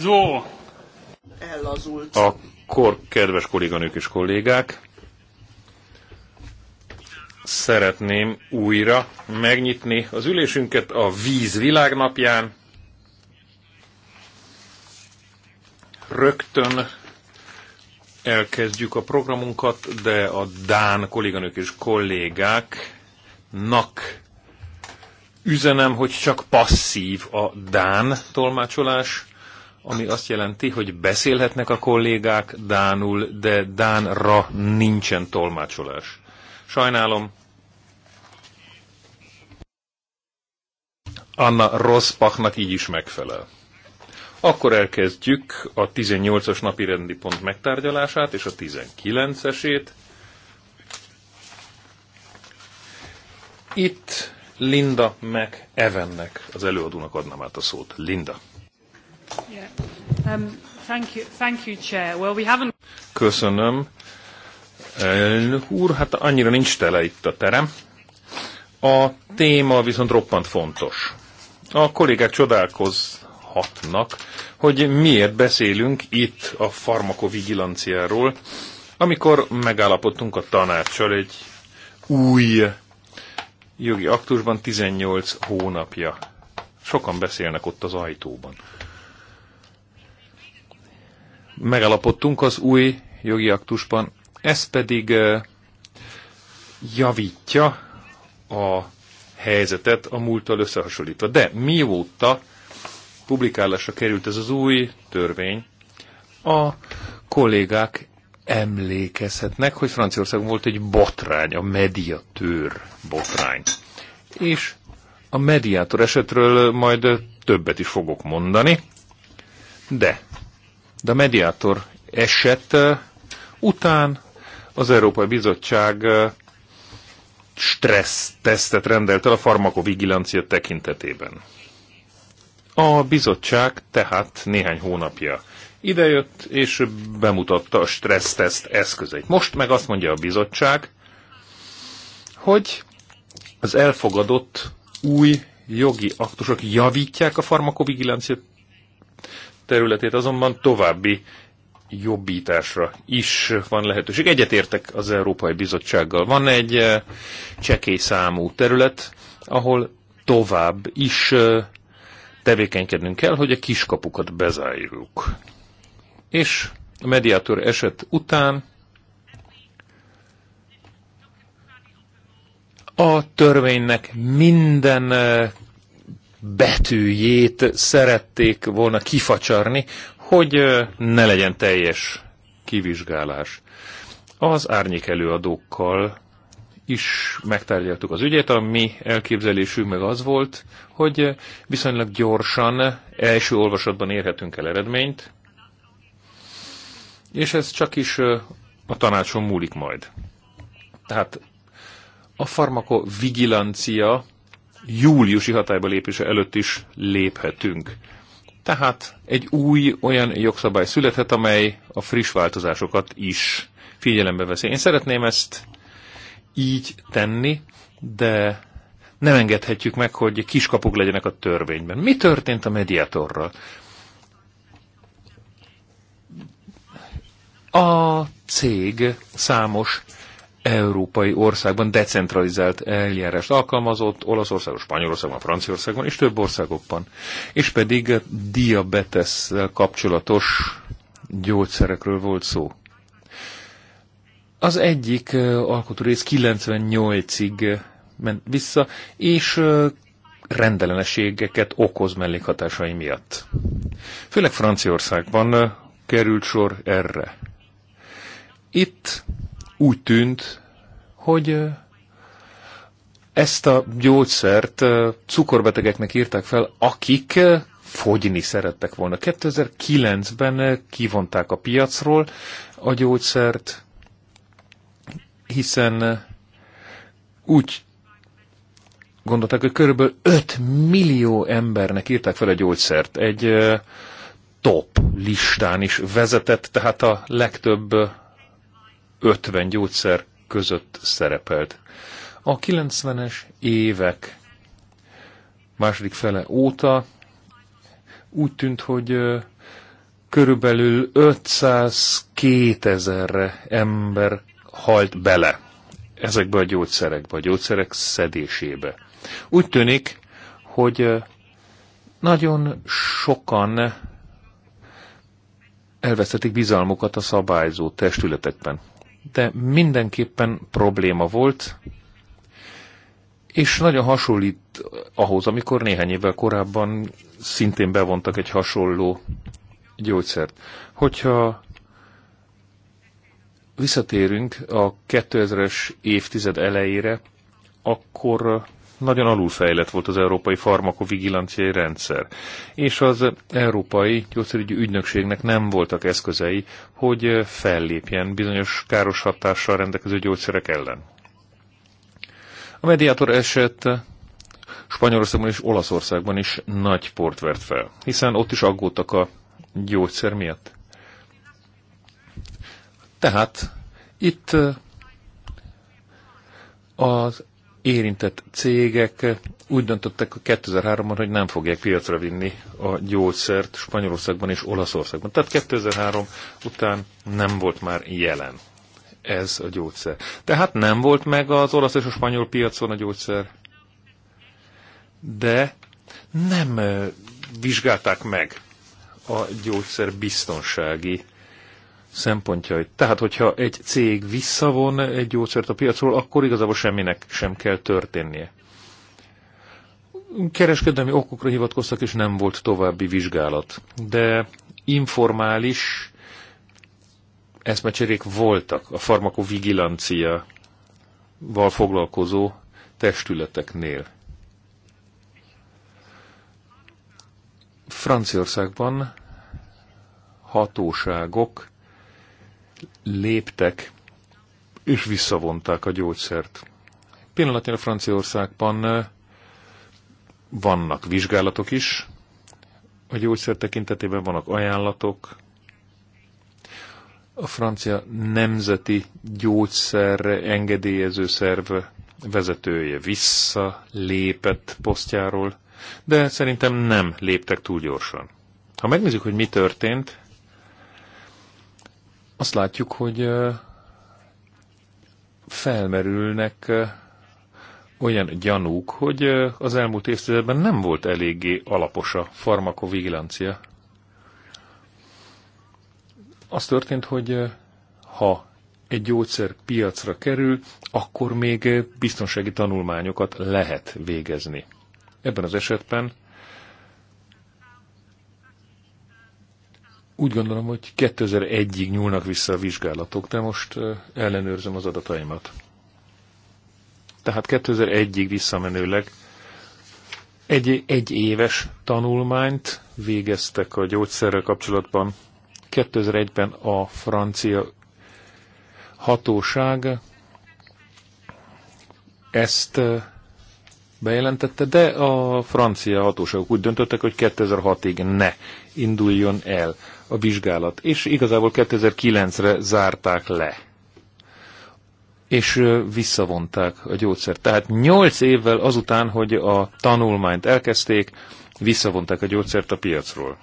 Zó! Ellazult. Akkor, kedves kolléganők és kollégák, szeretném újra megnyitni az ülésünket a Víz Világnapján. Rögtön elkezdjük a programunkat, de a Dán kolléganők és kollégáknak üzenem, hogy csak passzív a Dán tolmácsolás ami azt jelenti, hogy beszélhetnek a kollégák Dánul, de Dánra nincsen tolmácsolás. Sajnálom. Anna Rosszpachnak így is megfelel. Akkor elkezdjük a 18-as napi rendi pont megtárgyalását és a 19-esét. Itt Linda meg Evennek, az előadónak adnám át a szót. Linda. Köszönöm. Elnök úr, hát annyira nincs tele itt a terem. A téma viszont roppant fontos. A kollégák csodálkozhatnak, hogy miért beszélünk itt a farmakovigilanciáról, amikor megállapodtunk a tanácssal egy új jogi aktusban 18 hónapja. Sokan beszélnek ott az ajtóban megalapodtunk az új jogi aktusban. Ez pedig javítja a helyzetet a múlttal összehasonlítva. De mióta publikálásra került ez az új törvény, a kollégák emlékezhetnek, hogy Franciaországban volt egy botrány, a mediatőr botrány. És a mediátor esetről majd többet is fogok mondani, de de a mediátor eset után az Európai Bizottság stressz tesztet rendelt el a farmakovigilancia tekintetében. A bizottság tehát néhány hónapja idejött, és bemutatta a teszt eszközeit. Most meg azt mondja a bizottság, hogy az elfogadott új jogi aktusok javítják a farmakovigilancia területét azonban további jobbításra is van lehetőség. Egyetértek az Európai Bizottsággal. Van egy eh, csekély számú terület, ahol tovább is eh, tevékenykednünk kell, hogy a kiskapukat bezárjuk. És a mediátor eset után a törvénynek minden eh, betűjét szerették volna kifacsarni, hogy ne legyen teljes kivizsgálás. Az árnyék előadókkal is megtárgyaltuk az ügyet, a mi elképzelésünk meg az volt, hogy viszonylag gyorsan, első olvasatban érhetünk el eredményt, és ez csak is a tanácson múlik majd. Tehát a farmakovigilancia júliusi hatályba lépése előtt is léphetünk. Tehát egy új olyan jogszabály születhet, amely a friss változásokat is figyelembe veszi. Én szeretném ezt így tenni, de nem engedhetjük meg, hogy kiskapuk legyenek a törvényben. Mi történt a mediátorral? A cég számos európai országban decentralizált eljárást alkalmazott Olaszországban, Spanyolországban, Franciaországban és több országokban. És pedig diabetes kapcsolatos gyógyszerekről volt szó. Az egyik alkotórész 98-ig ment vissza, és rendellenességeket okoz mellékhatásai miatt. Főleg Franciaországban került sor erre. Itt úgy tűnt, hogy ezt a gyógyszert cukorbetegeknek írták fel, akik fogyni szerettek volna. 2009-ben kivonták a piacról a gyógyszert, hiszen úgy gondolták, hogy körülbelül 5 millió embernek írták fel a gyógyszert. Egy top listán is vezetett, tehát a legtöbb 50 gyógyszer között szerepelt. A 90-es évek második fele óta úgy tűnt, hogy körülbelül 502 ezerre ember halt bele ezekbe a gyógyszerekbe, a gyógyszerek szedésébe. Úgy tűnik, hogy nagyon sokan elvesztetik bizalmukat a szabályzó testületekben de mindenképpen probléma volt, és nagyon hasonlít ahhoz, amikor néhány évvel korábban szintén bevontak egy hasonló gyógyszert. Hogyha visszatérünk a 2000-es évtized elejére, akkor nagyon alulfejlett volt az európai farmakovigilanciai rendszer, és az európai gyógyszerügyi ügynökségnek nem voltak eszközei, hogy fellépjen bizonyos káros hatással rendelkező gyógyszerek ellen. A mediátor eset Spanyolországban és Olaszországban is nagy port vert fel, hiszen ott is aggódtak a gyógyszer miatt. Tehát itt az érintett cégek úgy döntöttek 2003-ban, hogy nem fogják piacra vinni a gyógyszert Spanyolországban és Olaszországban. Tehát 2003 után nem volt már jelen ez a gyógyszer. Tehát nem volt meg az olasz és a spanyol piacon a gyógyszer. De nem vizsgálták meg a gyógyszer biztonsági szempontjait. Tehát, hogyha egy cég visszavon egy gyógyszert a piacról, akkor igazából semminek sem kell történnie. Kereskedelmi okokra hivatkoztak, és nem volt további vizsgálat. De informális eszmecserék voltak a val foglalkozó testületeknél. Franciaországban hatóságok léptek, és visszavonták a gyógyszert. Pillanatnyilag Franciaországban vannak vizsgálatok is, a gyógyszer tekintetében vannak ajánlatok, a francia nemzeti gyógyszer engedélyező szerv vezetője lépett posztjáról, de szerintem nem léptek túl gyorsan. Ha megnézzük, hogy mi történt, azt látjuk, hogy felmerülnek olyan gyanúk, hogy az elmúlt évtizedben nem volt eléggé alapos a farmakovigilancia. Az történt, hogy ha egy gyógyszer piacra kerül, akkor még biztonsági tanulmányokat lehet végezni. Ebben az esetben Úgy gondolom, hogy 2001-ig nyúlnak vissza a vizsgálatok, de most ellenőrzöm az adataimat. Tehát 2001-ig visszamenőleg egy, egy éves tanulmányt végeztek a gyógyszerrel kapcsolatban. 2001-ben a francia hatóság ezt bejelentette, de a francia hatóságok úgy döntöttek, hogy 2006-ig ne induljon el a vizsgálat, és igazából 2009-re zárták le és visszavonták a gyógyszert. Tehát 8 évvel azután, hogy a tanulmányt elkezdték, visszavonták a gyógyszert a piacról.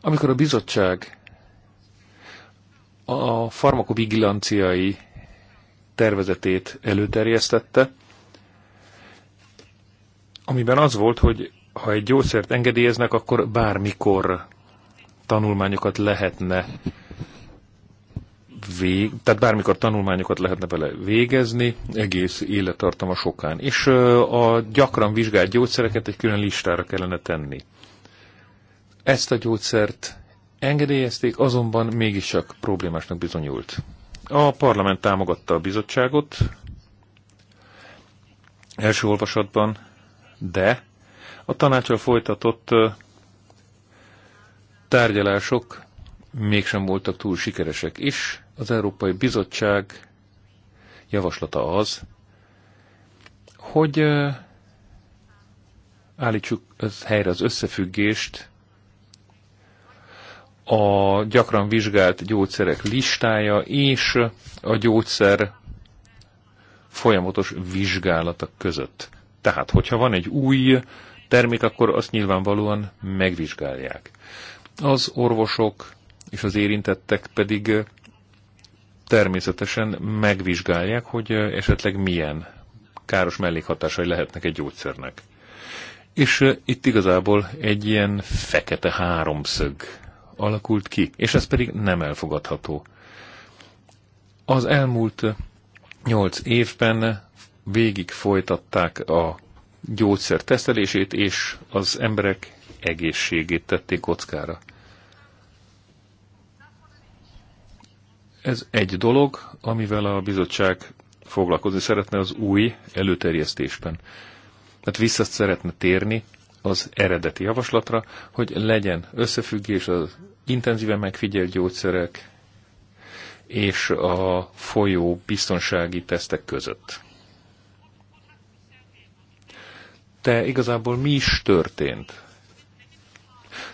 Amikor a bizottság a farmakovigilanciai tervezetét előterjesztette, amiben az volt, hogy ha egy gyógyszert engedélyeznek, akkor bármikor tanulmányokat lehetne vég, tehát bármikor tanulmányokat lehetne bele végezni, egész élettartama sokán. És a gyakran vizsgált gyógyszereket egy külön listára kellene tenni. Ezt a gyógyszert engedélyezték, azonban mégiscsak problémásnak bizonyult. A parlament támogatta a bizottságot első olvasatban, de a tanácsra folytatott tárgyalások mégsem voltak túl sikeresek, és az Európai Bizottság javaslata az, hogy állítsuk helyre az összefüggést a gyakran vizsgált gyógyszerek listája és a gyógyszer folyamatos vizsgálata között. Tehát, hogyha van egy új termék, akkor azt nyilvánvalóan megvizsgálják. Az orvosok és az érintettek pedig természetesen megvizsgálják, hogy esetleg milyen káros mellékhatásai lehetnek egy gyógyszernek. És eh, itt igazából egy ilyen fekete háromszög alakult ki, és ez pedig nem elfogadható. Az elmúlt nyolc évben végig folytatták a gyógyszer tesztelését, és az emberek egészségét tették kockára. Ez egy dolog, amivel a bizottság foglalkozni szeretne az új előterjesztésben. mert hát vissza szeretne térni az eredeti javaslatra, hogy legyen összefüggés az intenzíven megfigyelt gyógyszerek és a folyó biztonsági tesztek között. te igazából mi is történt?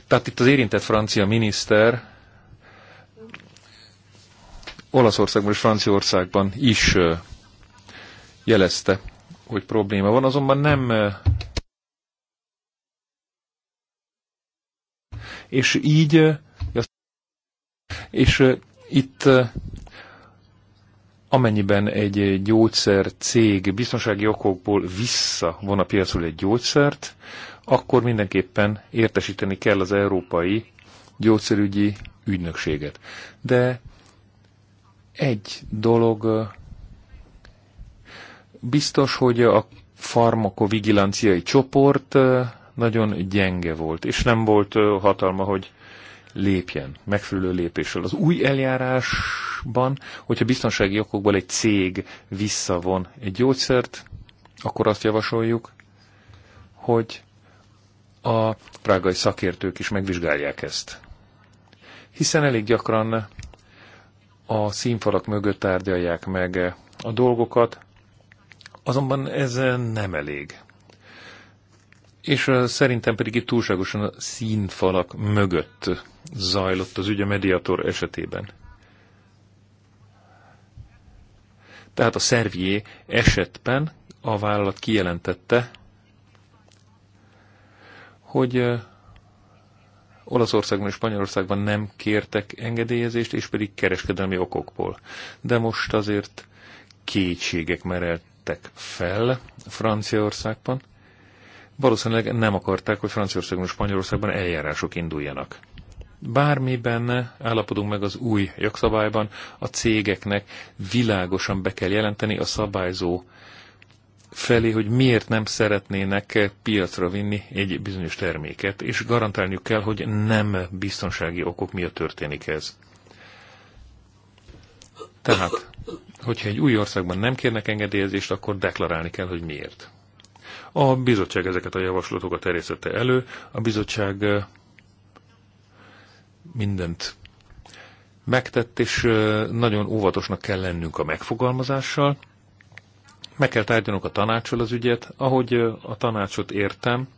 Tehát itt az érintett francia miniszter Olaszországban és Franciaországban is jelezte, hogy probléma van, azonban nem és így és itt amennyiben egy gyógyszer cég biztonsági okokból visszavon a piacról egy gyógyszert, akkor mindenképpen értesíteni kell az európai gyógyszerügyi ügynökséget. De egy dolog biztos, hogy a farmakovigilanciai csoport nagyon gyenge volt, és nem volt hatalma, hogy lépjen megfelelő lépésről. Az új eljárásban, hogyha biztonsági okokból egy cég visszavon egy gyógyszert, akkor azt javasoljuk, hogy a prágai szakértők is megvizsgálják ezt. Hiszen elég gyakran a színfalak mögött tárgyalják meg a dolgokat, azonban ez nem elég és szerintem pedig itt túlságosan a színfalak mögött zajlott az ügy a mediator esetében. Tehát a szervié esetben a vállalat kijelentette, hogy Olaszországban és Spanyolországban nem kértek engedélyezést, és pedig kereskedelmi okokból. De most azért kétségek mereltek fel Franciaországban, valószínűleg nem akarták, hogy Franciaországon és Spanyolországban eljárások induljanak. Bármiben állapodunk meg az új jogszabályban, a cégeknek világosan be kell jelenteni a szabályzó felé, hogy miért nem szeretnének piacra vinni egy bizonyos terméket, és garantálniuk kell, hogy nem biztonsági okok miatt történik ez. Tehát, hogyha egy új országban nem kérnek engedélyezést, akkor deklarálni kell, hogy miért. A bizottság ezeket a javaslatokat terjesztette elő. A bizottság mindent megtett, és nagyon óvatosnak kell lennünk a megfogalmazással. Meg kell tárgyalnunk a tanácsol az ügyet. Ahogy a tanácsot értem,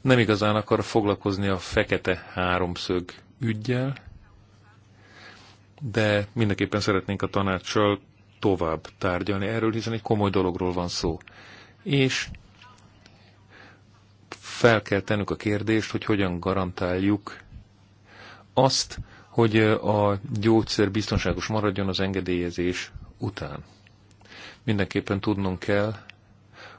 nem igazán akar foglalkozni a fekete háromszög ügyjel, de mindenképpen szeretnénk a tanácssal tovább tárgyalni erről, hiszen egy komoly dologról van szó. És fel kell tennünk a kérdést, hogy hogyan garantáljuk azt, hogy a gyógyszer biztonságos maradjon az engedélyezés után. Mindenképpen tudnunk kell,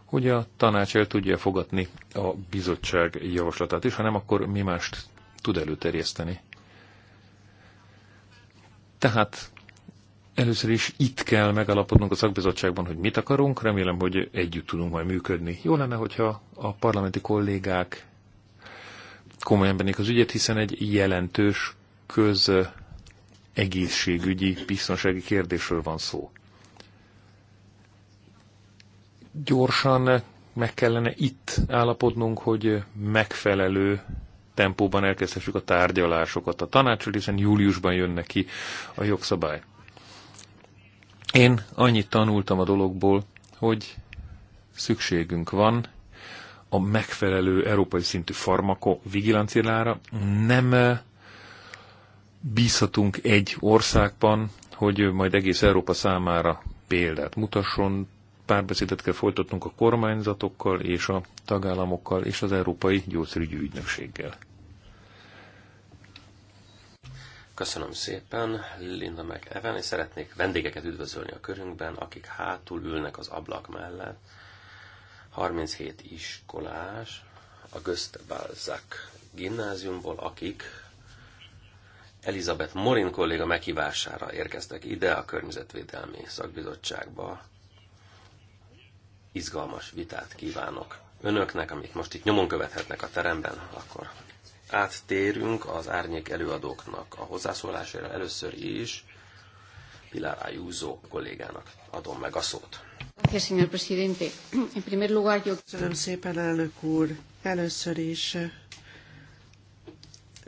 hogy a tanács el tudja fogadni a bizottság javaslatát is, ha nem, akkor mi mást tud előterjeszteni. Tehát Először is itt kell megalapodnunk a szakbizottságban, hogy mit akarunk. Remélem, hogy együtt tudunk majd működni. Jó lenne, hogyha a parlamenti kollégák komolyan bennék az ügyet, hiszen egy jelentős köz egészségügyi, biztonsági kérdésről van szó. Gyorsan meg kellene itt állapodnunk, hogy megfelelő tempóban elkezdhessük a tárgyalásokat a tanácsról, hiszen júliusban jönne ki a jogszabály. Én annyit tanultam a dologból, hogy szükségünk van a megfelelő európai szintű farmakovigilanciára. Nem bízhatunk egy országban, hogy majd egész Európa számára példát mutasson. Párbeszédet kell folytatnunk a kormányzatokkal és a tagállamokkal és az Európai Gyógyszerügyi Ügynökséggel. Köszönöm szépen Linda meg Even, és szeretnék vendégeket üdvözölni a körünkben, akik hátul ülnek az ablak mellett. 37 iskolás, a Göste Balzac gimnáziumból, akik Elizabeth Morin kolléga meghívására érkeztek ide a Környezetvédelmi Szakbizottságba. Izgalmas vitát kívánok önöknek, amit most itt nyomon követhetnek a teremben, akkor áttérünk az árnyék előadóknak a hozzászólására először is. Pilar Ayuso kollégának adom meg a szót. Köszönöm szépen, elnök úr. Először is eh,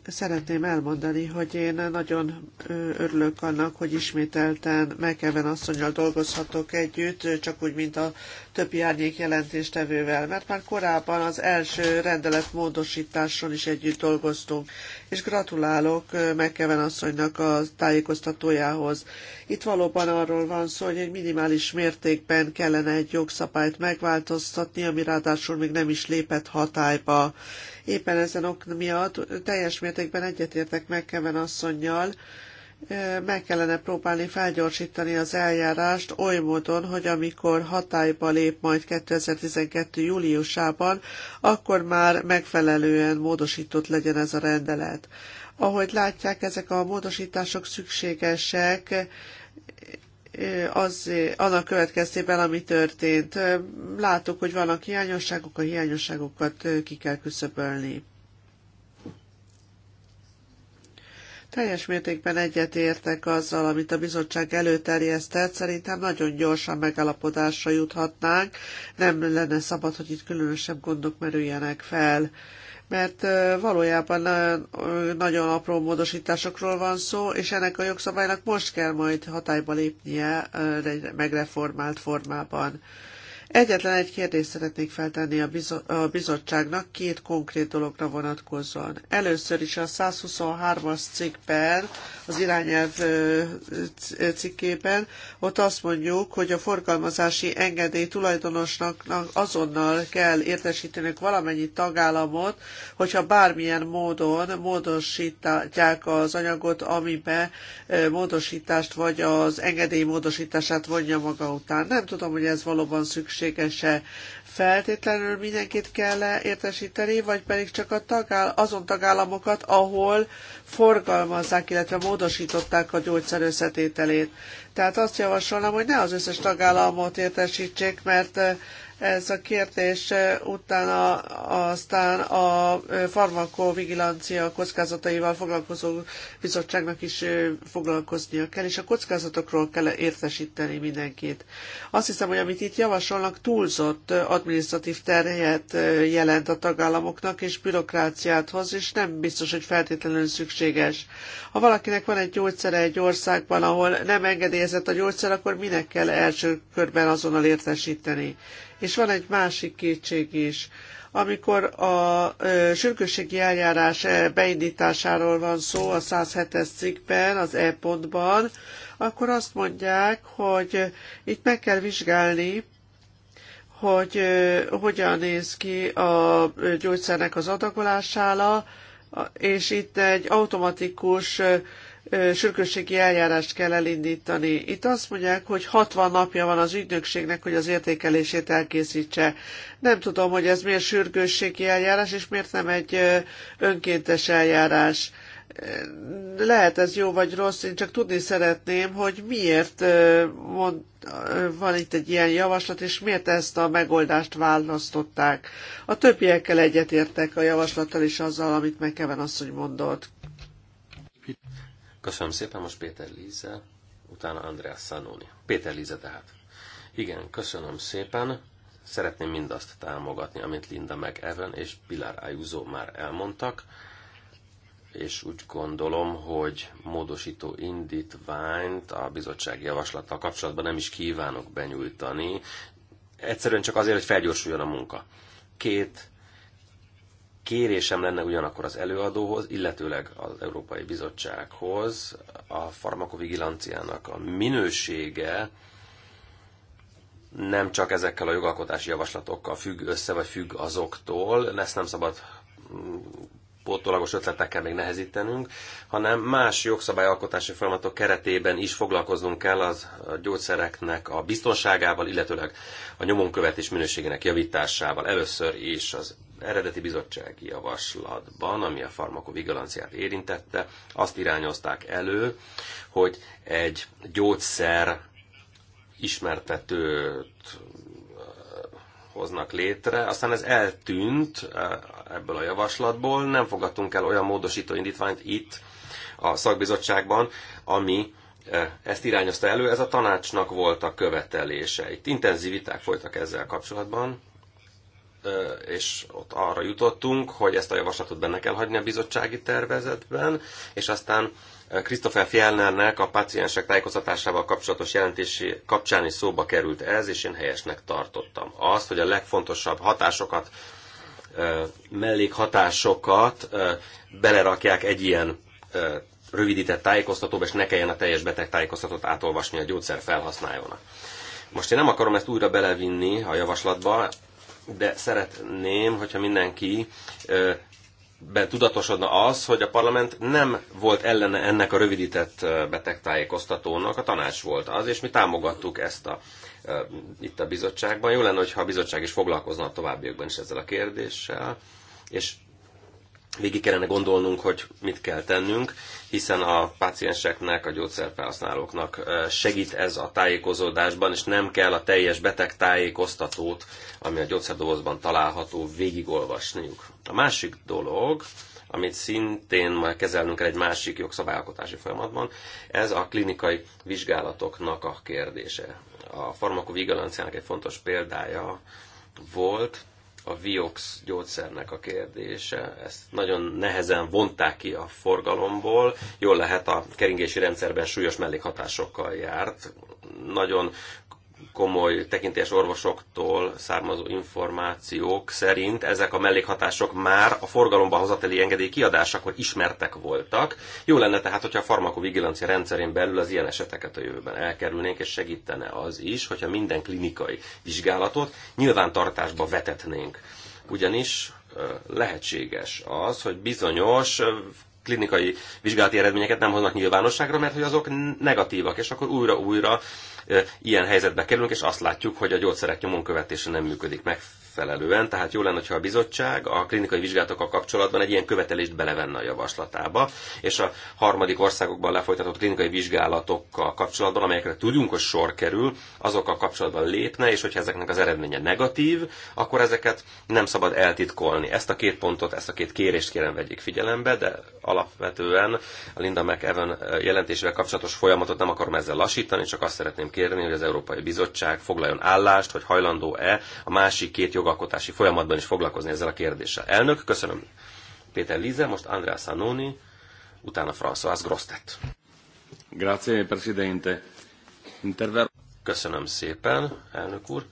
szeretném elmondani, hogy én nagyon eh, örülök annak, hogy ismételten Mekeven asszonyjal dolgozhatok együtt, csak úgy, mint a többi árnyék jelentéstevővel, mert már korábban az első rendelet módosításon is együtt dolgoztunk, és gratulálok Megkeven asszonynak a tájékoztatójához. Itt valóban arról van szó, hogy egy minimális mértékben kellene egy jogszabályt megváltoztatni, ami ráadásul még nem is lépett hatályba. Éppen ezen ok miatt teljes mértékben egyetértek Megkeven asszonynal, meg kellene próbálni felgyorsítani az eljárást oly módon, hogy amikor hatályba lép majd 2012. júliusában, akkor már megfelelően módosított legyen ez a rendelet. Ahogy látják, ezek a módosítások szükségesek, az, annak következtében, ami történt. Látok, hogy vannak hiányosságok, a hiányosságokat ki kell küszöbölni. Teljes mértékben egyetértek azzal, amit a bizottság előterjesztett. Szerintem nagyon gyorsan megállapodásra juthatnánk. Nem lenne szabad, hogy itt különösebb gondok merüljenek fel mert valójában nagyon apró módosításokról van szó, és ennek a jogszabálynak most kell majd hatályba lépnie megreformált formában. Egyetlen egy kérdést szeretnék feltenni a, bizo- a bizottságnak két konkrét dologra vonatkozóan. Először is a 123-as cikkben, az irányelv cikkében, ott azt mondjuk, hogy a forgalmazási engedély tulajdonosnak azonnal kell értesítenek valamennyi tagállamot, hogyha bármilyen módon módosítják az anyagot, amiben módosítást vagy az engedély módosítását vonja maga után. Nem tudom, hogy ez valóban szükséges szükséges-e? Feltétlenül mindenkit kell értesíteni, vagy pedig csak a tagáll- azon tagállamokat, ahol forgalmazzák, illetve módosították a gyógyszer összetételét. Tehát azt javasolnám, hogy ne az összes tagállamot értesítsék, mert ez a kérdés eh, utána aztán a eh, farmakovigilancia kockázataival foglalkozó bizottságnak is eh, foglalkoznia kell, és a kockázatokról kell értesíteni mindenkit. Azt hiszem, hogy amit itt javasolnak, túlzott administratív terhet jelent a tagállamoknak, és bürokráciát hoz, és nem biztos, hogy feltétlenül szükséges. Ha valakinek van egy gyógyszere egy országban, ahol nem engedélyezett a gyógyszer, akkor minek kell első körben azonnal értesíteni? És van egy másik kétség is. Amikor a sürgősségi eljárás beindításáról van szó a 107-es cikkben, az e-pontban, akkor azt mondják, hogy itt meg kell vizsgálni, hogy hogyan néz ki a gyógyszernek az adagolására, és itt egy automatikus sürgősségi eljárást kell elindítani. Itt azt mondják, hogy 60 napja van az ügynökségnek, hogy az értékelését elkészítse. Nem tudom, hogy ez miért sürgősségi eljárás, és miért nem egy önkéntes eljárás. Lehet ez jó vagy rossz, én csak tudni szeretném, hogy miért van itt egy ilyen javaslat, és miért ezt a megoldást választották. A többiekkel egyetértek a javaslattal és azzal, amit McKeven asszony mondott. Köszönöm szépen, most Péter Líze, utána Andrea Szanóni. Péter Líze tehát. Igen, köszönöm szépen. Szeretném mindazt támogatni, amit Linda Evan és Pilar Ayuso már elmondtak, és úgy gondolom, hogy módosító indítványt a bizottság javaslattal kapcsolatban nem is kívánok benyújtani, egyszerűen csak azért, hogy felgyorsuljon a munka. Két kérésem lenne ugyanakkor az előadóhoz, illetőleg az Európai Bizottsághoz, a farmakovigilanciának a minősége nem csak ezekkel a jogalkotási javaslatokkal függ össze, vagy függ azoktól, ezt nem szabad pótolagos ötletekkel még nehezítenünk, hanem más jogszabályalkotási folyamatok keretében is foglalkoznunk kell az gyógyszereknek a biztonságával, illetőleg a nyomonkövetés minőségének javításával. Először is az eredeti bizottsági javaslatban, ami a farmakovigilanciát érintette, azt irányozták elő, hogy egy gyógyszer ismertetőt hoznak létre, aztán ez eltűnt eh, ebből a javaslatból, nem fogadtunk el olyan módosító indítványt itt a szakbizottságban, ami eh, ezt irányozta elő, ez a tanácsnak volt a követelése. Itt intenzív viták folytak ezzel kapcsolatban, és ott arra jutottunk, hogy ezt a javaslatot benne kell hagyni a bizottsági tervezetben, és aztán Christopher Fjellnernek a paciensek tájékoztatásával kapcsolatos jelentési kapcsán is szóba került ez, és én helyesnek tartottam. Azt, hogy a legfontosabb hatásokat, mellékhatásokat belerakják egy ilyen rövidített tájékoztatóba, és ne kelljen a teljes beteg tájékoztatót átolvasni a gyógyszer felhasználónak. Most én nem akarom ezt újra belevinni a javaslatba, de szeretném, hogyha mindenki ben tudatosodna az, hogy a parlament nem volt ellene ennek a rövidített betegtájékoztatónak, a tanács volt az, és mi támogattuk ezt a, itt a bizottságban. Jó lenne, hogyha a bizottság is foglalkozna a továbbiakban is ezzel a kérdéssel, és végig kellene gondolnunk, hogy mit kell tennünk, hiszen a pácienseknek, a gyógyszerfelhasználóknak segít ez a tájékozódásban, és nem kell a teljes beteg tájékoztatót, ami a gyógyszerdobozban található, végigolvasniuk. A másik dolog, amit szintén már kezelnünk kell egy másik jogszabályalkotási folyamatban, ez a klinikai vizsgálatoknak a kérdése. A farmakovigilanciának egy fontos példája volt, a Viox gyógyszernek a kérdése. Ezt nagyon nehezen vonták ki a forgalomból. Jól lehet a keringési rendszerben súlyos mellékhatásokkal járt. Nagyon komoly tekintés orvosoktól származó információk szerint ezek a mellékhatások már a forgalomba hozateli engedély kiadásakor ismertek voltak. Jó lenne tehát, hogyha a farmakovigilancia rendszerén belül az ilyen eseteket a jövőben elkerülnénk, és segítene az is, hogyha minden klinikai vizsgálatot nyilvántartásba vetetnénk. Ugyanis lehetséges az, hogy bizonyos klinikai vizsgálati eredményeket nem hoznak nyilvánosságra, mert hogy azok negatívak, és akkor újra-újra ilyen helyzetbe kerülünk, és azt látjuk, hogy a gyógyszerek nyomon követése nem működik megfelelően. Tehát jó lenne, ha a bizottság a klinikai vizsgálatokkal kapcsolatban egy ilyen követelést belevenne a javaslatába, és a harmadik országokban lefolytatott klinikai vizsgálatokkal kapcsolatban, amelyekre tudunk, hogy sor kerül, azokkal kapcsolatban lépne, és hogyha ezeknek az eredménye negatív, akkor ezeket nem szabad eltitkolni. Ezt a két pontot, ezt a két kérést kérem vegyék figyelembe, de alapvetően a Linda McEwan jelentésével kapcsolatos folyamatot nem akarom ezzel lassítani, csak azt szeretném kérni, kérni, hogy az Európai Bizottság foglaljon állást, hogy hajlandó-e a másik két jogalkotási folyamatban is foglalkozni ezzel a kérdéssel. Elnök, köszönöm. Péter Lize, most Andrea Sanoni, utána François Grostet. Grazie, Presidente. Interver... Köszönöm szépen, elnök úr.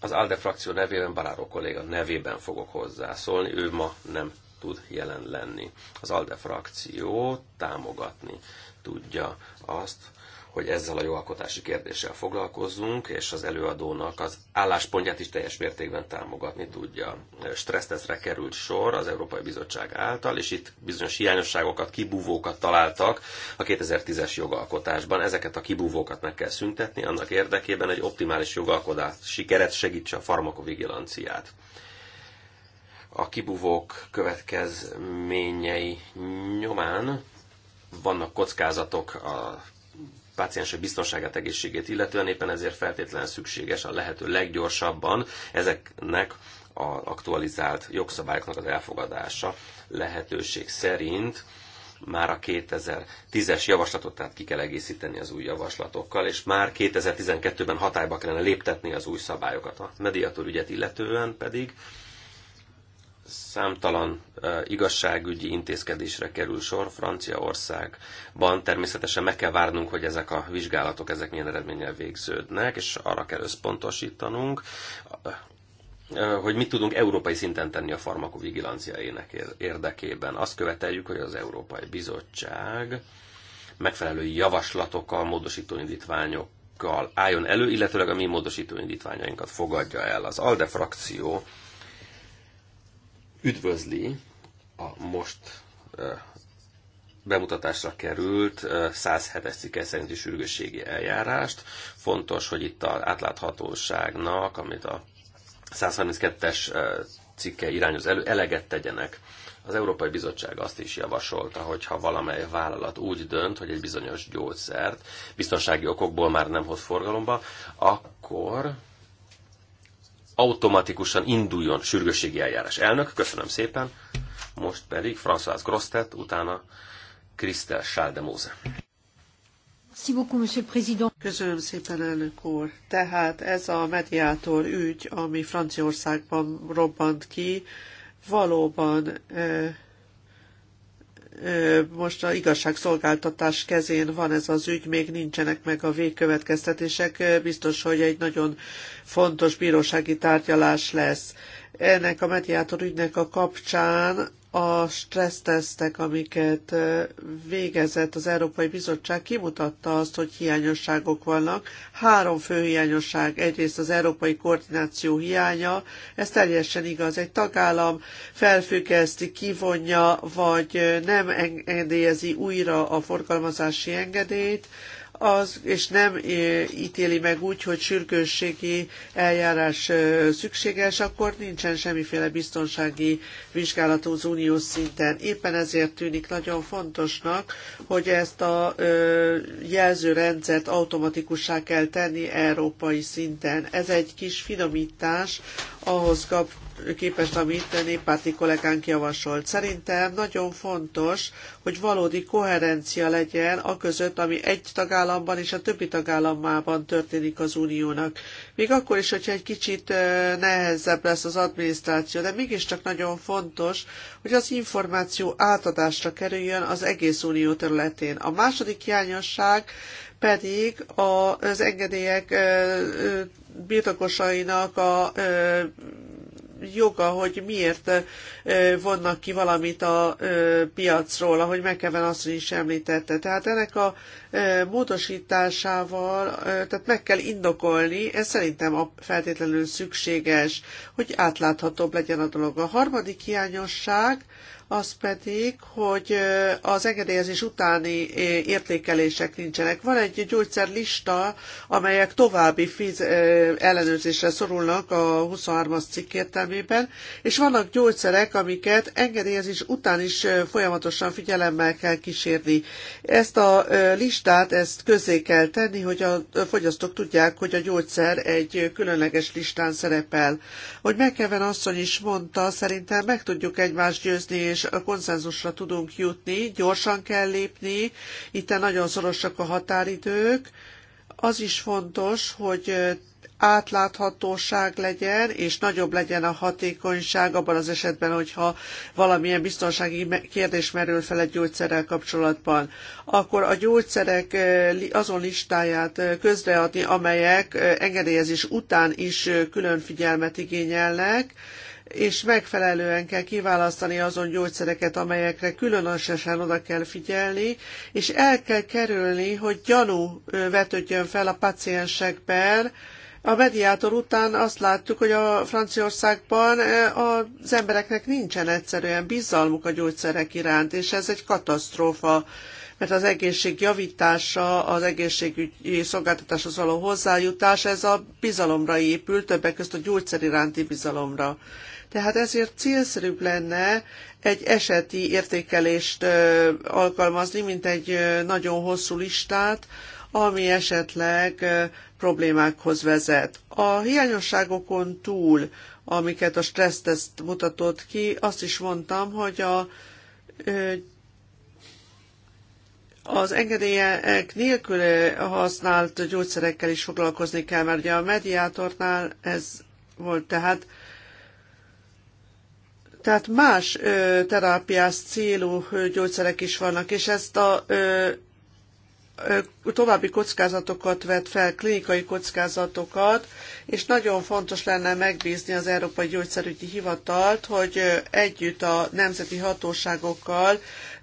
az ALDE frakció nevében, Baráró kolléga nevében fogok hozzászólni. Ő ma nem tud jelen lenni. Az ALDE frakció támogatni tudja azt, hogy ezzel a jogalkotási kérdéssel foglalkozzunk, és az előadónak az álláspontját is teljes mértékben támogatni tudja. Stresszteszre került sor az Európai Bizottság által, és itt bizonyos hiányosságokat, kibúvókat találtak a 2010-es jogalkotásban. Ezeket a kibúvókat meg kell szüntetni, annak érdekében egy optimális jogalkotási keret segítse a farmakovigilanciát a kibuvók következményei nyomán vannak kockázatok a páciensek biztonságát, egészségét illetően, éppen ezért feltétlenül szükséges a lehető leggyorsabban ezeknek a aktualizált jogszabályoknak az elfogadása lehetőség szerint már a 2010-es javaslatot, tehát ki kell egészíteni az új javaslatokkal, és már 2012-ben hatályba kellene léptetni az új szabályokat. A mediator ügyet illetően pedig számtalan igazságügyi intézkedésre kerül sor Franciaországban. Természetesen meg kell várnunk, hogy ezek a vizsgálatok, ezek milyen eredménnyel végződnek, és arra kell összpontosítanunk, hogy mit tudunk európai szinten tenni a farmakovigilancia érdekében. Azt követeljük, hogy az Európai Bizottság megfelelő javaslatokkal, módosító indítványokkal álljon elő, illetőleg a mi módosító indítványainkat fogadja el. Az ALDE frakció üdvözli a most bemutatásra került 107-es cikke szerinti sürgősségi eljárást. Fontos, hogy itt az átláthatóságnak, amit a 132-es cikke irányoz elő, eleget tegyenek. Az Európai Bizottság azt is javasolta, hogy ha valamely vállalat úgy dönt, hogy egy bizonyos gyógyszert biztonsági okokból már nem hoz forgalomba, akkor automatikusan induljon sürgősségi eljárás. Elnök, köszönöm szépen. Most pedig François Grostet, utána Christel Schaldemose. Köszönöm szépen, elnök úr. Tehát ez a mediátor ügy, ami Franciaországban robbant ki, valóban eh, most a igazságszolgáltatás kezén van ez az ügy, még nincsenek meg a végkövetkeztetések. Biztos, hogy egy nagyon fontos bírósági tárgyalás lesz ennek a mediátor ügynek a kapcsán a stressztesztek, amiket végezett az Európai Bizottság, kimutatta azt, hogy hiányosságok vannak. Három fő hiányosság. Egyrészt az európai koordináció hiánya, ez teljesen igaz. Egy tagállam felfüggeszti, kivonja, vagy nem engedélyezi újra a forgalmazási engedélyt az, és nem e, ítéli meg úgy, hogy sürgősségi eljárás e, szükséges, akkor nincsen semmiféle biztonsági vizsgálat az uniós szinten. Éppen ezért tűnik nagyon fontosnak, hogy ezt a e, jelzőrendszert automatikussá kell tenni európai szinten. Ez egy kis finomítás ahhoz kap, képest, amit a néppárti kollégánk javasolt. Szerintem nagyon fontos, hogy valódi koherencia legyen a között, ami egy tagállamban és a többi tagállamában történik az uniónak. Még akkor is, hogyha egy kicsit nehezebb lesz az adminisztráció, de mégiscsak nagyon fontos, hogy az információ átadásra kerüljön az egész unió területén. A második hiányosság pedig az engedélyek birtokosainak a joga, hogy miért vonnak ki valamit a piacról, ahogy McKeven azt is említette. Tehát ennek a módosításával, tehát meg kell indokolni, ez szerintem a feltétlenül szükséges, hogy átláthatóbb legyen a dolog. A harmadik hiányosság, az pedig, hogy az engedélyezés utáni értékelések nincsenek. Van egy gyógyszerlista, amelyek további fiz- ellenőrzésre szorulnak a 23-as cikk értelmében, és vannak gyógyszerek, amiket engedélyezés után is folyamatosan figyelemmel kell kísérni. Ezt a listát, ezt közzé kell tenni, hogy a fogyasztók tudják, hogy a gyógyszer egy különleges listán szerepel. Hogy Mekeven asszony is mondta, szerintem meg tudjuk egymást győzni és konszenzusra tudunk jutni, gyorsan kell lépni, itt nagyon szorosak a határidők. Az is fontos, hogy átláthatóság legyen, és nagyobb legyen a hatékonyság abban az esetben, hogyha valamilyen biztonsági kérdés merül fel egy gyógyszerrel kapcsolatban. Akkor a gyógyszerek eh, azon listáját eh, közreadni, amelyek eh, engedélyezés után is külön figyelmet igényelnek, és megfelelően kell kiválasztani azon gyógyszereket, amelyekre különösen oda kell figyelni, és el kell kerülni, hogy gyanú vetődjön fel a paciensekben, a mediátor után azt láttuk, hogy a Franciaországban az embereknek nincsen egyszerűen bizalmuk a gyógyszerek iránt, és ez egy katasztrófa mert az egészség javítása, az egészségügyi szolgáltatáshoz való hozzájutás, ez a bizalomra épül, többek között a gyógyszer iránti bizalomra. Tehát ezért célszerűbb lenne egy eseti értékelést alkalmazni, mint egy nagyon hosszú listát, ami esetleg problémákhoz vezet. A hiányosságokon túl, amiket a stresszteszt mutatott ki, azt is mondtam, hogy a az engedélyek nélkül használt gyógyszerekkel is foglalkozni kell, mert ugye a mediátornál ez volt, tehát tehát más ö, terápiás célú ö, gyógyszerek is vannak, és ezt a ö, ö, további kockázatokat vet fel, klinikai kockázatokat, és nagyon fontos lenne megbízni az Európai Gyógyszerügyi Hivatalt, hogy ö, együtt a nemzeti hatóságokkal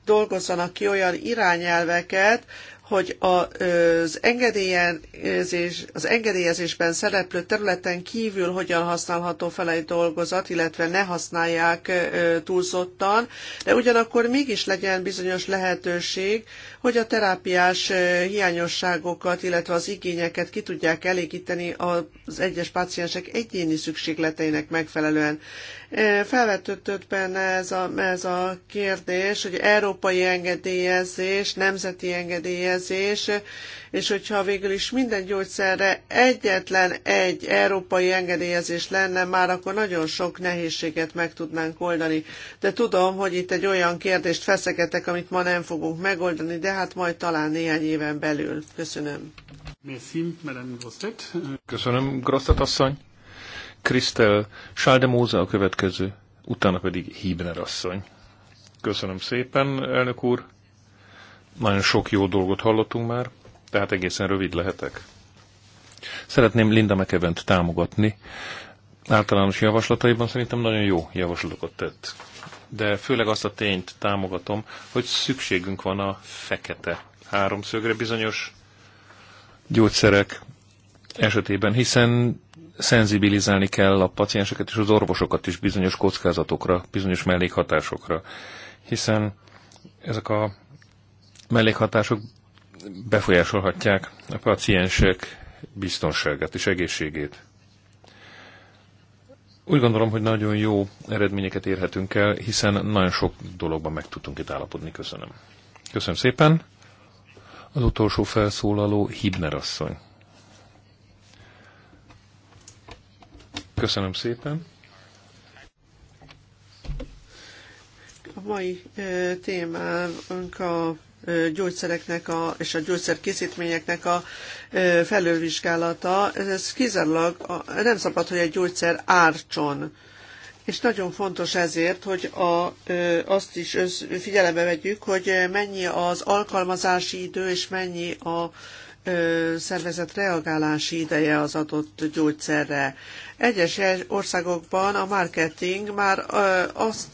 dolgozzanak ki olyan irányelveket, hogy az, engedélyezés, az engedélyezésben szereplő területen kívül hogyan használható fel egy dolgozat, illetve ne használják túlzottan, de ugyanakkor mégis legyen bizonyos lehetőség, hogy a terápiás hiányosságokat, illetve az igényeket ki tudják elégíteni az egyes páciensek egyéni szükségleteinek megfelelően. Felvetődött benne ez a, ez a kérdés, hogy európai engedélyezés, nemzeti engedélyezés, és hogyha végül is minden gyógyszerre egyetlen egy európai engedélyezés lenne, már akkor nagyon sok nehézséget meg tudnánk oldani. De tudom, hogy itt egy olyan kérdést feszegetek, amit ma nem fogunk megoldani, de hát majd talán néhány éven belül. Köszönöm. Köszönöm, Grosztet asszony. Krisztel Sáldemóza a következő, utána pedig Híbner asszony. Köszönöm szépen, elnök úr. Nagyon sok jó dolgot hallottunk már, tehát egészen rövid lehetek. Szeretném Linda McEvent támogatni. Általános javaslataiban szerintem nagyon jó javaslatokat tett. De főleg azt a tényt támogatom, hogy szükségünk van a fekete háromszögre bizonyos gyógyszerek esetében, hiszen szenzibilizálni kell a pacienseket és az orvosokat is bizonyos kockázatokra, bizonyos mellékhatásokra, hiszen ezek a mellékhatások befolyásolhatják a paciensek biztonságát és egészségét. Úgy gondolom, hogy nagyon jó eredményeket érhetünk el, hiszen nagyon sok dologban meg tudtunk itt állapodni. Köszönöm. Köszönöm szépen. Az utolsó felszólaló Hibner asszony. Köszönöm szépen. A mai e, témánk a e, gyógyszereknek a, és a gyógyszerkészítményeknek a e, felülvizsgálata. Ez kizárólag nem szabad, hogy egy gyógyszer árcson. És nagyon fontos ezért, hogy a, azt is figyelembe vegyük, hogy mennyi az alkalmazási idő, és mennyi a szervezet reagálási ideje az adott gyógyszerre. Egyes országokban a marketing már azt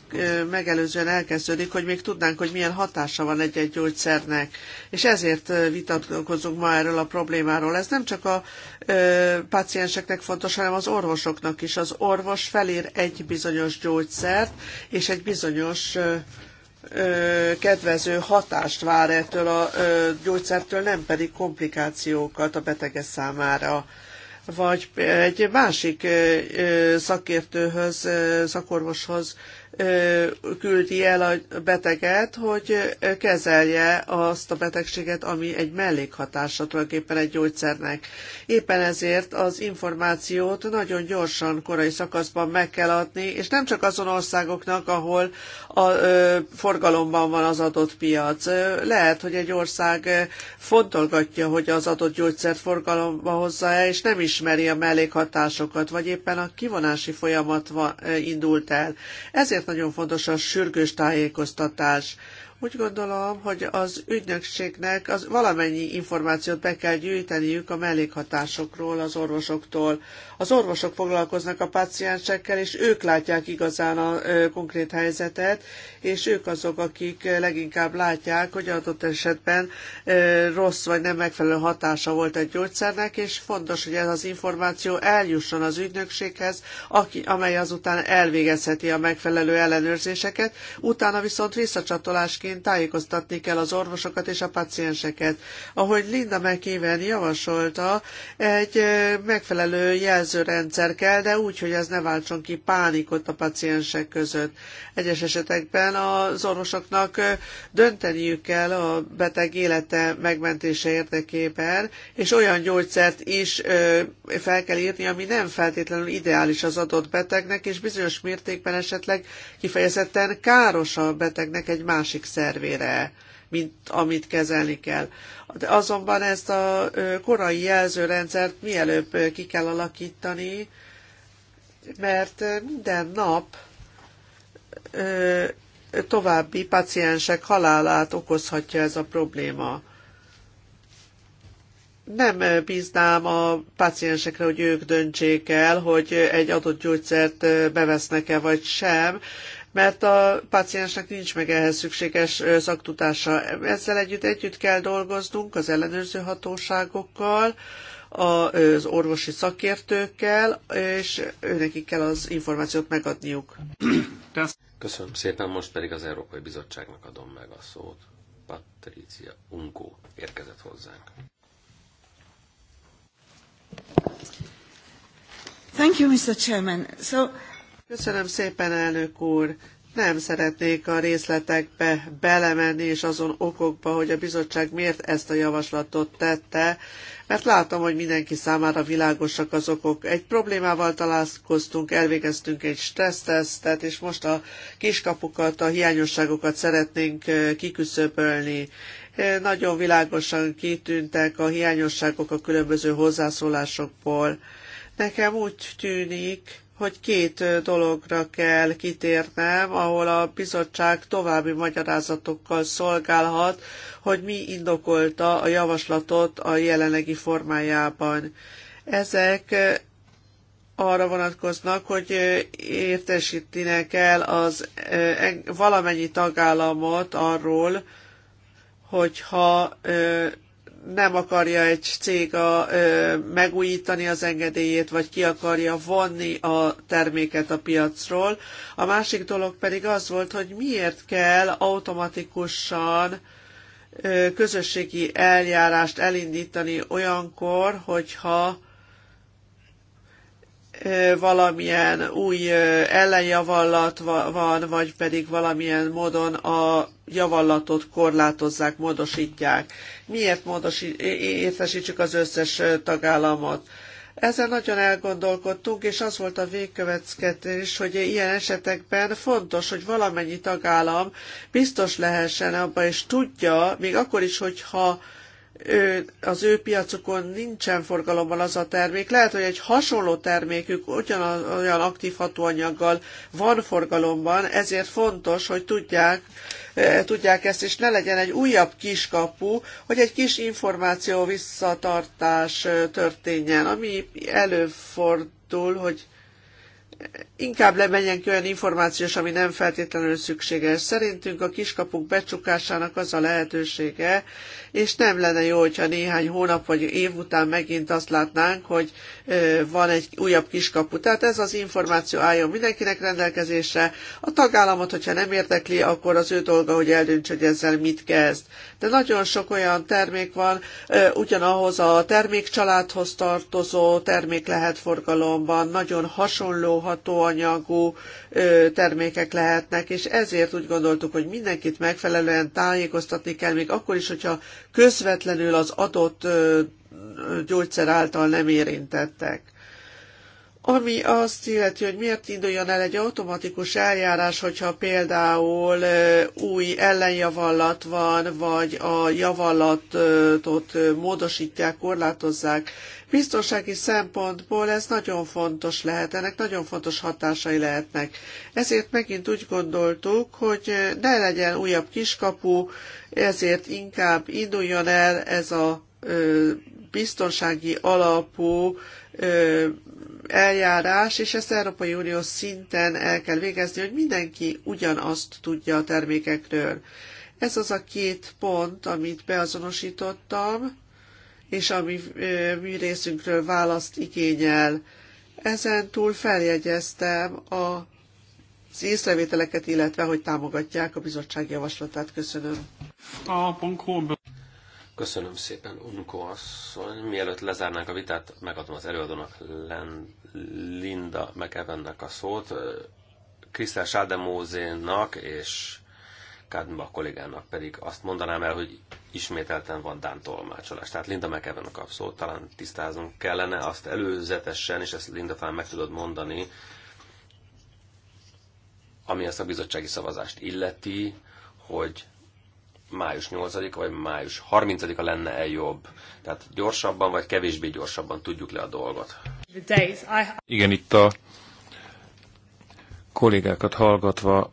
megelőzően elkezdődik, hogy még tudnánk, hogy milyen hatása van egy-egy gyógyszernek, és ezért vitatkozunk ma erről a problémáról. Ez nem csak a pácienseknek fontos, hanem az orvosoknak is. Az orvos felír egy bizonyos gyógyszert, és egy bizonyos kedvező hatást vár ettől a gyógyszertől, nem pedig komplikációkat a betege számára. Vagy egy másik szakértőhöz, szakorvoshoz küldi el a beteget, hogy kezelje azt a betegséget, ami egy mellékhatása tulajdonképpen egy gyógyszernek. Éppen ezért az információt nagyon gyorsan, korai szakaszban meg kell adni, és nem csak azon országoknak, ahol a forgalomban van az adott piac. Lehet, hogy egy ország fontolgatja, hogy az adott gyógyszert forgalomba hozza-e, és nem ismeri a mellékhatásokat, vagy éppen a kivonási folyamat van, indult el. Ezért nagyon fontos a sürgős tájékoztatás. Úgy gondolom, hogy az ügynökségnek az valamennyi információt be kell gyűjteniük a mellékhatásokról az orvosoktól. Az orvosok foglalkoznak a páciensekkel, és ők látják igazán a konkrét helyzetet, és ők azok, akik leginkább látják, hogy adott esetben rossz vagy nem megfelelő hatása volt egy gyógyszernek, és fontos, hogy ez az információ eljusson az ügynökséghez, aki, amely azután elvégezheti a megfelelő ellenőrzéseket, utána viszont visszacsatolásként egyébként tájékoztatni kell az orvosokat és a pacienseket. Ahogy Linda McKeven javasolta, egy megfelelő jelzőrendszer kell, de úgy, hogy ez ne váltson ki pánikot a paciensek között. Egyes esetekben az orvosoknak dönteniük kell a beteg élete megmentése érdekében, és olyan gyógyszert is fel kell írni, ami nem feltétlenül ideális az adott betegnek, és bizonyos mértékben esetleg kifejezetten káros a betegnek egy másik szervére, mint amit kezelni kell. De azonban ezt a korai jelzőrendszert mielőbb ki kell alakítani, mert minden nap további paciensek halálát okozhatja ez a probléma. Nem bíznám a paciensekre, hogy ők döntsék el, hogy egy adott gyógyszert bevesznek-e vagy sem, mert a páciensnek nincs meg ehhez szükséges szaktudása. Ezzel együtt együtt kell dolgoznunk az ellenőrző hatóságokkal, az orvosi szakértőkkel, és őnekik kell az információt megadniuk. Köszönöm szépen, most pedig az Európai Bizottságnak adom meg a szót. Patricia Unkó érkezett hozzánk. Thank you, Mr. Chairman. So, Köszönöm szépen, elnök úr! Nem szeretnék a részletekbe belemenni, és azon okokba, hogy a bizottság miért ezt a javaslatot tette, mert látom, hogy mindenki számára világosak az okok. Egy problémával találkoztunk, elvégeztünk egy stressztesztet, és most a kiskapukat, a hiányosságokat szeretnénk kiküszöbölni nagyon világosan kitűntek a hiányosságok a különböző hozzászólásokból. Nekem úgy tűnik, hogy két dologra kell kitérnem, ahol a bizottság további magyarázatokkal szolgálhat, hogy mi indokolta a javaslatot a jelenlegi formájában. Ezek arra vonatkoznak, hogy értesítinek el az valamennyi tagállamot arról, hogyha nem akarja egy cég a, ö, megújítani az engedélyét, vagy ki akarja vonni a terméket a piacról. A másik dolog pedig az volt, hogy miért kell automatikusan ö, közösségi eljárást elindítani olyankor, hogyha valamilyen új ellenjavallat van, vagy pedig valamilyen módon a javallatot korlátozzák, módosítják. Miért módosít, értesítsük az összes tagállamot? Ezen nagyon elgondolkodtunk, és az volt a végkövetkezés, hogy ilyen esetekben fontos, hogy valamennyi tagállam biztos lehessen abba, és tudja, még akkor is, hogyha az ő piacukon nincsen forgalomban az a termék. Lehet, hogy egy hasonló termékük ugyanaz, olyan aktív hatóanyaggal van forgalomban, ezért fontos, hogy tudják, tudják ezt, és ne legyen egy újabb kiskapu, hogy egy kis információ visszatartás történjen, ami előfordul, hogy inkább lemenjen ki olyan információs, ami nem feltétlenül szükséges. Szerintünk a kiskapuk becsukásának az a lehetősége, és nem lenne jó, hogyha néhány hónap vagy év után megint azt látnánk, hogy van egy újabb kiskapu. Tehát ez az információ álljon mindenkinek rendelkezésre. A tagállamot, hogyha nem érdekli, akkor az ő dolga, hogy eldönts, hogy ezzel mit kezd. De nagyon sok olyan termék van, ugyanahoz a termékcsaládhoz tartozó termék lehet forgalomban, nagyon hasonló hatóanyagú termékek lehetnek, és ezért úgy gondoltuk, hogy mindenkit megfelelően tájékoztatni kell, még akkor is, hogyha közvetlenül az adott gyógyszer által nem érintettek. Ami azt illeti, hogy miért induljon el egy automatikus eljárás, hogyha például új ellenjavallat van, vagy a javallatot módosítják, korlátozzák. Biztonsági szempontból ez nagyon fontos lehet, ennek nagyon fontos hatásai lehetnek. Ezért megint úgy gondoltuk, hogy ne legyen újabb kiskapu, ezért inkább induljon el ez a biztonsági alapú eljárás, és ezt Európai Unió szinten el kell végezni, hogy mindenki ugyanazt tudja a termékekről. Ez az a két pont, amit beazonosítottam, és ami mi részünkről választ igényel. Ezen túl feljegyeztem a, az észrevételeket, illetve hogy támogatják a bizottság javaslatát. Köszönöm. Köszönöm szépen, Unko asszony. Mielőtt lezárnánk a vitát, megadom az előadónak Len, Linda McEvennek a szót. Krisztel Sádemózénak és Kádmba kollégának pedig azt mondanám el, hogy ismételten van Dán tolmácsolás. Tehát Linda McEwen a kap szót, talán tisztázunk kellene azt előzetesen, és ezt Linda talán meg tudod mondani, ami ezt a bizottsági szavazást illeti, hogy május 8 vagy május 30-a lenne el jobb? Tehát gyorsabban vagy kevésbé gyorsabban tudjuk le a dolgot? Igen, itt a kollégákat hallgatva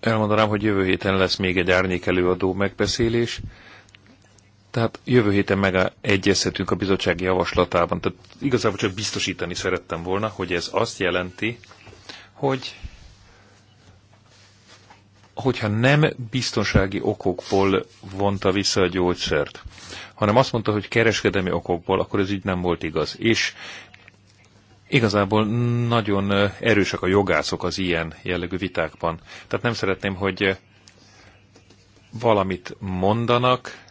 elmondanám, hogy jövő héten lesz még egy árnyék adó megbeszélés, tehát jövő héten meg egyezhetünk a bizottsági javaslatában. Tehát igazából csak biztosítani szerettem volna, hogy ez azt jelenti, hogy hogyha nem biztonsági okokból vonta vissza a gyógyszert, hanem azt mondta, hogy kereskedelmi okokból, akkor ez így nem volt igaz. És igazából nagyon erősek a jogászok az ilyen jellegű vitákban. Tehát nem szeretném, hogy valamit mondanak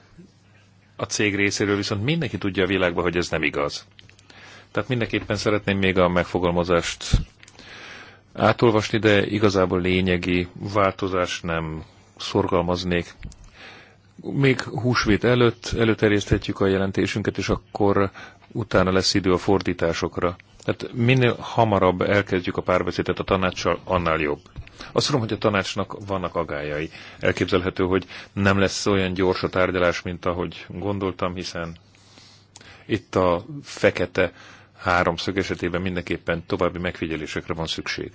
a cég részéről, viszont mindenki tudja a világban, hogy ez nem igaz. Tehát mindenképpen szeretném még a megfogalmazást átolvasni, de igazából lényegi változás nem szorgalmaznék. Még húsvét előtt előterjeszthetjük a jelentésünket, és akkor utána lesz idő a fordításokra. Tehát minél hamarabb elkezdjük a párbeszédet a tanácssal, annál jobb. Azt tudom, hogy a tanácsnak vannak agályai. Elképzelhető, hogy nem lesz olyan gyors a tárgyalás, mint ahogy gondoltam, hiszen itt a fekete háromszög esetében mindenképpen további megfigyelésekre van szükség.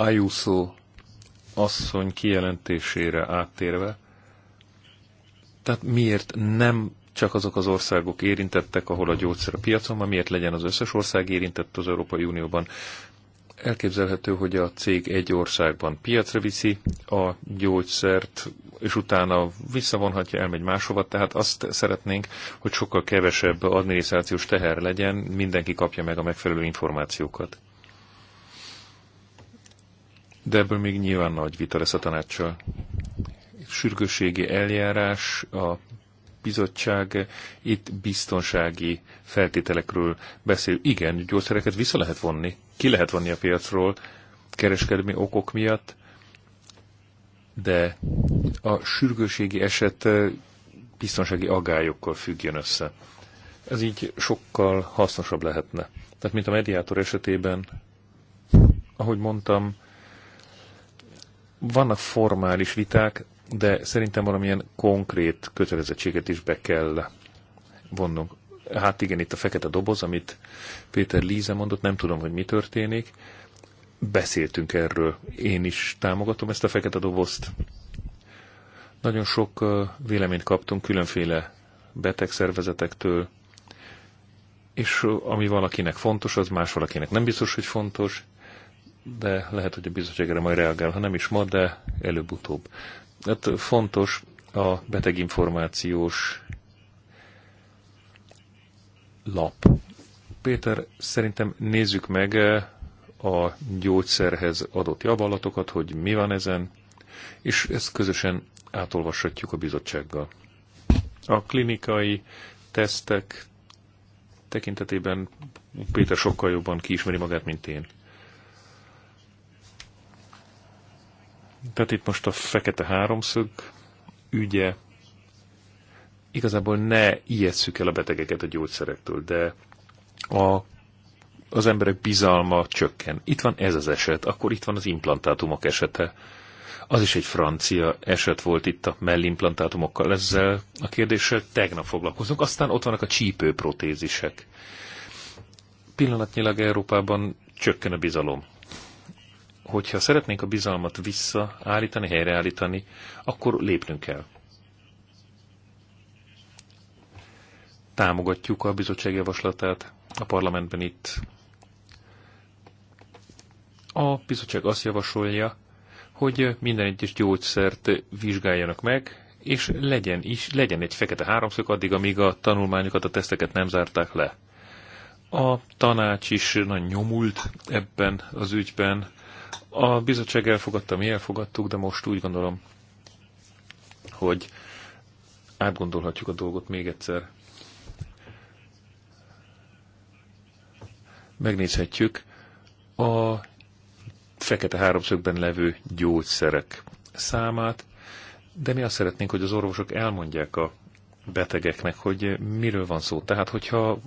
Ayuso asszony kijelentésére áttérve, tehát miért nem csak azok az országok érintettek, ahol a gyógyszer a piacon van, miért legyen az összes ország érintett az Európai Unióban? Elképzelhető, hogy a cég egy országban piacra viszi a gyógyszert, és utána visszavonhatja, elmegy máshova, tehát azt szeretnénk, hogy sokkal kevesebb adminisztrációs teher legyen, mindenki kapja meg a megfelelő információkat de ebből még nyilván nagy vita lesz a tanácssal. Sürgőségi eljárás, a bizottság itt biztonsági feltételekről beszél. Igen, gyógyszereket vissza lehet vonni, ki lehet vonni a piacról kereskedmi okok miatt, de a sürgőségi eset eh, biztonsági agályokkal függjön össze. Ez így sokkal hasznosabb lehetne. Tehát, mint a mediátor esetében, ahogy mondtam, vannak formális viták, de szerintem valamilyen konkrét kötelezettséget is be kell vonnunk. Hát igen, itt a fekete doboz, amit Péter Líze mondott, nem tudom, hogy mi történik. Beszéltünk erről. Én is támogatom ezt a fekete dobozt. Nagyon sok véleményt kaptunk különféle betegszervezetektől, és ami valakinek fontos, az más valakinek nem biztos, hogy fontos de lehet, hogy a bizottságra majd reagál, ha nem is ma, de előbb-utóbb. Hát fontos a beteginformációs lap. Péter, szerintem nézzük meg eh, a gyógyszerhez adott javallatokat, hogy mi van ezen, és ezt közösen átolvashatjuk a bizottsággal. A klinikai tesztek tekintetében Péter sokkal jobban kiismeri magát, mint én. Tehát itt most a fekete háromszög ügye, igazából ne ijesszük el a betegeket a gyógyszerektől, de a, az emberek bizalma csökken. Itt van ez az eset, akkor itt van az implantátumok esete. Az is egy francia eset volt itt a mellimplantátumokkal, ezzel a kérdéssel tegnap foglalkozunk. Aztán ott vannak a csípőprotézisek. Pillanatnyilag Európában csökken a bizalom hogyha szeretnénk a bizalmat visszaállítani, helyreállítani, akkor lépnünk kell. Támogatjuk a bizottság javaslatát a parlamentben itt. A bizottság azt javasolja, hogy minden egyes gyógyszert vizsgáljanak meg, és legyen is, legyen egy fekete háromszög addig, amíg a tanulmányokat, a teszteket nem zárták le. A tanács is nagyon nyomult ebben az ügyben, a bizottság elfogadta, mi elfogadtuk, de most úgy gondolom, hogy átgondolhatjuk a dolgot még egyszer. Megnézhetjük a fekete háromszögben levő gyógyszerek számát, de mi azt szeretnénk, hogy az orvosok elmondják a betegeknek, hogy miről van szó. Tehát, hogyha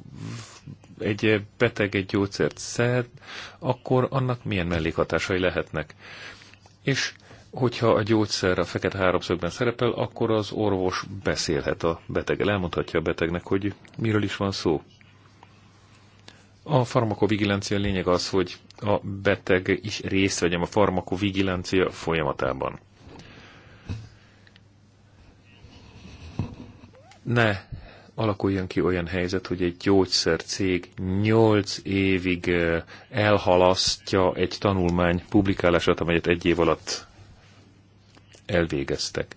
egy beteg egy gyógyszert szed, akkor annak milyen mellékhatásai lehetnek. És hogyha a gyógyszer a fekete háromszögben szerepel, akkor az orvos beszélhet a beteg, elmondhatja a betegnek, hogy miről is van szó. A farmakovigilancia lényeg az, hogy a beteg is részt vegyem a farmakovigilancia folyamatában. ne alakuljon ki olyan helyzet, hogy egy gyógyszercég 8 évig elhalasztja egy tanulmány publikálását, amelyet egy év alatt elvégeztek.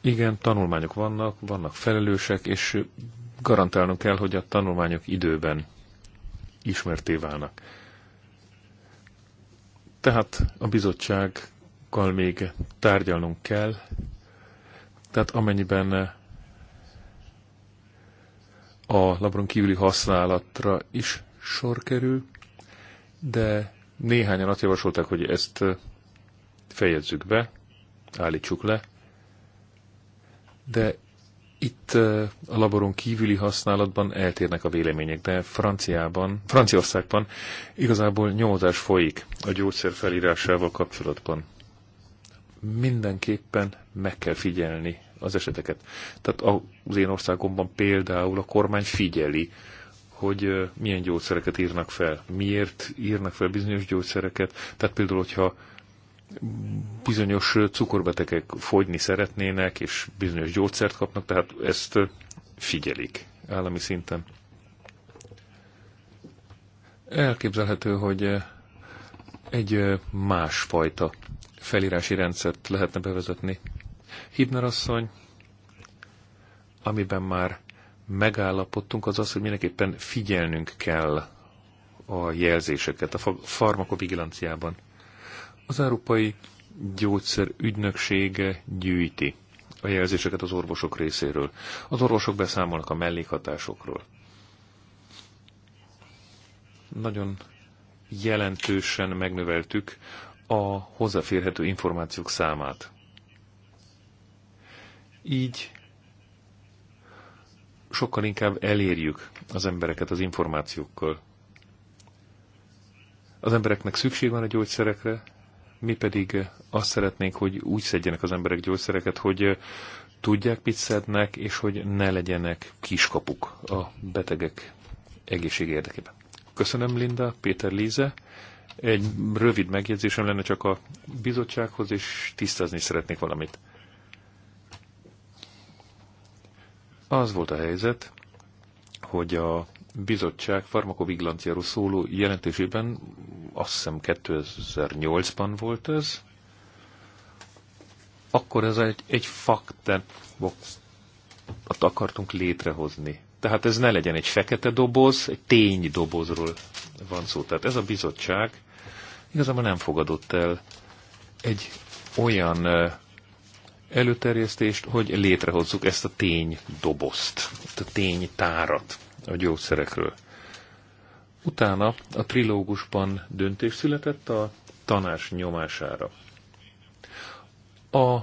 Igen, tanulmányok vannak, vannak felelősek, és garantálnunk kell, hogy a tanulmányok időben ismerté válnak. Tehát a bizottsággal még tárgyalnunk kell, tehát amennyiben eh, a labron kívüli használatra is sor kerül, de néhányan azt javasolták, hogy ezt eh, fejezzük be, állítsuk le, de itt eh, a laboron kívüli használatban eltérnek a vélemények, de Franciában, Franciaországban igazából nyomozás folyik a gyógyszer felírásával kapcsolatban mindenképpen meg kell figyelni az eseteket. Tehát az én országomban például a kormány figyeli, hogy milyen gyógyszereket írnak fel, miért írnak fel bizonyos gyógyszereket. Tehát például, hogyha bizonyos cukorbetegek fogyni szeretnének, és bizonyos gyógyszert kapnak, tehát ezt figyelik állami szinten. Elképzelhető, hogy egy másfajta felírási rendszert lehetne bevezetni. Hibner asszony, amiben már megállapodtunk, az az, hogy mindenképpen figyelnünk kell a jelzéseket a farmakovigilanciában. Az Európai Ügynöksége gyűjti a jelzéseket az orvosok részéről. Az orvosok beszámolnak a mellékhatásokról. Nagyon jelentősen megnöveltük a hozzáférhető információk számát. Így sokkal inkább elérjük az embereket az információkkal. Az embereknek szükség van a gyógyszerekre, mi pedig azt szeretnénk, hogy úgy szedjenek az emberek gyógyszereket, hogy tudják, mit szednek, és hogy ne legyenek kiskapuk a betegek egészség érdekében. Köszönöm, Linda, Péter Líze. Egy rövid megjegyzésem lenne csak a bizottsághoz, és tisztázni szeretnék valamit. Az volt a helyzet, hogy a bizottság farmakoviglanciáról szóló jelentésében, azt hiszem 2008-ban volt ez, akkor ez egy, egy faktát akartunk létrehozni. Tehát ez ne legyen egy fekete doboz, egy tény dobozról van szó. Tehát ez a bizottság igazából nem fogadott el egy olyan előterjesztést, hogy létrehozzuk ezt a tény ezt a tény tárat, a gyógyszerekről. Utána a trilógusban döntés született a tanás nyomására. A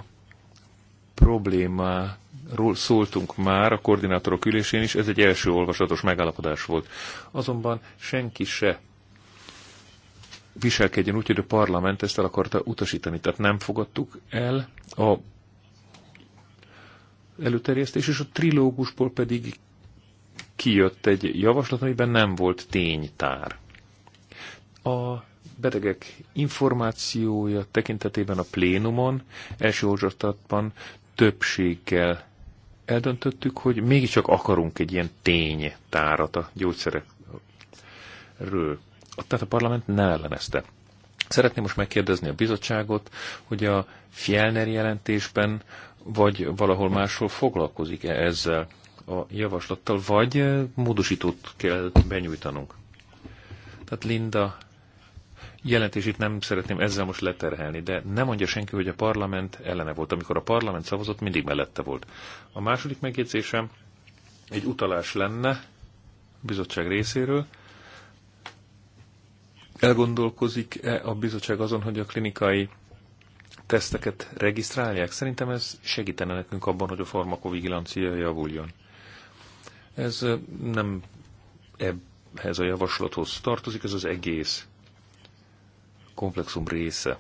problémá ról szóltunk már a koordinátorok ülésén is, ez egy első olvasatos megállapodás volt. Azonban senki se viselkedjen úgy, hogy a parlament ezt el akarta utasítani. Tehát nem fogadtuk el a előterjesztés, és a trilógusból pedig kijött egy javaslat, amiben nem volt ténytár. A betegek információja tekintetében a plénumon első olvasatban többséggel eldöntöttük, hogy mégiscsak akarunk egy ilyen tárat a gyógyszerekről. Tehát a parlament nem ellenezte. Szeretném most megkérdezni a bizottságot, hogy a Fjellner jelentésben vagy valahol máshol foglalkozik -e ezzel a javaslattal, vagy módosítót kell benyújtanunk. Tehát Linda jelentését nem szeretném ezzel most leterhelni, de nem mondja senki, hogy a parlament ellene volt. Amikor a parlament szavazott, mindig mellette volt. A második megjegyzésem egy utalás lenne a bizottság részéről. Elgondolkozik-e a bizottság azon, hogy a klinikai teszteket regisztrálják? Szerintem ez segítene nekünk abban, hogy a farmakovigilancia javuljon. Ez nem ebben ehhez a javaslathoz tartozik, ez az egész komplexum része.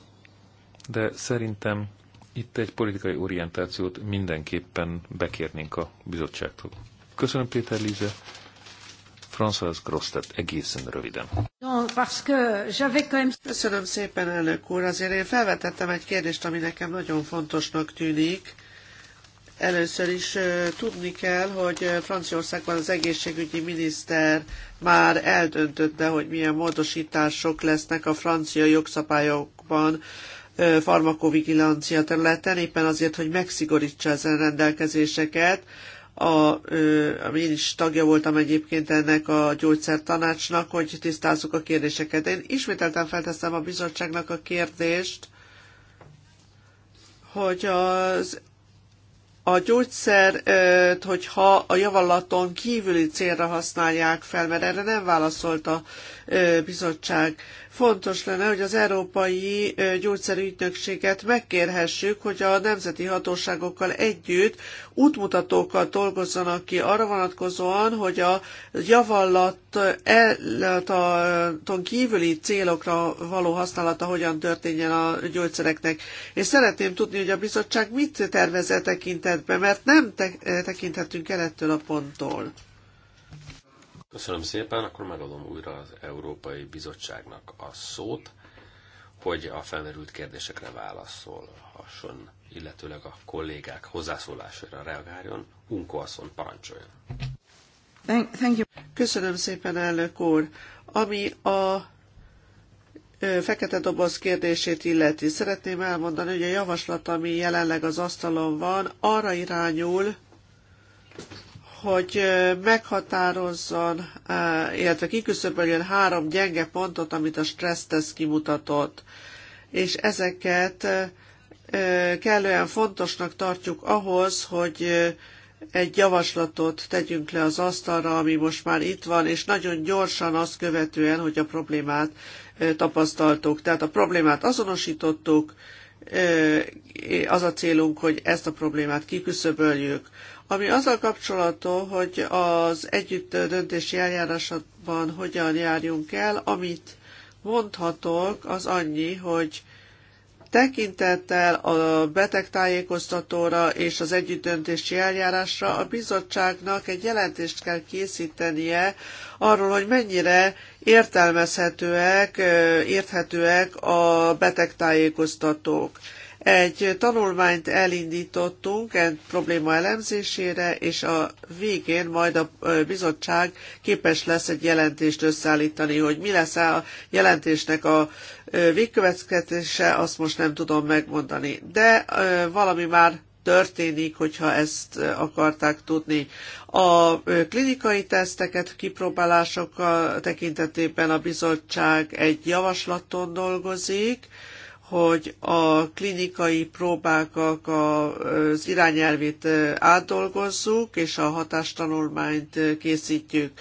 De szerintem itt egy politikai orientációt mindenképpen bekérnénk a bizottságtól. Köszönöm Péter Líze. François Grosztet, egészen röviden. Köszönöm szépen, elnök úr. Azért én felvetettem egy kérdést, ami nekem nagyon fontosnak tűnik, Először is tudni kell, hogy Franciaországban az egészségügyi miniszter már eldöntötte, hogy milyen módosítások lesznek a francia jogszabályokban farmakovigilancia területen, éppen azért, hogy megszigorítsa ezen rendelkezéseket, a, a én is tagja voltam egyébként ennek a gyógyszertanácsnak, hogy tisztázzuk a kérdéseket. Én ismételten felteszem a bizottságnak a kérdést, hogy az a gyógyszer, hogyha a javallaton kívüli célra használják fel, mert erre nem válaszolt a bizottság. Fontos lenne, hogy az Európai Gyógyszerügynökséget megkérhessük, hogy a nemzeti hatóságokkal együtt útmutatókat dolgozzanak ki arra vonatkozóan, hogy a javallaton kívüli célokra való használata hogyan történjen a gyógyszereknek. És szeretném tudni, hogy a bizottság mit tervez e tekintetben, mert nem tekinthetünk el ettől a ponttól. Köszönöm szépen, akkor megadom újra az Európai Bizottságnak a szót, hogy a felmerült kérdésekre válaszolhasson, illetőleg a kollégák hozzászólására reagáljon. Unko asszony parancsoljon. Thank, thank you. Köszönöm szépen, elnök úr. Ami a fekete doboz kérdését illeti, szeretném elmondani, hogy a javaslat, ami jelenleg az asztalon van, arra irányul, hogy meghatározzon, illetve kiküszöböljön három gyenge pontot, amit a stressztesz kimutatott. És ezeket kellően fontosnak tartjuk ahhoz, hogy egy javaslatot tegyünk le az asztalra, ami most már itt van, és nagyon gyorsan azt követően, hogy a problémát tapasztaltuk. Tehát a problémát azonosítottuk, az a célunk, hogy ezt a problémát kiküszöböljük ami azzal kapcsolatos, hogy az együtt döntési eljárásban hogyan járjunk el, amit mondhatok, az annyi, hogy Tekintettel a betegtájékoztatóra és az együttdöntési eljárásra a bizottságnak egy jelentést kell készítenie arról, hogy mennyire értelmezhetőek, érthetőek a betegtájékoztatók. Egy tanulmányt elindítottunk egy probléma elemzésére, és a végén majd a bizottság képes lesz egy jelentést összeállítani, hogy mi lesz a jelentésnek a végkövetkezése, azt most nem tudom megmondani. De valami már történik, hogyha ezt akarták tudni. A klinikai teszteket kipróbálások tekintetében a bizottság egy javaslaton dolgozik, hogy a klinikai próbáknak az irányelvét átdolgozzuk, és a hatástanulmányt készítjük.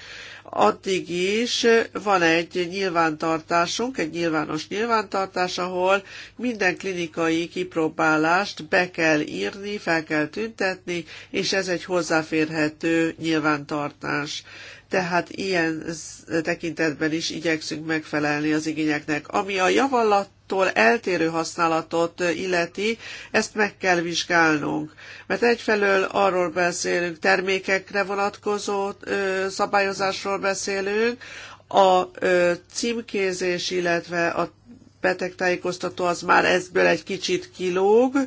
Addig is van egy nyilvántartásunk, egy nyilvános nyilvántartás, ahol minden klinikai kipróbálást be kell írni, fel kell tüntetni, és ez egy hozzáférhető nyilvántartás tehát ilyen tekintetben is igyekszünk megfelelni az igényeknek. Ami a javallat tól eltérő használatot illeti, ezt meg kell vizsgálnunk. Mert egyfelől arról beszélünk, termékekre vonatkozó szabályozásról beszélünk, a címkézés, illetve a betegtájékoztató az már ezből egy kicsit kilóg,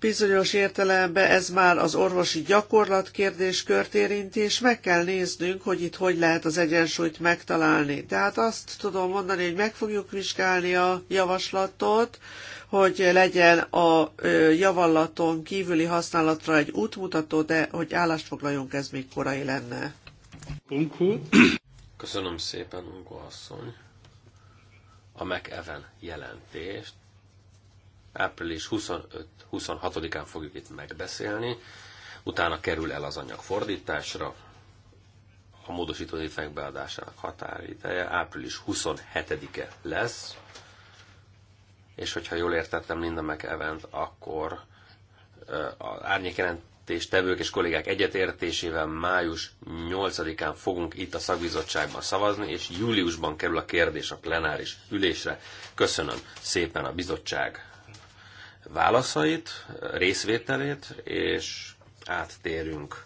Bizonyos értelemben ez már az orvosi gyakorlat kérdéskört érinti, és meg kell néznünk, hogy itt hogy lehet az egyensúlyt megtalálni. Tehát azt tudom mondani, hogy meg fogjuk vizsgálni a javaslatot, hogy legyen a javallaton kívüli használatra egy útmutató, de hogy állást foglaljunk, ez még korai lenne. Köszönöm szépen, Ungo asszony. A McEwen jelentést április 25-26-án fogjuk itt megbeszélni, utána kerül el az anyag fordításra, a módosító nyitvánk beadásának határideje április 27-e lesz, és hogyha jól értettem Linda McEvent, akkor az árnyékjelentés tevők és kollégák egyetértésével május 8-án fogunk itt a szakbizottságban szavazni, és júliusban kerül a kérdés a plenáris ülésre. Köszönöm szépen a bizottság válaszait, részvételét, és áttérünk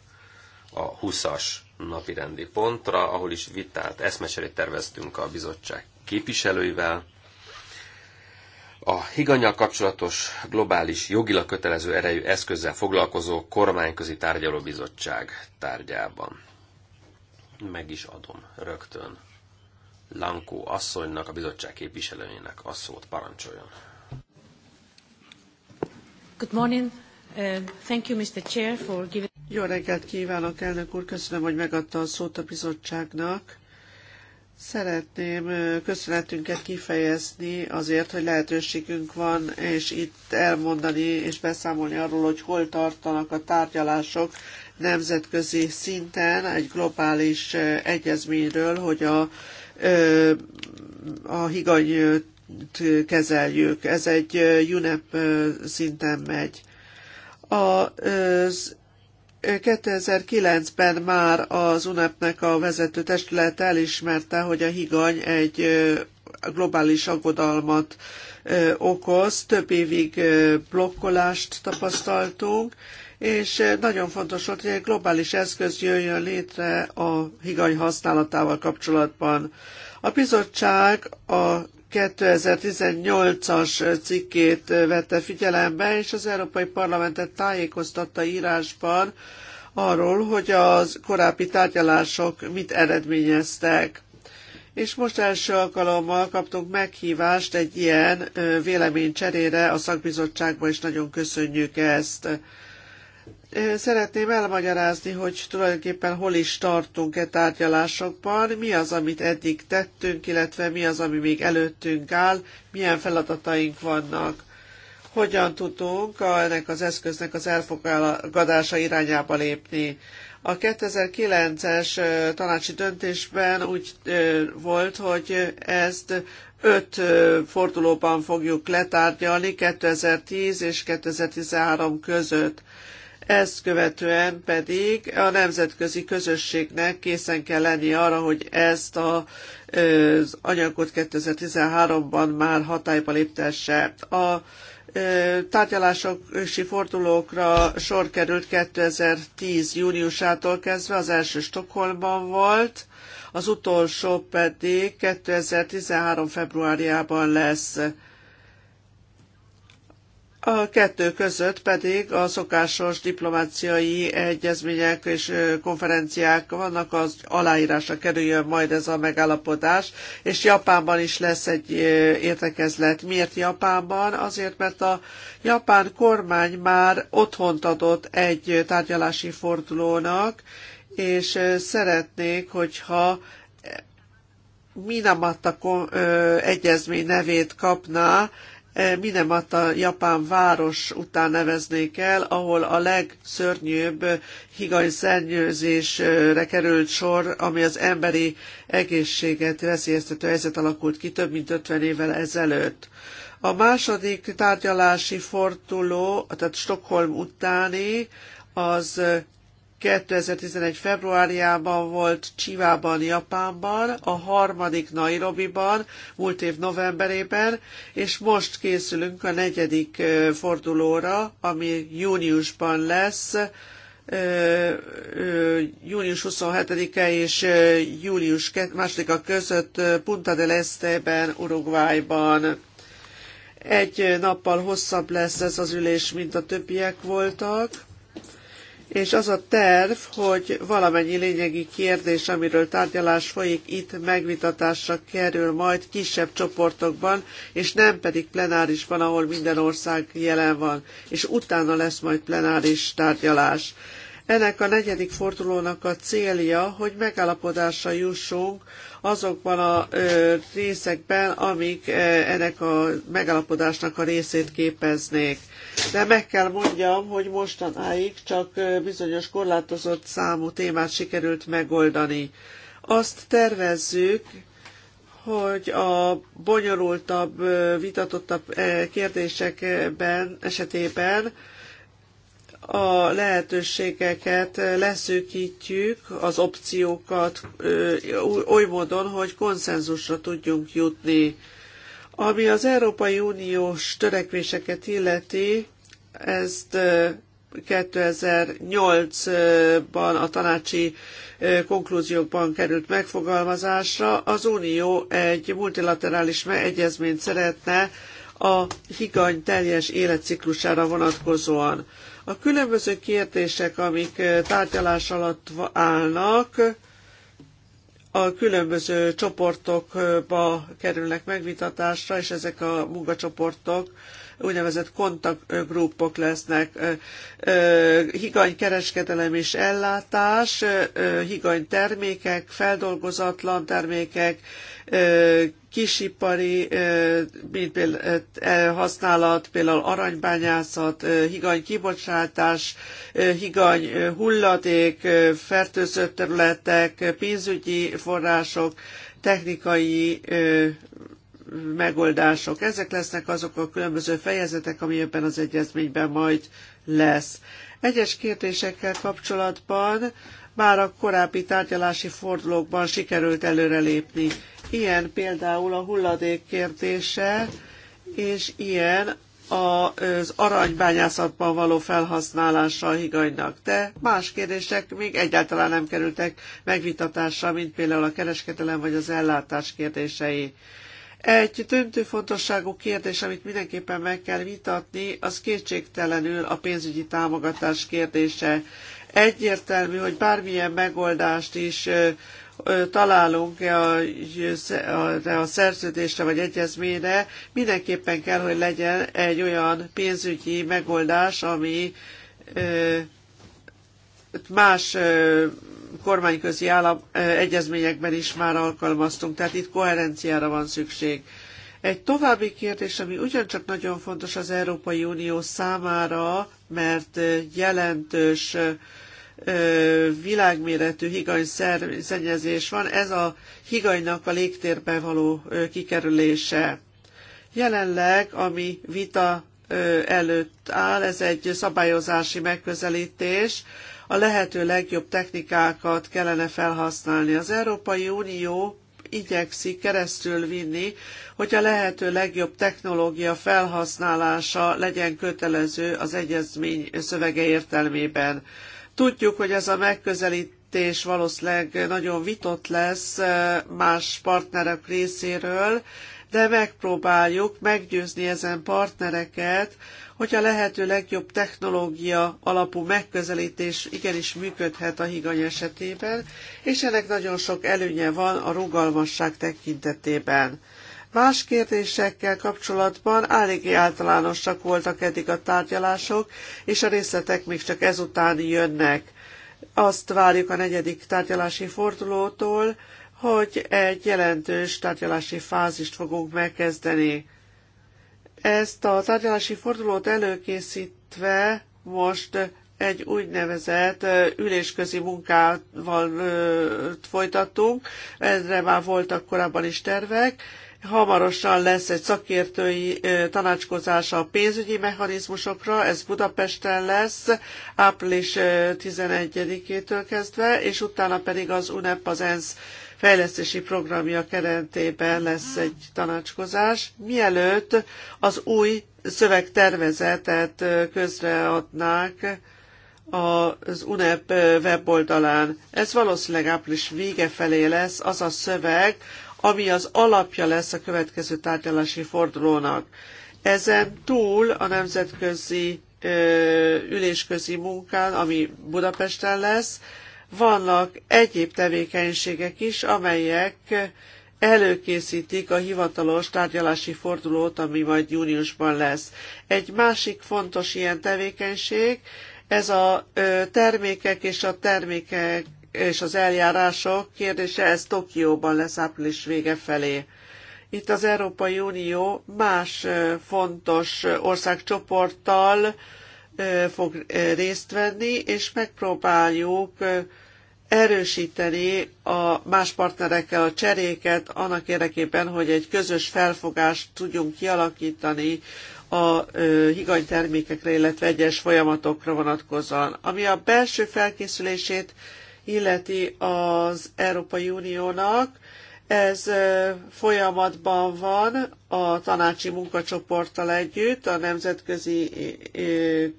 a 20-as napirendi pontra, ahol is vitát, eszmeserét terveztünk a bizottság képviselőivel. A higanyal kapcsolatos globális jogilag kötelező erejű eszközzel foglalkozó kormányközi tárgyalóbizottság tárgyában. Meg is adom rögtön Lankó asszonynak, a bizottság képviselőjének a szót parancsoljon. Uh, Jó reggelt kívánok, elnök úr, köszönöm, hogy megadta a szót a bizottságnak. Szeretném köszönetünket kifejezni azért, hogy lehetőségünk van, és itt elmondani és beszámolni arról, hogy hol tartanak a tárgyalások nemzetközi szinten egy globális egyezményről, hogy a, a higany kezeljük. Ez egy UNEP szinten megy. Az 2009-ben már az UNEP-nek a vezető testület elismerte, hogy a higany egy globális aggodalmat okoz. Több évig blokkolást tapasztaltunk, és nagyon fontos volt, hogy egy globális eszköz jöjjön létre a higany használatával kapcsolatban. A bizottság a 2018-as cikkét vette figyelembe, és az Európai Parlamentet tájékoztatta írásban arról, hogy az korábbi tárgyalások mit eredményeztek. És most első alkalommal kaptunk meghívást egy ilyen véleménycserére a szakbizottságban, és nagyon köszönjük ezt. Szeretném elmagyarázni, hogy tulajdonképpen hol is tartunk-e tárgyalásokban, mi az, amit eddig tettünk, illetve mi az, ami még előttünk áll, milyen feladataink vannak, hogyan tudunk ennek az eszköznek az elfogadása irányába lépni. A 2009-es tanácsi döntésben úgy volt, hogy ezt öt fordulóban fogjuk letárgyalni 2010 és 2013 között ezt követően pedig a nemzetközi közösségnek készen kell lenni arra, hogy ezt a, az anyagot 2013-ban már hatályba léptesse. A tárgyalási fordulókra sor került 2010. júniusától kezdve, az első Stockholmban volt, az utolsó pedig 2013. februárjában lesz. A kettő között pedig a szokásos diplomáciai egyezmények és konferenciák vannak, az aláírásra kerüljön majd ez a megállapodás, és Japánban is lesz egy értekezlet. Miért Japánban? Azért, mert a japán kormány már otthont adott egy tárgyalási fordulónak, és szeretnék, hogyha Minamata egyezmény nevét kapná, mindenmat japán város után neveznék el, ahol a legszörnyűbb higany szennyőzésre került sor, ami az emberi egészséget veszélyeztető helyzet alakult ki több mint 50 évvel ezelőtt. A második tárgyalási forduló, tehát Stockholm utáni, az 2011. februárjában volt Csivában, Japánban, a harmadik Nairobiban, múlt év novemberében, és most készülünk a negyedik fordulóra, ami júniusban lesz, június 27-e és július 2-a között Punta del Este-ben, Uruguayban. Egy nappal hosszabb lesz ez az ülés, mint a többiek voltak és az a terv, hogy valamennyi lényegi kérdés, amiről tárgyalás folyik, itt megvitatásra kerül majd kisebb csoportokban, és nem pedig plenárisban, ahol minden ország jelen van, és utána lesz majd plenáris tárgyalás. Ennek a negyedik fordulónak a célja, hogy megállapodásra jussunk azokban a részekben, amik ennek a megállapodásnak a részét képeznék. De meg kell mondjam, hogy mostanáig csak bizonyos korlátozott számú témát sikerült megoldani. Azt tervezzük, hogy a bonyolultabb, vitatottabb kérdésekben esetében a lehetőségeket leszűkítjük, az opciókat oly módon, hogy konszenzusra tudjunk jutni. Ami az Európai Uniós törekvéseket illeti, ezt 2008-ban a tanácsi konklúziókban került megfogalmazásra, az Unió egy multilaterális egyezményt szeretne a higany teljes életciklusára vonatkozóan. A különböző kérdések, amik eh, tárgyalás alatt állnak, a különböző csoportokba kerülnek megvitatásra, és ezek a munkacsoportok úgynevezett kontaktgrupok lesznek, higany kereskedelem és ellátás, higany termékek, feldolgozatlan termékek, kisipari mint például, használat, például aranybányászat, higany kibocsátás, higany hulladék, fertőzött területek, pénzügyi források, technikai megoldások. Ezek lesznek azok a különböző fejezetek, ami ebben az egyezményben majd lesz. Egyes kérdésekkel kapcsolatban már a korábbi tárgyalási fordulókban sikerült előrelépni. Ilyen például a hulladék kérdése, és ilyen az aranybányászatban való felhasználása a higanynak. De más kérdések még egyáltalán nem kerültek megvitatásra, mint például a kereskedelem vagy az ellátás kérdései. Egy döntő fontosságú kérdés, amit mindenképpen meg kell vitatni, az kétségtelenül a pénzügyi támogatás kérdése. Egyértelmű, hogy bármilyen megoldást is találunk erre e a szerződésre vagy egyezményre, mindenképpen kell, hogy legyen egy olyan pénzügyi megoldás, ami más kormányközi állam, egyezményekben is már alkalmaztunk, tehát itt koherenciára van szükség. Egy további kérdés, ami ugyancsak nagyon fontos az Európai Unió számára, mert jelentős világméretű higany szennyezés van, ez a higanynak a légtérbe való kikerülése. Jelenleg, ami vita előtt áll, ez egy szabályozási megközelítés, a lehető legjobb technikákat kellene felhasználni. Az Európai Unió igyekszik keresztül vinni, hogy a lehető legjobb technológia felhasználása legyen kötelező az egyezmény szövege értelmében. Tudjuk, hogy ez a megközelítés valószínűleg nagyon vitott lesz eh, más partnerek részéről, de megpróbáljuk meggyőzni ezen partnereket, hogy a lehető legjobb technológia alapú megközelítés igenis működhet a higany esetében, és ennek nagyon sok előnye van a rugalmasság tekintetében. Más kérdésekkel kapcsolatban eléggé általánosak voltak eddig a tárgyalások, és a részletek még csak ezután jönnek. Azt várjuk a negyedik tárgyalási fordulótól, hogy egy jelentős tárgyalási fázist fogunk megkezdeni. Ezt a tárgyalási fordulót előkészítve most egy úgynevezett ülésközi munkával folytattunk, erre már voltak korábban is tervek, Hamarosan lesz egy szakértői tanácskozása a pénzügyi mechanizmusokra, ez Budapesten lesz, április 11-től kezdve, és utána pedig az UNEP, az ENSZ fejlesztési programja keretében lesz egy tanácskozás, mielőtt az új szövegtervezetet közreadnák az UNEP weboldalán. Ez valószínűleg április vége felé lesz az a szöveg, ami az alapja lesz a következő tárgyalási fordulónak. Ezen túl a nemzetközi ülésközi munkán, ami Budapesten lesz, vannak egyéb tevékenységek is, amelyek előkészítik a hivatalos tárgyalási fordulót, ami majd júniusban lesz. Egy másik fontos ilyen tevékenység, ez a termékek és a termékek és az eljárások kérdése, ez Tokióban lesz április vége felé. Itt az Európai Unió más fontos országcsoporttal fog részt venni, és megpróbáljuk erősíteni a más partnerekkel a cseréket annak érdekében, hogy egy közös felfogást tudjunk kialakítani a higany termékekre, illetve egyes folyamatokra vonatkozóan. Ami a belső felkészülését illeti az Európai Uniónak, ez folyamatban van a tanácsi munkacsoporttal együtt a nemzetközi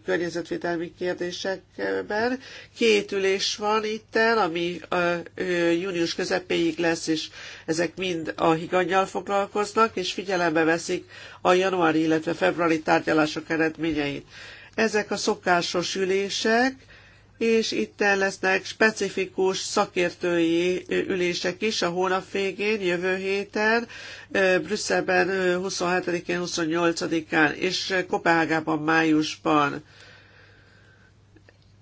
környezetvédelmi kérdésekben. Két ülés van el, ami június közepéig lesz, és ezek mind a higanyjal foglalkoznak, és figyelembe veszik a januári, illetve februári tárgyalások eredményeit. Ezek a szokásos ülések, és itt lesznek specifikus szakértői ülések is a hónap végén, jövő héten, Brüsszelben 27-én, 28-án, és Kopenhágában májusban.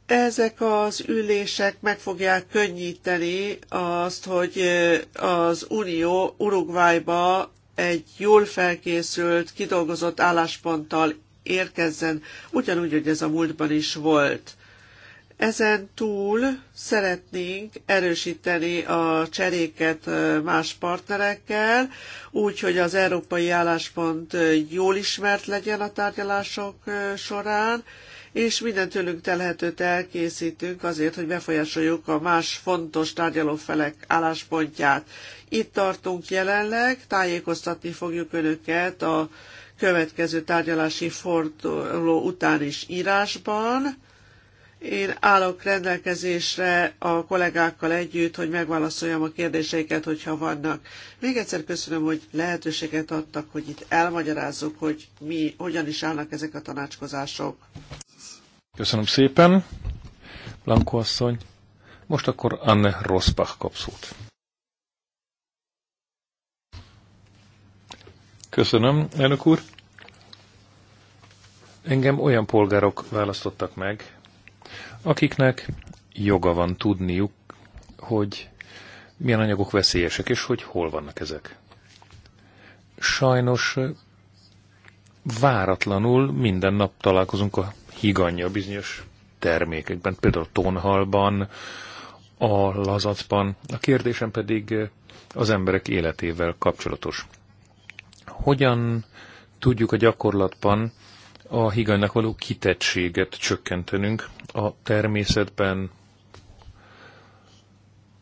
Ezek az ülések meg fogják könnyíteni azt, hogy az Unió Uruguayba egy jól felkészült, kidolgozott állásponttal érkezzen, ugyanúgy, hogy ez a múltban is volt. Ezen túl szeretnénk erősíteni a cseréket más partnerekkel, úgy, hogy az európai álláspont jól ismert legyen a tárgyalások során, és minden tőlünk telhetőt elkészítünk azért, hogy befolyásoljuk a más fontos tárgyalófelek álláspontját. Itt tartunk jelenleg, tájékoztatni fogjuk önöket a következő tárgyalási forduló után is írásban, én állok rendelkezésre a kollégákkal együtt, hogy megválaszoljam a kérdéseiket, hogyha vannak. Még egyszer köszönöm, hogy lehetőséget adtak, hogy itt elmagyarázzuk, hogy mi, hogyan is állnak ezek a tanácskozások. Köszönöm szépen, Blanko asszony. Most akkor Anne Rosbach kapszót. Köszönöm, elnök úr. Engem olyan polgárok választottak meg, akiknek joga van tudniuk, hogy milyen anyagok veszélyesek, és hogy hol vannak ezek. Sajnos váratlanul minden nap találkozunk a higanyja bizonyos termékekben, például a tonhalban, a lazacban. A kérdésem pedig az emberek életével kapcsolatos. Hogyan tudjuk a gyakorlatban a higanynak való kitettséget csökkentenünk a természetben,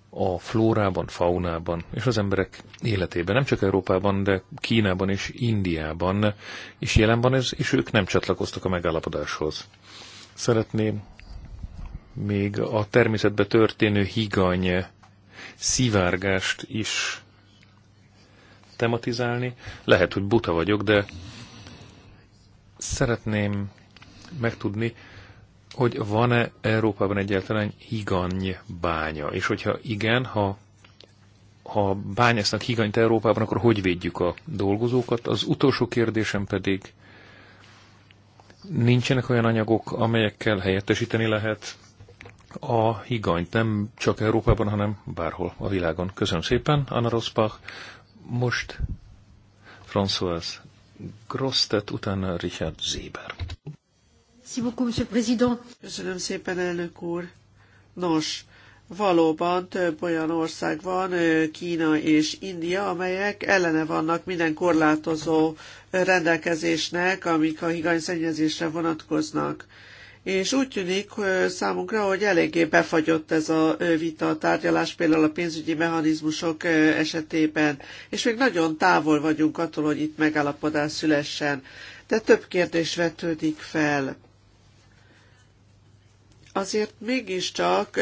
a flórában, faunában és az emberek életében, nem csak Európában, de Kínában és Indiában is jelen van ez, és ők nem csatlakoztak a megállapodáshoz. Szeretném még a természetbe történő higany szivárgást is tematizálni. Lehet, hogy buta vagyok, de Szeretném megtudni, hogy van-e Európában egyáltalán higany bánya, és hogyha igen, ha ha bányásznak higanyt Európában, akkor hogy védjük a dolgozókat? Az utolsó kérdésem pedig, nincsenek olyan anyagok, amelyekkel helyettesíteni lehet a higanyt, nem csak Európában, hanem bárhol a világon. Köszönöm szépen, Anna Rosbach. Most François Grosztet, utána Richard Zéber. Köszönöm szépen, elnök úr. Nos, Valóban több olyan ország van, Kína és India, amelyek ellene vannak minden korlátozó rendelkezésnek, amik a szennyezésre vonatkoznak és úgy tűnik hogy számunkra, hogy eléggé befagyott ez a vita, a tárgyalás például a pénzügyi mechanizmusok esetében, és még nagyon távol vagyunk attól, hogy itt megállapodás szülessen. De több kérdés vetődik fel. Azért mégiscsak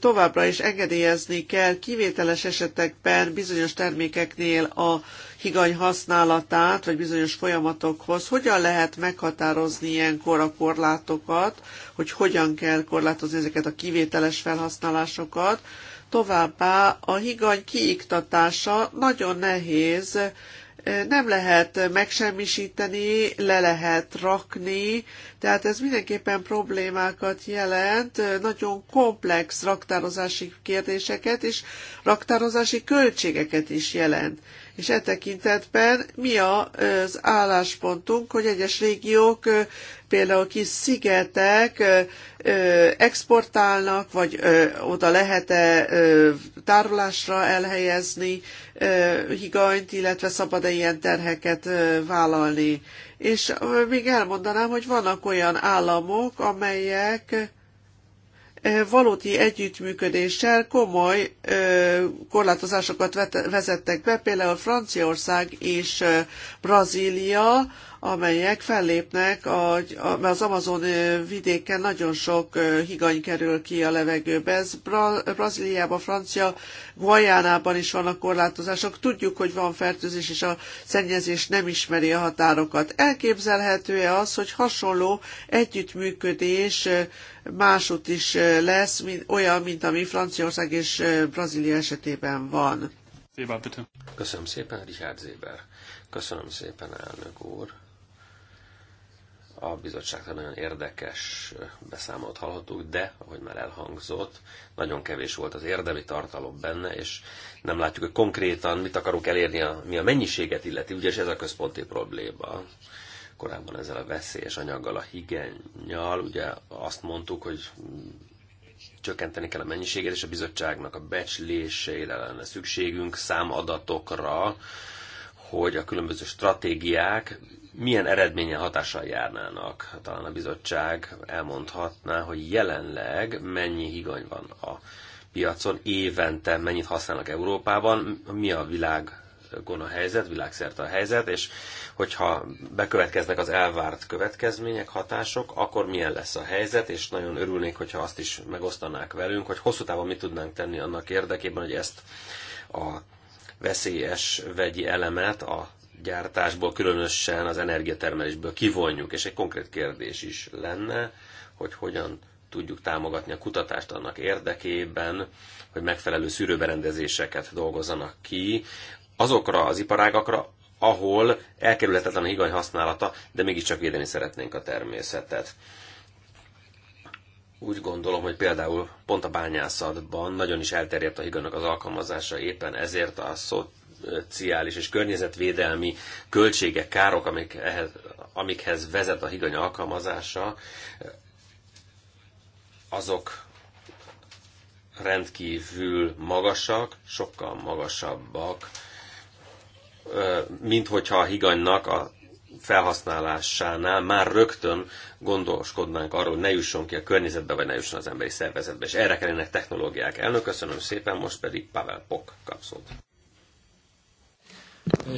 továbbra is engedélyezni kell kivételes esetekben bizonyos termékeknél a higany használatát, vagy bizonyos folyamatokhoz. Hogyan lehet meghatározni ilyenkor a korlátokat, hogy hogyan kell korlátozni ezeket a kivételes felhasználásokat? Továbbá a higany kiiktatása nagyon nehéz nem lehet megsemmisíteni, le lehet rakni, tehát ez mindenképpen problémákat jelent, nagyon komplex raktározási kérdéseket és raktározási költségeket is jelent. És e tekintetben mi az álláspontunk, hogy egyes régiók, például kis szigetek exportálnak, vagy oda lehet-e tárolásra elhelyezni higanyt, illetve szabad-e ilyen terheket vállalni. És még elmondanám, hogy vannak olyan államok, amelyek valódi együttműködéssel komoly korlátozásokat vezettek be, például Franciaország és Brazília amelyek fellépnek, a, a, mert az Amazon vidéken nagyon sok higany kerül ki a levegőbe. Ez Bra, Brazíliában, Francia, Guajánában is vannak korlátozások. Tudjuk, hogy van fertőzés, és a szennyezés nem ismeri a határokat. Elképzelhető-e az, hogy hasonló együttműködés másút is lesz, mint, olyan, mint ami Franciaország és Brazília esetében van? Köszönöm szépen, Richard Zéber. Köszönöm szépen, elnök úr. A bizottságtól nagyon érdekes beszámolót hallhatunk, de, ahogy már elhangzott, nagyon kevés volt az érdemi tartalom benne, és nem látjuk, hogy konkrétan mit akarunk elérni, a, mi a mennyiséget illeti, ugye ez a központi probléma korábban ezzel a veszélyes anyaggal, a higennyal, ugye azt mondtuk, hogy csökkenteni kell a mennyiséget, és a bizottságnak a becslésére lenne szükségünk, számadatokra, hogy a különböző stratégiák milyen eredménye, hatással járnának. Talán a bizottság elmondhatná, hogy jelenleg mennyi higany van a piacon, évente mennyit használnak Európában, mi a világ a helyzet, világszerte a helyzet, és hogyha bekövetkeznek az elvárt következmények, hatások, akkor milyen lesz a helyzet, és nagyon örülnék, hogyha azt is megosztanák velünk, hogy hosszú távon mit tudnánk tenni annak érdekében, hogy ezt a veszélyes vegyi elemet a gyártásból, különösen az energiatermelésből kivonjuk. És egy konkrét kérdés is lenne, hogy hogyan tudjuk támogatni a kutatást annak érdekében, hogy megfelelő szűrőberendezéseket dolgozzanak ki azokra az iparágakra, ahol elkerülhetetlen a higany használata, de mégiscsak védeni szeretnénk a természetet úgy gondolom, hogy például pont a bányászatban nagyon is elterjedt a higanak az alkalmazása, éppen ezért a szociális és környezetvédelmi költségek, károk, amik ehhez, amikhez vezet a higany alkalmazása, azok rendkívül magasak, sokkal magasabbak, mint hogyha a higanynak a felhasználásánál már rögtön gondoskodnánk arról, hogy ne jusson ki a környezetbe, vagy ne jusson az emberi szervezetbe, és erre kellene technológiák. Elnök, köszönöm szépen, most pedig Pavel Pok kapszót.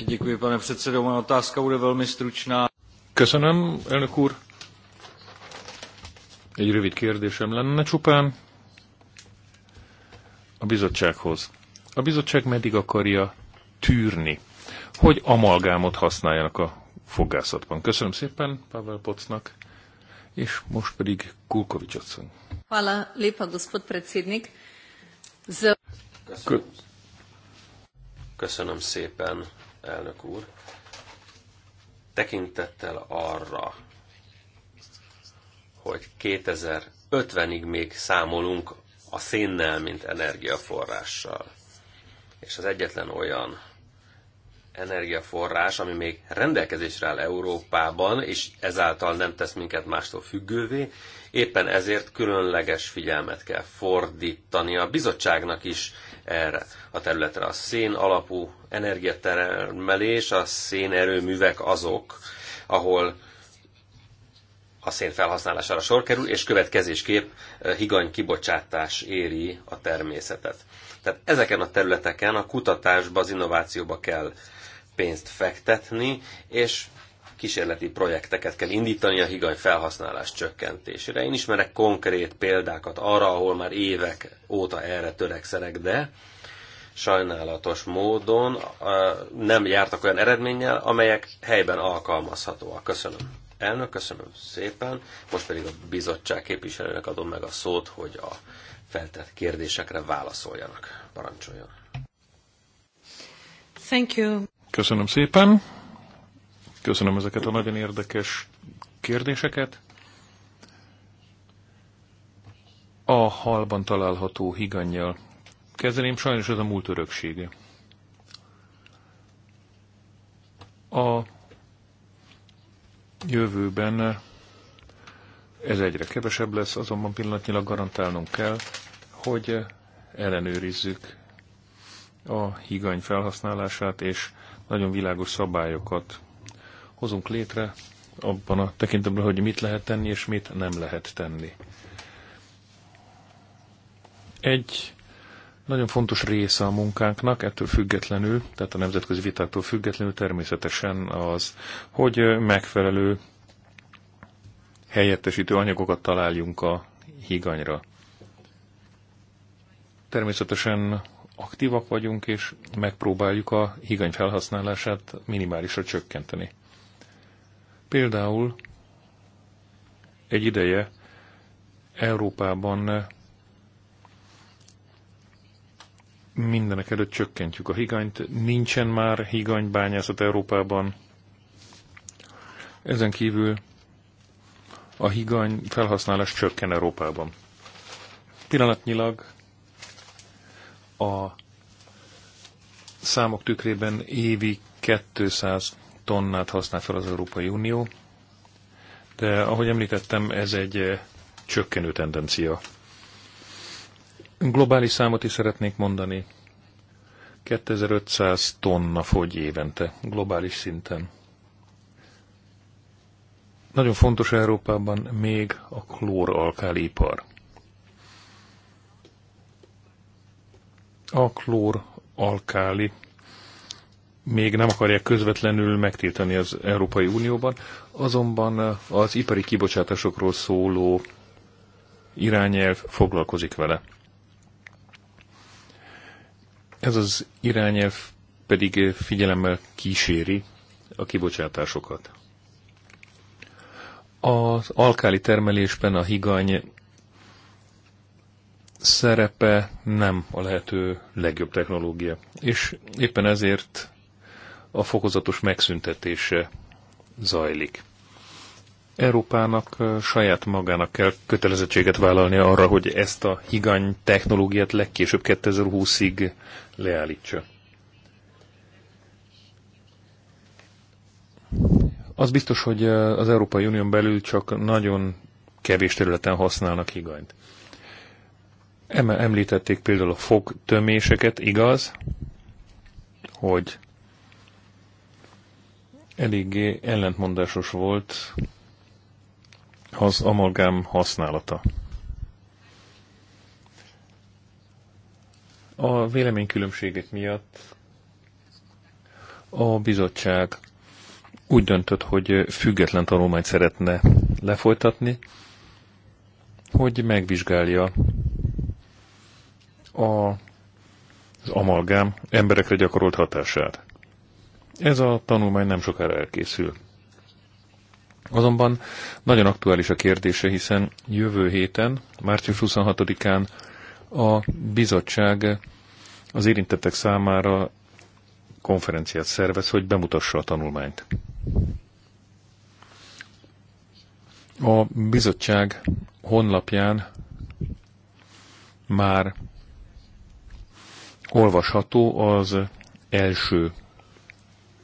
Děkuji, pane předsedo. Moje otázka bude velmi stručná. Köszönöm, elnök úr. Egy rövid kérdésem lenne csupán a bizottsághoz. A bizottság meddig akarja tűrni, hogy amalgámot használjanak a fogászatban. Köszönöm szépen Pavel Pocnak, és most pedig Kulkovics Otszon. Hála lépa, gospod predsednik. Köszönöm. Köszönöm szépen, elnök úr. Tekintettel arra, hogy 2050-ig még számolunk a szénnel, mint energiaforrással. És az egyetlen olyan energiaforrás, ami még rendelkezésre áll Európában, és ezáltal nem tesz minket mástól függővé, éppen ezért különleges figyelmet kell fordítani a bizottságnak is erre a területre. A szén alapú energiatermelés, a szénerőművek azok, ahol a szén felhasználására sor kerül, és következésképp eh, higany kibocsátás éri a természetet. Tehát ezeken a területeken a kutatásba, az innovációba kell pénzt fektetni, és kísérleti projekteket kell indítani a higany felhasználás csökkentésére. Én ismerek konkrét példákat arra, ahol már évek óta erre törekszerek, de sajnálatos módon nem jártak olyan eredménnyel, amelyek helyben alkalmazhatóak. Köszönöm. Elnök, köszönöm szépen. Most pedig a bizottság képviselőnek adom meg a szót, hogy a feltett kérdésekre válaszoljanak. Parancsoljon. Thank you. Köszönöm szépen. Köszönöm ezeket a nagyon érdekes kérdéseket. A halban található higanyjal kezelém sajnos ez a múlt öröksége. A jövőben ez egyre kevesebb lesz, azonban pillanatnyilag garantálnunk kell, hogy ellenőrizzük a higany felhasználását, és nagyon világos szabályokat hozunk létre abban a tekintetben, hogy mit lehet tenni és mit nem lehet tenni. Egy nagyon fontos része a munkánknak, ettől függetlenül, tehát a nemzetközi vitától függetlenül természetesen az, hogy megfelelő helyettesítő anyagokat találjunk a higanyra. Természetesen aktívak vagyunk, és megpróbáljuk a higany felhasználását minimálisra csökkenteni. Például egy ideje Európában mindenek előtt csökkentjük a higanyt. Nincsen már higanybányászat Európában. Ezen kívül a higany felhasználás csökken Európában. Pillanatnyilag a számok tükrében évi 200 tonnát használ fel az Európai Unió, de ahogy említettem, ez egy eh, csökkenő tendencia. Globális számot is szeretnék mondani. 2500 tonna fogy évente, globális szinten. Nagyon fontos Európában még a klóralkálipar. a klór alkáli még nem akarják közvetlenül megtiltani az Európai Unióban, azonban az ipari kibocsátásokról szóló irányelv foglalkozik vele. Ez az irányelv pedig figyelemmel kíséri a kibocsátásokat. Az alkáli termelésben a higany szerepe nem a lehető legjobb technológia. És éppen ezért a fokozatos megszüntetése zajlik. Európának saját magának kell kötelezettséget vállalnia arra, hogy ezt a higany technológiát legkésőbb 2020-ig leállítsa. Az biztos, hogy az Európai Unión belül csak nagyon kevés területen használnak higanyt. Említették például a fogtöméseket, igaz, hogy eléggé ellentmondásos volt az amalgám használata. A véleménykülönbségek miatt a bizottság úgy döntött, hogy független tanulmányt szeretne lefolytatni, hogy megvizsgálja a, az amalgám emberekre gyakorolt hatását. Ez a tanulmány nem sokára elkészül. Azonban nagyon aktuális a kérdése, hiszen jövő héten, március 26-án a bizottság az érintettek számára konferenciát szervez, hogy bemutassa a tanulmányt. A bizottság honlapján már olvasható az első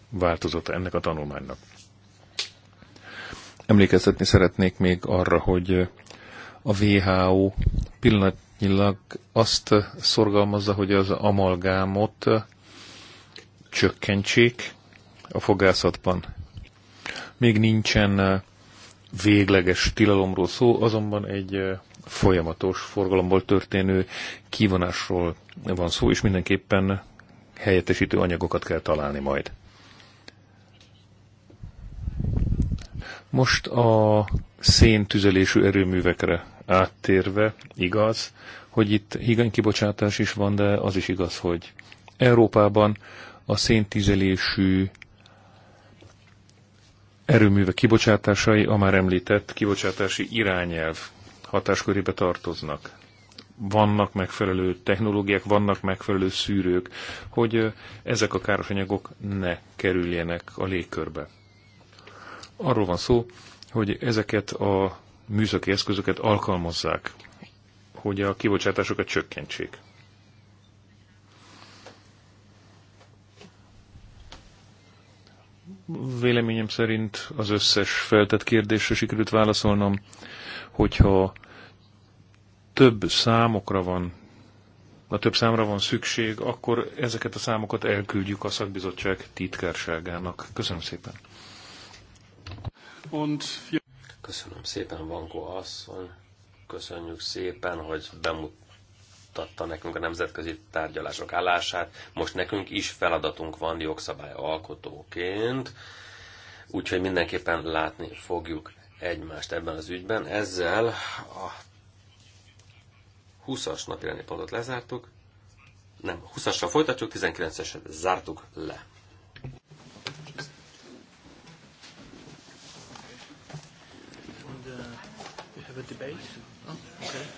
változata ennek a tanulmánynak. Emlékeztetni szeretnék még arra, hogy a WHO pillanatnyilag azt szorgalmazza, hogy az amalgámot csökkentsék a fogászatban. Még nincsen végleges tilalomról szó, azonban egy folyamatos forgalomból történő kivonásról van szó, és mindenképpen helyettesítő anyagokat kell találni majd. Most a széntüzelésű erőművekre áttérve igaz, hogy itt kibocsátás is van, de az is igaz, hogy Európában a széntüzelésű erőművek kibocsátásai, a már említett kibocsátási irányelv hatáskörébe tartoznak. Vannak megfelelő technológiák, vannak megfelelő szűrők, hogy ezek a káros anyagok ne kerüljenek a légkörbe. Arról van szó, hogy ezeket a műszaki eszközöket alkalmazzák, hogy a kibocsátásokat csökkentsék. Véleményem szerint az összes feltett kérdésre sikerült válaszolnom hogyha több számokra van, a több számra van szükség, akkor ezeket a számokat elküldjük a szakbizottság titkárságának. Köszönöm szépen. Köszönöm szépen, Vankó asszony. Köszönjük szépen, hogy bemutatta nekünk a nemzetközi tárgyalások állását. Most nekünk is feladatunk van jogszabály alkotóként, úgyhogy mindenképpen látni fogjuk egymást ebben az ügyben. Ezzel a 20-as napi pontot lezártuk. Nem, 20-assal folytatjuk, 19-eset zártuk le. And, uh, we have a debate. Oh, okay.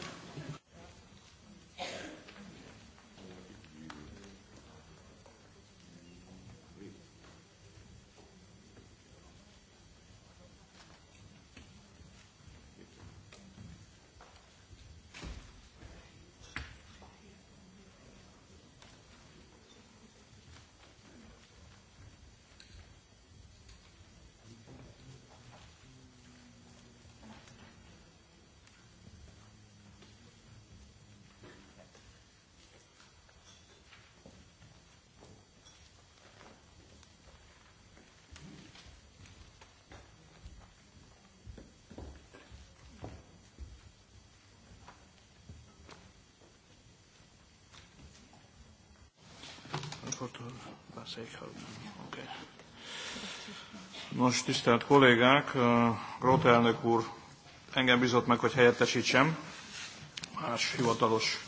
Okay. Nos, tisztelt kollégák, Grote elnök úr engem bizott meg, hogy helyettesítsem. Más hivatalos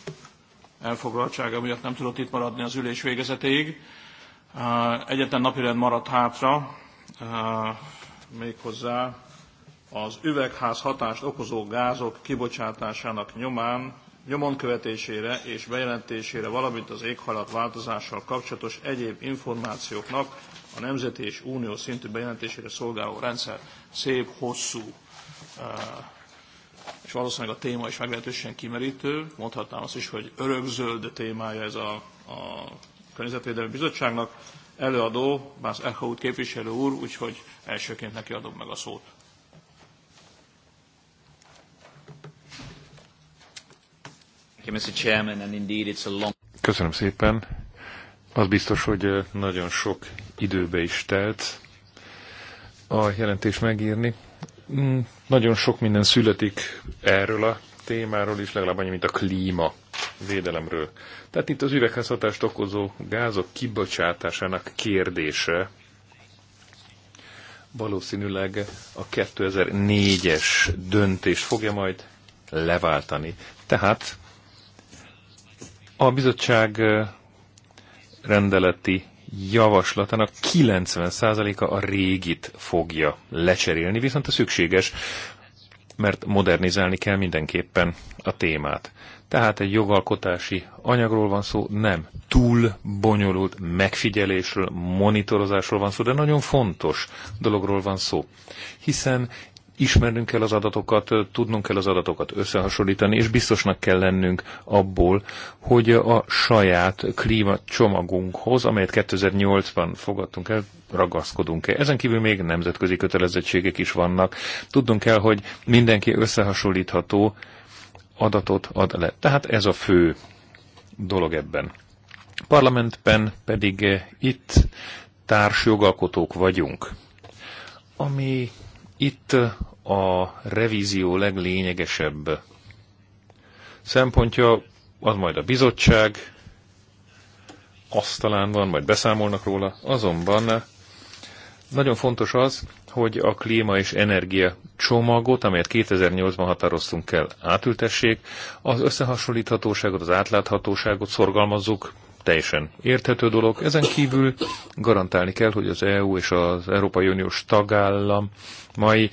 elfoglaltsága miatt nem tudott itt maradni az ülés végezetéig. Egyetlen napirend maradt hátra, méghozzá az üvegház hatást okozó gázok kibocsátásának nyomán nyomon követésére és bejelentésére, valamint az éghajlat változással kapcsolatos egyéb információknak a nemzeti és unió szintű bejelentésére szolgáló rendszer szép, hosszú, eh, és valószínűleg a téma is meglehetősen kimerítő. Mondhatnám azt is, hogy örökzöld témája ez a, a Környezetvédelmi Bizottságnak. Előadó, Bász Echaut képviselő úr, úgyhogy elsőként neki adom meg a szót. Köszönöm szépen. Az biztos, hogy eh, nagyon sok időbe is telt a jelentés megírni. Mm, nagyon sok minden születik erről a témáról is, legalább annyi, mint a klíma védelemről. Tehát itt az üvegházhatást okozó gázok kibocsátásának kérdése valószínűleg a 2004-es döntés fogja majd leváltani. Tehát a bizottság rendeleti javaslatának 90%-a a régit fogja lecserélni, viszont ez szükséges, mert modernizálni kell mindenképpen a témát. Tehát egy jogalkotási anyagról van szó, nem túl bonyolult megfigyelésről, monitorozásról van szó, de nagyon fontos dologról van szó. Hiszen ismernünk kell az adatokat, tudnunk kell az adatokat összehasonlítani, és biztosnak kell lennünk abból, hogy a saját klímacsomagunkhoz, amelyet 2008-ban fogadtunk el, ragaszkodunk -e. Ezen kívül még nemzetközi kötelezettségek is vannak. Tudnunk kell, hogy mindenki összehasonlítható adatot ad le. Tehát ez a fő dolog ebben. Parlamentben pedig itt társjogalkotók vagyunk, ami itt a revízió leglényegesebb szempontja, az majd a bizottság, talán van, majd beszámolnak róla, azonban nagyon fontos az, hogy a klíma és energia csomagot, amelyet 2008-ban határoztunk el, átültessék, az összehasonlíthatóságot, az átláthatóságot szorgalmazzuk, teljesen érthető dolog. Ezen kívül garantálni kell, hogy az EU és az Európai Uniós tagállam mai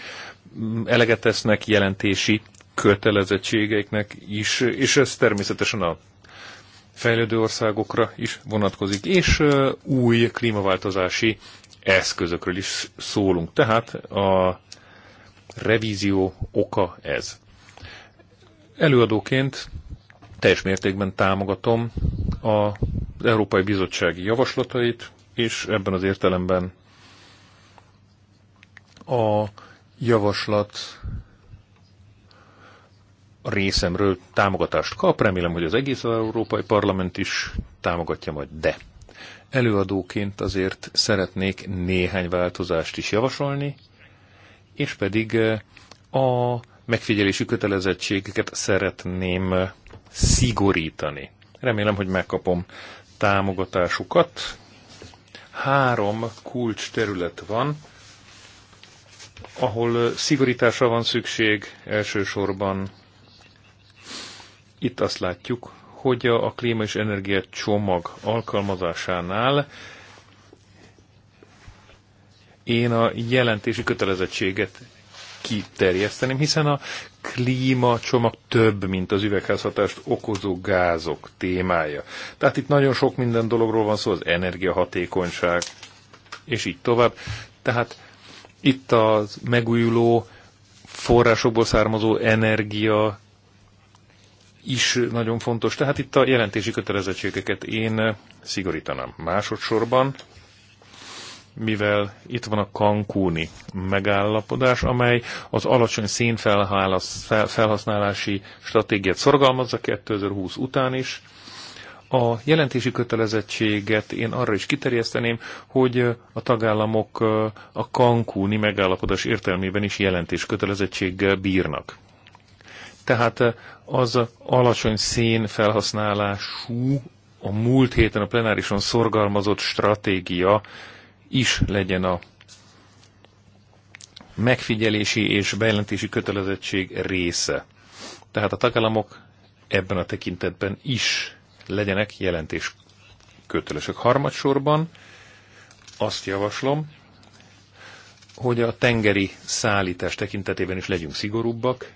eleget tesznek jelentési kötelezettségeiknek is, és ez természetesen a fejlődő országokra is vonatkozik, és új klímaváltozási eszközökről is szólunk. Tehát a revízió oka ez. Előadóként teljes mértékben támogatom az Európai Bizottsági javaslatait, és ebben az értelemben a javaslat a részemről támogatást kap, remélem, hogy az egész Európai Parlament is támogatja majd, de előadóként azért szeretnék néhány változást is javasolni, és pedig eh, a megfigyelési kötelezettségeket szeretném eh, szigorítani. Remélem, hogy megkapom támogatásukat. Három kulcs terület van, ahol szigorításra van szükség elsősorban. Itt azt látjuk, hogy a klíma és energia csomag alkalmazásánál én a jelentési kötelezettséget kiterjeszteném, hiszen a klíma csomag több, mint az üvegházhatást okozó gázok témája. Tehát itt nagyon sok minden dologról van szó, az energiahatékonyság, és így tovább. Tehát itt az megújuló forrásokból származó energia is nagyon fontos. Tehát itt a jelentési kötelezettségeket én szigorítanám. Másodszorban, mivel itt van a kankúni megállapodás, amely az alacsony szénfelhasználási stratégiát szorgalmazza 2020 után is, a jelentési kötelezettséget én arra is kiterjeszteném, hogy a tagállamok a kankúni megállapodás értelmében is jelentés kötelezettséggel bírnak. Tehát az alacsony szén felhasználású, a múlt héten a plenárison szorgalmazott stratégia is legyen a megfigyelési és bejelentési kötelezettség része. Tehát a tagállamok ebben a tekintetben is legyenek jelentés kötelesek. Harmadsorban azt javaslom, hogy a tengeri szállítás tekintetében is legyünk szigorúbbak.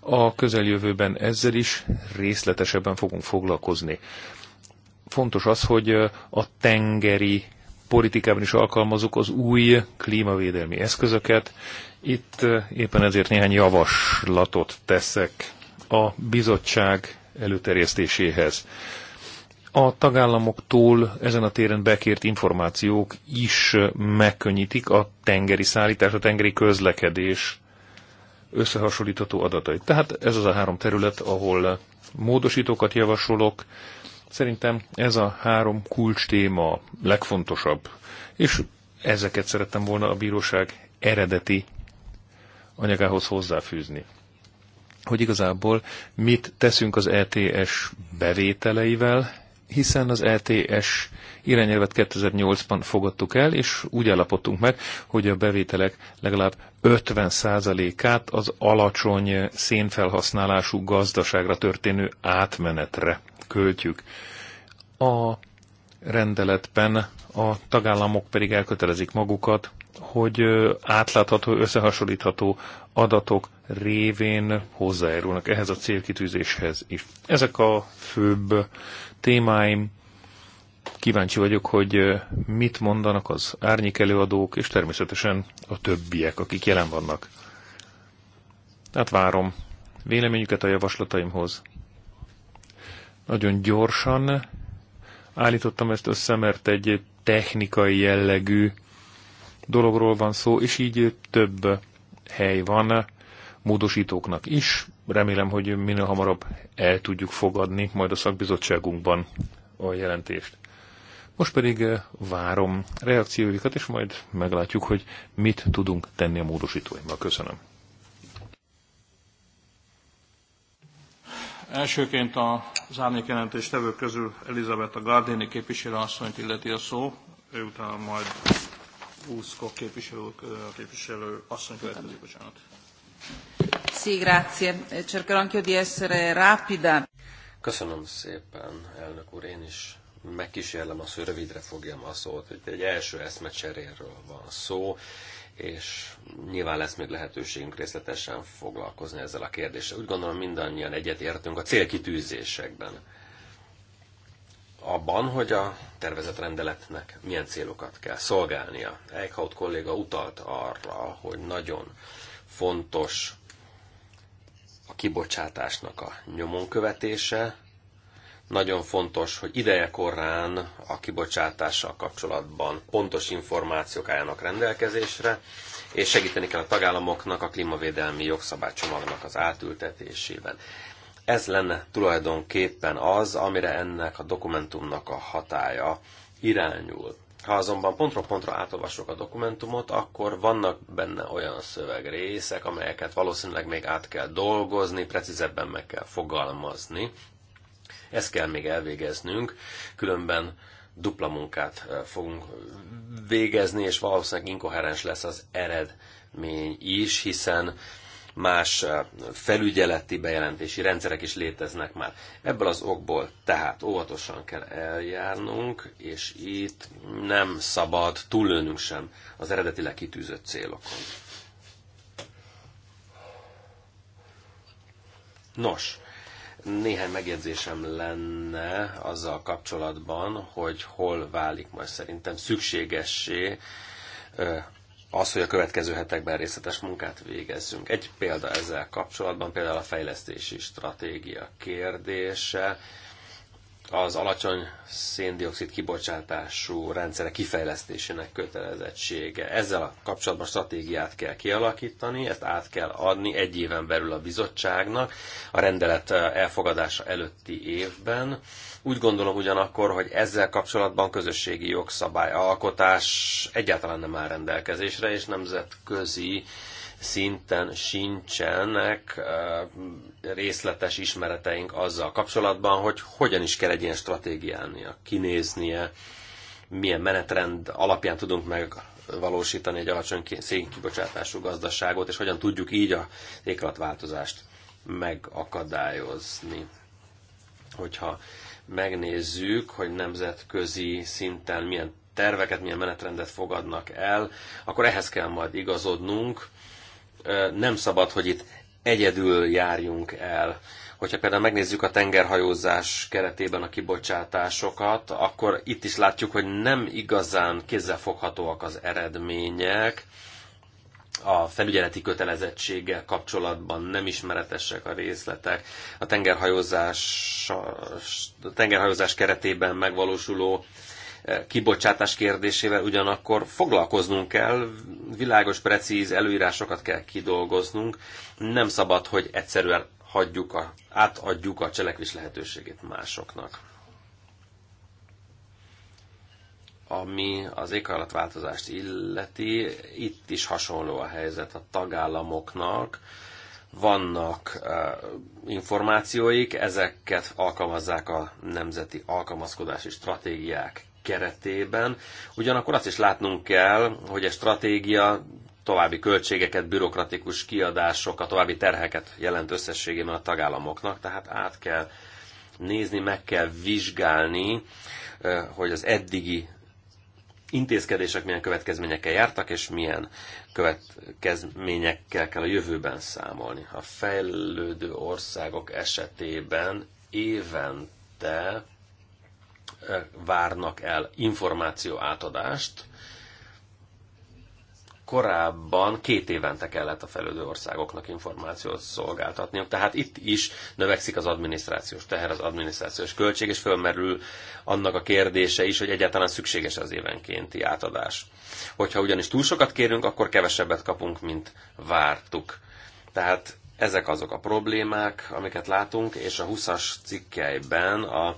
A közeljövőben ezzel is részletesebben fogunk foglalkozni. Fontos az, hogy a tengeri politikában is alkalmazunk az új klímavédelmi eszközöket. Itt éppen ezért néhány javaslatot teszek. A bizottság előterjesztéséhez. A tagállamoktól ezen a téren bekért információk is megkönnyítik a tengeri szállítás, a tengeri közlekedés összehasonlítható adatait. Tehát ez az a három terület, ahol módosítókat javasolok. Szerintem ez a három kulcs téma legfontosabb, és ezeket szerettem volna a bíróság eredeti anyagához hozzáfűzni hogy igazából mit teszünk az ETS bevételeivel, hiszen az ETS irányelvet 2008-ban fogadtuk el, és úgy állapodtunk meg, hogy a bevételek legalább 50%-át az alacsony szénfelhasználású gazdaságra történő átmenetre költjük. A rendeletben a tagállamok pedig elkötelezik magukat, hogy átlátható, összehasonlítható adatok révén hozzájárulnak ehhez a célkitűzéshez is. Ezek a főbb témáim. Kíváncsi vagyok, hogy mit mondanak az árnyék előadók, és természetesen a többiek, akik jelen vannak. Tehát várom véleményüket a javaslataimhoz. Nagyon gyorsan állítottam ezt össze, mert egy technikai jellegű dologról van szó, és így több hely van módosítóknak is. Remélem, hogy minél hamarabb el tudjuk fogadni majd a szakbizottságunkban a jelentést. Most pedig eh, várom reakcióikat, és majd meglátjuk, hogy mit tudunk tenni a módosítóimmal. Köszönöm. Elsőként az árnyékjelentés tevők közül Elizabeth a Gardini asszonyt illeti a szó, ő utána majd képviselő, képviselő asszony következik, bocsánat. grazie. Cercherò di essere rapida. Köszönöm szépen, elnök úr, én is megkísérlem azt, hogy rövidre fogjam a szót. hogy egy első eszmecseréről van szó, és nyilván lesz még lehetőségünk részletesen foglalkozni ezzel a kérdéssel. Úgy gondolom mindannyian egyet értünk a célkitűzésekben abban, hogy a tervezett rendeletnek milyen célokat kell szolgálnia. Eichhout kolléga utalt arra, hogy nagyon fontos a kibocsátásnak a nyomon követése, nagyon fontos, hogy ideje korán a kibocsátással kapcsolatban pontos információk álljanak rendelkezésre, és segíteni kell a tagállamoknak a klímavédelmi jogszabálycsomagnak az átültetésében. Ez lenne tulajdonképpen az, amire ennek a dokumentumnak a hatája irányul. Ha azonban pontról pontra átolvasok a dokumentumot, akkor vannak benne olyan szövegrészek, amelyeket valószínűleg még át kell dolgozni, precízebben meg kell fogalmazni. Ezt kell még elvégeznünk, különben dupla munkát fogunk végezni, és valószínűleg inkoherens lesz az eredmény is, hiszen más eh, felügyeleti bejelentési rendszerek is léteznek már. Ebből az okból tehát óvatosan kell eljárnunk, és itt nem szabad túllőnünk sem az eredetileg kitűzött célokon. Nos, néhány megjegyzésem lenne azzal kapcsolatban, hogy hol válik majd szerintem szükségessé az, hogy a következő hetekben részletes munkát végezzünk. Egy példa ezzel kapcsolatban például a fejlesztési stratégia kérdése, az alacsony széndiokszid kibocsátású rendszere kifejlesztésének kötelezettsége. Ezzel a kapcsolatban stratégiát kell kialakítani, ezt át kell adni egy éven belül a bizottságnak, a rendelet elfogadása előtti évben. Úgy gondolom ugyanakkor, hogy ezzel kapcsolatban közösségi jogszabályalkotás egyáltalán nem áll rendelkezésre, és nemzetközi szinten sincsenek eh, részletes ismereteink azzal kapcsolatban, hogy hogyan is kell egy ilyen stratégiánia, kinéznie, milyen menetrend alapján tudunk megvalósítani egy alacsony szénkibocsátású gazdaságot, és hogyan tudjuk így a éghajlatváltozást megakadályozni. Hogyha megnézzük, hogy nemzetközi szinten milyen terveket, milyen menetrendet fogadnak el, akkor ehhez kell majd igazodnunk, nem szabad, hogy itt egyedül járjunk el. Hogyha például megnézzük a tengerhajózás keretében a kibocsátásokat, akkor itt is látjuk, hogy nem igazán kézzelfoghatóak az eredmények, a felügyeleti kötelezettséggel kapcsolatban nem ismeretesek a részletek, a tengerhajózás, a tengerhajózás keretében megvalósuló kibocsátás kérdésével ugyanakkor foglalkoznunk kell, világos, precíz előírásokat kell kidolgoznunk, nem szabad, hogy egyszerűen hagyjuk a, átadjuk a cselekvés lehetőségét másoknak. Ami az éghajlatváltozást illeti, itt is hasonló a helyzet a tagállamoknak, vannak információik, ezeket alkalmazzák a nemzeti alkalmazkodási stratégiák keretében. Ugyanakkor azt is látnunk kell, hogy a stratégia további költségeket, bürokratikus kiadásokat, további terheket jelent összességében a tagállamoknak, tehát át kell nézni, meg kell vizsgálni, hogy az eddigi intézkedések milyen következményekkel jártak, és milyen következményekkel kell a jövőben számolni. A fejlődő országok esetében évente várnak el információ átadást. Korábban két évente kellett a felődő országoknak információt szolgáltatniuk, tehát itt is növekszik az adminisztrációs teher, az adminisztrációs költség, és fölmerül annak a kérdése is, hogy egyáltalán szükséges az évenkénti átadás. Hogyha ugyanis túl sokat kérünk, akkor kevesebbet kapunk, mint vártuk. Tehát ezek azok a problémák, amiket látunk, és a 20-as cikkelyben a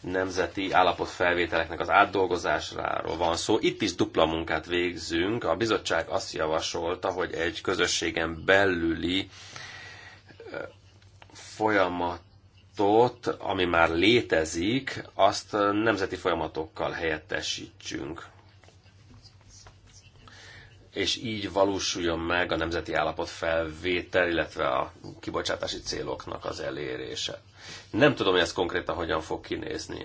nemzeti állapotfelvételeknek az átdolgozásáról van szó. Itt is dupla munkát végzünk. A bizottság azt javasolta, hogy egy közösségen belüli folyamatot, ami már létezik, azt nemzeti folyamatokkal helyettesítsünk és így valósuljon meg a nemzeti állapot felvétel, illetve a kibocsátási céloknak az elérése. Nem tudom, hogy ez konkrétan hogyan fog kinézni.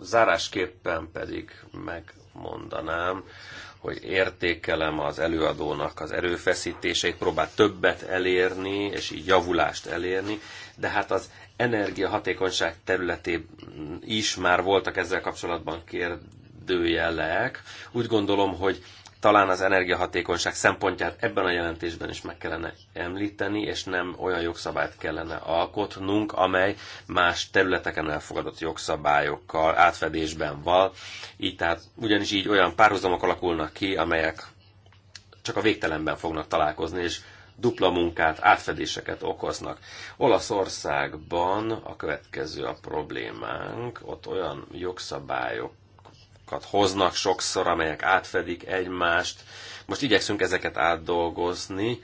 Zárásképpen pedig megmondanám, hogy értékelem az előadónak az erőfeszítéseit, próbál többet elérni, és így javulást elérni, de hát az energiahatékonyság területén is már voltak ezzel kapcsolatban kérdőjelek. Úgy gondolom, hogy talán az energiahatékonyság szempontját ebben a jelentésben is meg kellene említeni, és nem olyan jogszabályt kellene alkotnunk, amely más területeken elfogadott jogszabályokkal átfedésben van. Így tehát ugyanis így olyan párhuzamok alakulnak ki, amelyek csak a végtelenben fognak találkozni, és dupla munkát, átfedéseket okoznak. Olaszországban a következő a problémánk, ott olyan jogszabályok dolgokat hoznak sokszor, amelyek átfedik egymást. Most igyekszünk ezeket átdolgozni,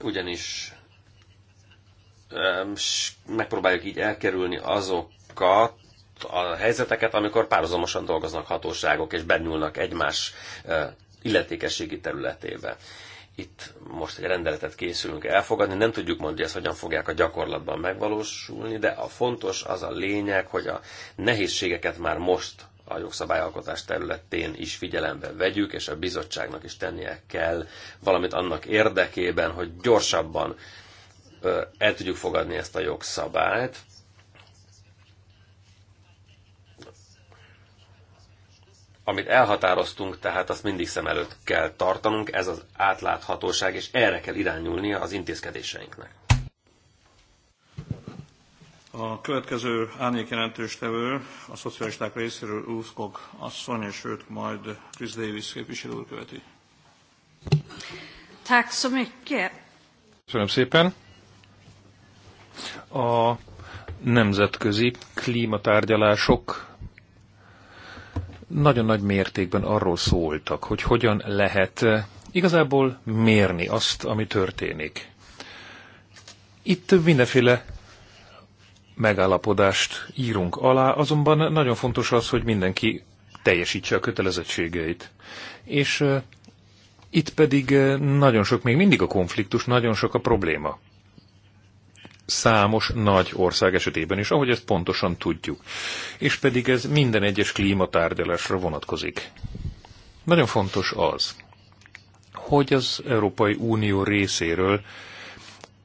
ugyanis megpróbáljuk így elkerülni azokat, a helyzeteket, amikor párhuzamosan dolgoznak hatóságok, és benyúlnak egymás eh, illetékességi területébe. Itt most egy rendeletet készülünk elfogadni, nem tudjuk mondani, hogy ezt hogyan fogják a gyakorlatban megvalósulni, de a fontos az a lényeg, hogy a nehézségeket már most a jogszabályalkotás területén is figyelembe vegyük, és a bizottságnak is tennie kell valamit annak érdekében, hogy gyorsabban el tudjuk fogadni ezt a jogszabályt, amit elhatároztunk, tehát azt mindig szem előtt kell tartanunk, ez az átláthatóság, és erre kell irányulnia az intézkedéseinknek. A következő árnyékjelentőstevő a szocialisták részéről Úszkog asszony, és őt majd Chris Davis képviselő úr követi. Köszönöm szépen. A nemzetközi klímatárgyalások nagyon nagy mértékben arról szóltak, hogy hogyan lehet eh, igazából mérni azt, ami történik. Itt mindenféle megállapodást írunk alá, azonban nagyon fontos az, hogy mindenki teljesítse a kötelezettségeit. És eh, itt pedig eh, nagyon sok még mindig a konfliktus, nagyon sok a probléma számos nagy ország esetében is, ahogy ezt pontosan tudjuk. És pedig ez minden egyes klímatárgyalásra vonatkozik. Nagyon fontos az, hogy az Európai Unió részéről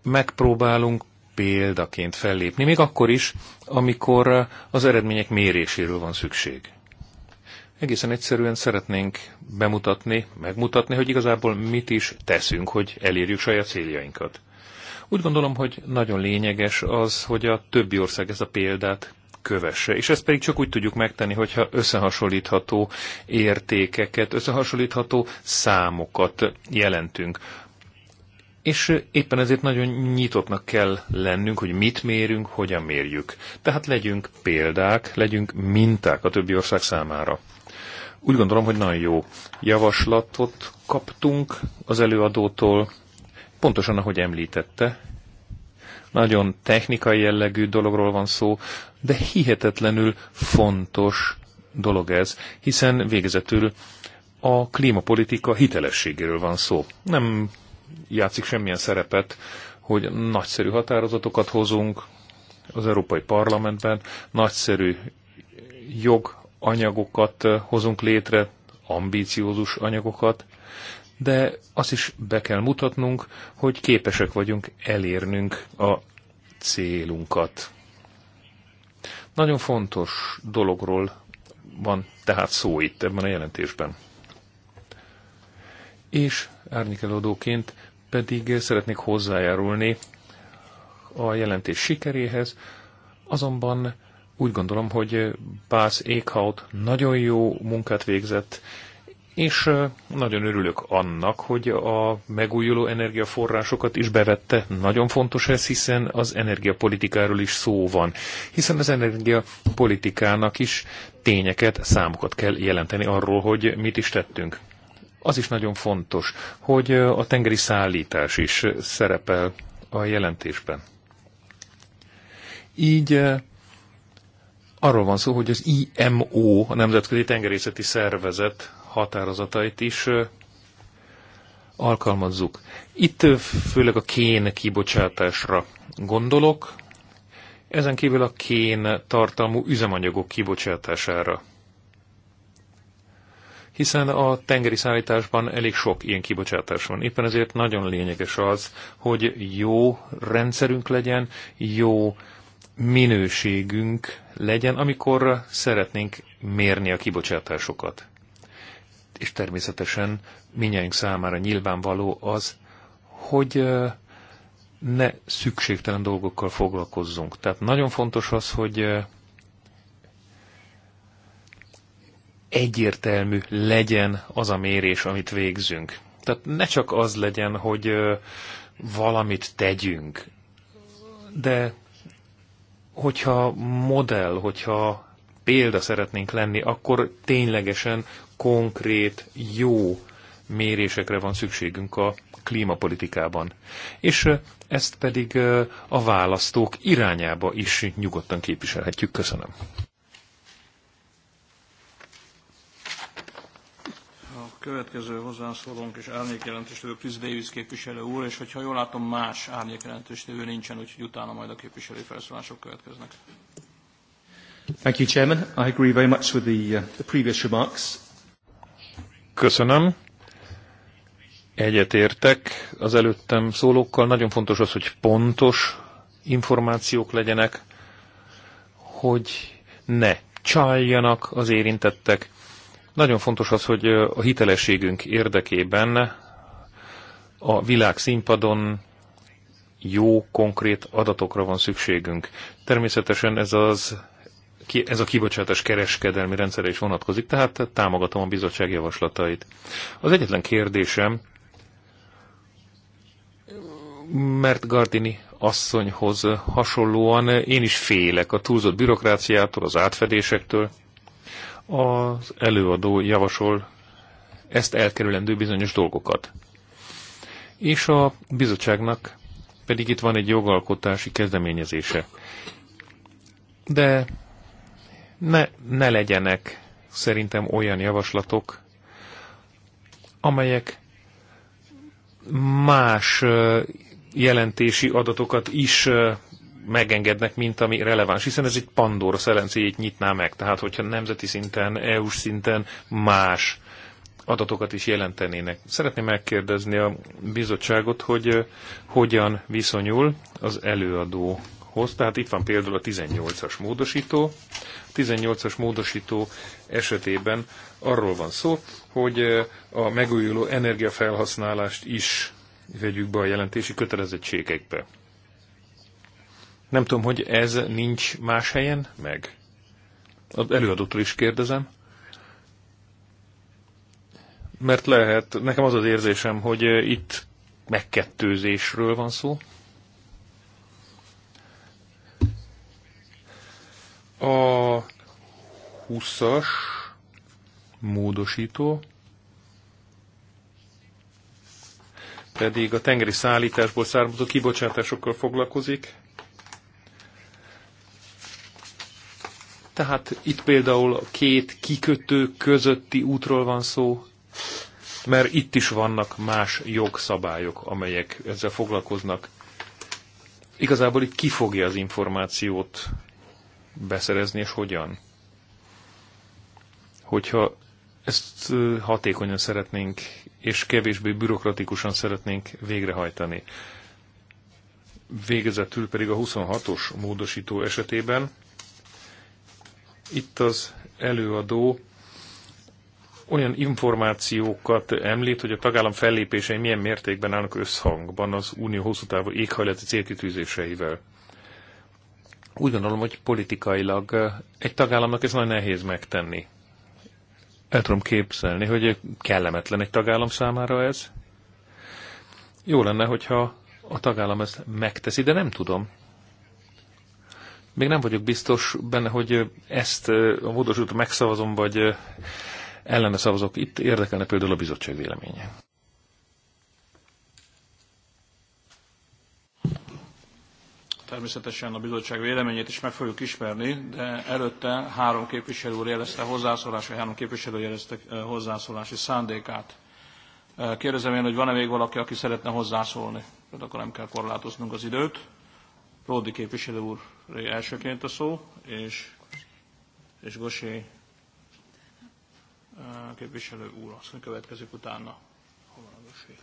megpróbálunk példaként fellépni, még akkor is, amikor az eredmények méréséről van szükség. Egészen egyszerűen szeretnénk bemutatni, megmutatni, hogy igazából mit is teszünk, hogy elérjük saját céljainkat. Úgy gondolom, hogy nagyon lényeges az, hogy a többi ország ezt a példát kövesse. És ezt pedig csak úgy tudjuk megtenni, hogyha összehasonlítható értékeket, összehasonlítható számokat jelentünk. És éppen ezért nagyon nyitottnak kell lennünk, hogy mit mérünk, hogyan mérjük. Tehát legyünk példák, legyünk minták a többi ország számára. Úgy gondolom, hogy nagyon jó javaslatot kaptunk az előadótól, Pontosan, ahogy említette, nagyon technikai jellegű dologról van szó, de hihetetlenül fontos dolog ez, hiszen végezetül a klímapolitika hitelességéről van szó. Nem játszik semmilyen szerepet, hogy nagyszerű határozatokat hozunk az Európai Parlamentben, nagyszerű joganyagokat hozunk létre, ambíciózus anyagokat, de azt is be kell mutatnunk, hogy képesek vagyunk elérnünk a célunkat. Nagyon fontos dologról van tehát szó itt ebben a jelentésben. És árnyékelődóként pedig szeretnék hozzájárulni a jelentés sikeréhez, azonban úgy gondolom, hogy Bász Ékhaut nagyon jó munkát végzett, és nagyon örülök annak, hogy a megújuló energiaforrásokat is bevette. Nagyon fontos ez, hiszen az energiapolitikáról is szó van. Hiszen az energiapolitikának is tényeket, számokat kell jelenteni arról, hogy mit is tettünk. Az is nagyon fontos, hogy a tengeri szállítás is szerepel a jelentésben. Így arról van szó, hogy az IMO, a Nemzetközi Tengerészeti Szervezet határozatait is alkalmazzuk. Itt főleg a kén kibocsátásra gondolok, ezen kívül a kén tartalmú üzemanyagok kibocsátására. Hiszen a tengeri szállításban elég sok ilyen kibocsátás van. Éppen ezért nagyon lényeges az, hogy jó rendszerünk legyen, jó minőségünk legyen, amikor szeretnénk mérni a kibocsátásokat és természetesen minnyáink számára nyilvánvaló az, hogy ne szükségtelen dolgokkal foglalkozzunk. Tehát nagyon fontos az, hogy egyértelmű legyen az a mérés, amit végzünk. Tehát ne csak az legyen, hogy valamit tegyünk, de hogyha modell, hogyha példa szeretnénk lenni, akkor ténylegesen konkrét, jó mérésekre van szükségünk a klímapolitikában. És ezt pedig a választók irányába is nyugodtan képviselhetjük. Köszönöm. A következő hozzászólónk és árnyékjelentéstevő Chris Davis képviselő úr, és hogyha jól látom, más árnyékjelentéstevő nincsen, úgyhogy utána majd a képviselő felszólások következnek. Thank you, Chairman. I agree very much with the, uh, the previous remarks. Köszönöm. Egyetértek az előttem szólókkal. Nagyon fontos az, hogy pontos információk legyenek, hogy ne csaljanak az érintettek. Nagyon fontos az, hogy a hitelességünk érdekében a világ színpadon jó, konkrét adatokra van szükségünk. Természetesen ez az ez a kibocsátás kereskedelmi rendszerre is vonatkozik, tehát támogatom a bizottság javaslatait. Az egyetlen kérdésem, mert Gardini asszonyhoz hasonlóan én is félek a túlzott bürokráciától, az átfedésektől. Az előadó javasol ezt elkerülendő bizonyos dolgokat. És a bizottságnak pedig itt van egy jogalkotási kezdeményezése. De ne, ne legyenek szerintem olyan javaslatok, amelyek más jelentési adatokat is megengednek, mint ami releváns, hiszen ez egy Pandora szelencéjét nyitná meg, tehát hogyha nemzeti szinten, EU-s szinten más adatokat is jelentenének. Szeretném megkérdezni a bizottságot, hogy hogyan viszonyul az előadó hoz. Tehát itt van például a 18-as módosító. A 18-as módosító esetében arról van szó, hogy eh, a megújuló energiafelhasználást is vegyük be a jelentési kötelezettségekbe. Nem tudom, hogy ez nincs más helyen meg. Az előadótól is kérdezem. Mert lehet, nekem az az érzésem, hogy eh, itt megkettőzésről van szó. A 20-as módosító pedig a tengeri szállításból származó kibocsátásokkal foglalkozik. Tehát itt például a két kikötő közötti útról van szó, mert itt is vannak más jogszabályok, amelyek ezzel foglalkoznak. Igazából itt ki fogja az információt beszerezni, és hogyan. Hogyha ezt hatékonyan szeretnénk, és kevésbé bürokratikusan szeretnénk végrehajtani. Végezetül pedig a 26-os módosító esetében itt az előadó olyan információkat említ, hogy a tagállam fellépései milyen mértékben állnak összhangban az unió hosszú távú éghajlati célkitűzéseivel. Úgy gondolom, hogy politikailag egy tagállamnak ez nagyon nehéz megtenni. El tudom képzelni, hogy kellemetlen egy tagállam számára ez. Jó lenne, hogyha a tagállam ezt megteszi, de nem tudom. Még nem vagyok biztos benne, hogy ezt a módosult megszavazom, vagy ellene szavazok. Itt érdekelne például a bizottság véleménye. Természetesen a bizottság véleményét is meg fogjuk ismerni, de előtte három képviselő úr jelezte vagy három képviselő jelezte eh, hozzászólási szándékát. Eh, kérdezem én, hogy van-e még valaki, aki szeretne hozzászólni? Tehát akkor nem kell korlátoznunk az időt. Ródi képviselő úr eh, elsőként a szó, és, és Gosé képviselő úr, azt következik utána. Hol van a Gosé?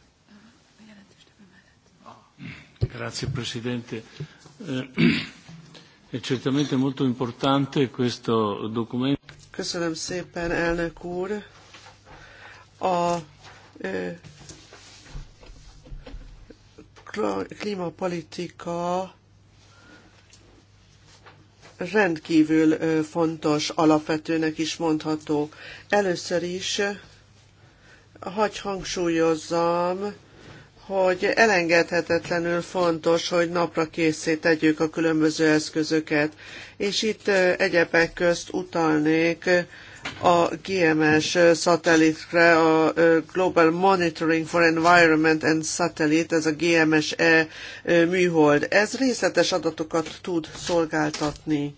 A jelentős mellett. Grazie Presidente. Eh, è certamente molto importante questo documento. Köszönöm szépen, elnök úr. A eh, klímapolitika rendkívül eh, fontos, alapvetőnek is mondható. Először is hagy hangsúlyozzam, hogy elengedhetetlenül fontos, hogy napra készé tegyük a különböző eszközöket. És itt egyebek közt utalnék a GMS szatellitre, a Global Monitoring for Environment and Satellite, ez a GMS-E műhold. Ez részletes adatokat tud szolgáltatni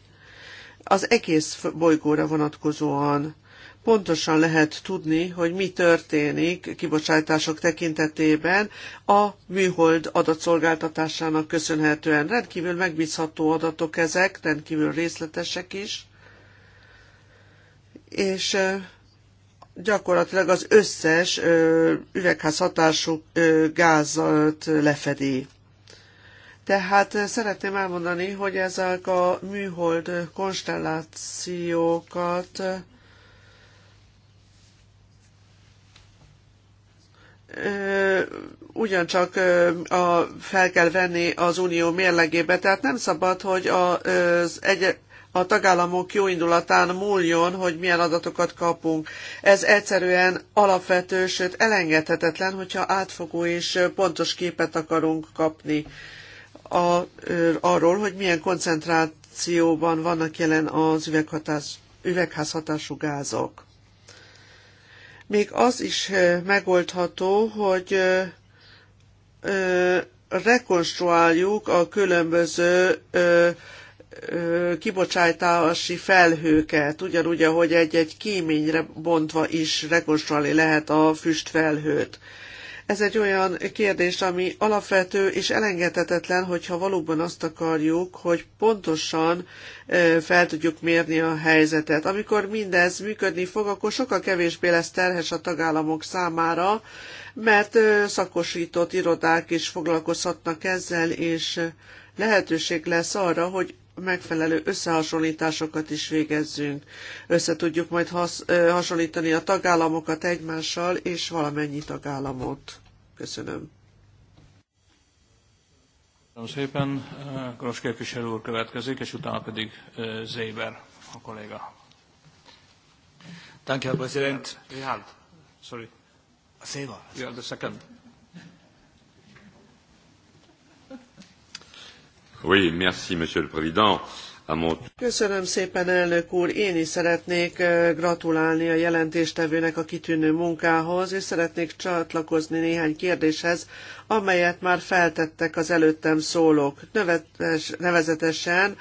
az egész bolygóra vonatkozóan pontosan lehet tudni, hogy mi történik kibocsátások tekintetében a műhold adatszolgáltatásának köszönhetően. Rendkívül megbízható adatok ezek, rendkívül részletesek is, és gyakorlatilag az összes üvegházhatású gázat lefedi. Tehát szeretném elmondani, hogy ezek a műhold konstellációkat ugyancsak a, fel kell venni az unió mérlegébe, tehát nem szabad, hogy az egy, a tagállamok jó indulatán múljon, hogy milyen adatokat kapunk. Ez egyszerűen alapvető, sőt elengedhetetlen, hogyha átfogó és pontos képet akarunk kapni a, arról, hogy milyen koncentrációban vannak jelen az üvegházhatású gázok még az is megoldható, hogy rekonstruáljuk a különböző kibocsátási felhőket, ugyanúgy, ahogy egy-egy kéményre bontva is rekonstruálni lehet a füstfelhőt. Ez egy olyan kérdés, ami alapvető és elengedhetetlen, hogyha valóban azt akarjuk, hogy pontosan fel tudjuk mérni a helyzetet. Amikor mindez működni fog, akkor sokkal kevésbé lesz terhes a tagállamok számára, mert szakosított irodák is foglalkozhatnak ezzel, és lehetőség lesz arra, hogy megfelelő összehasonlításokat is végezzünk. Össze tudjuk majd has, hasonlítani a tagállamokat egymással és valamennyi tagállamot. Köszönöm. Köszönöm szépen. Koros képviselő úr következik, és utána pedig Zéber, a kolléga. Thank you, President. Rihald, sorry. Zéber. You are the second. Oui, merci, Monsieur le Président. Köszönöm szépen, elnök úr! Én is szeretnék gratulálni a jelentéstevőnek a kitűnő munkához, és szeretnék csatlakozni néhány kérdéshez, amelyet már feltettek az előttem szólók, nevezetesen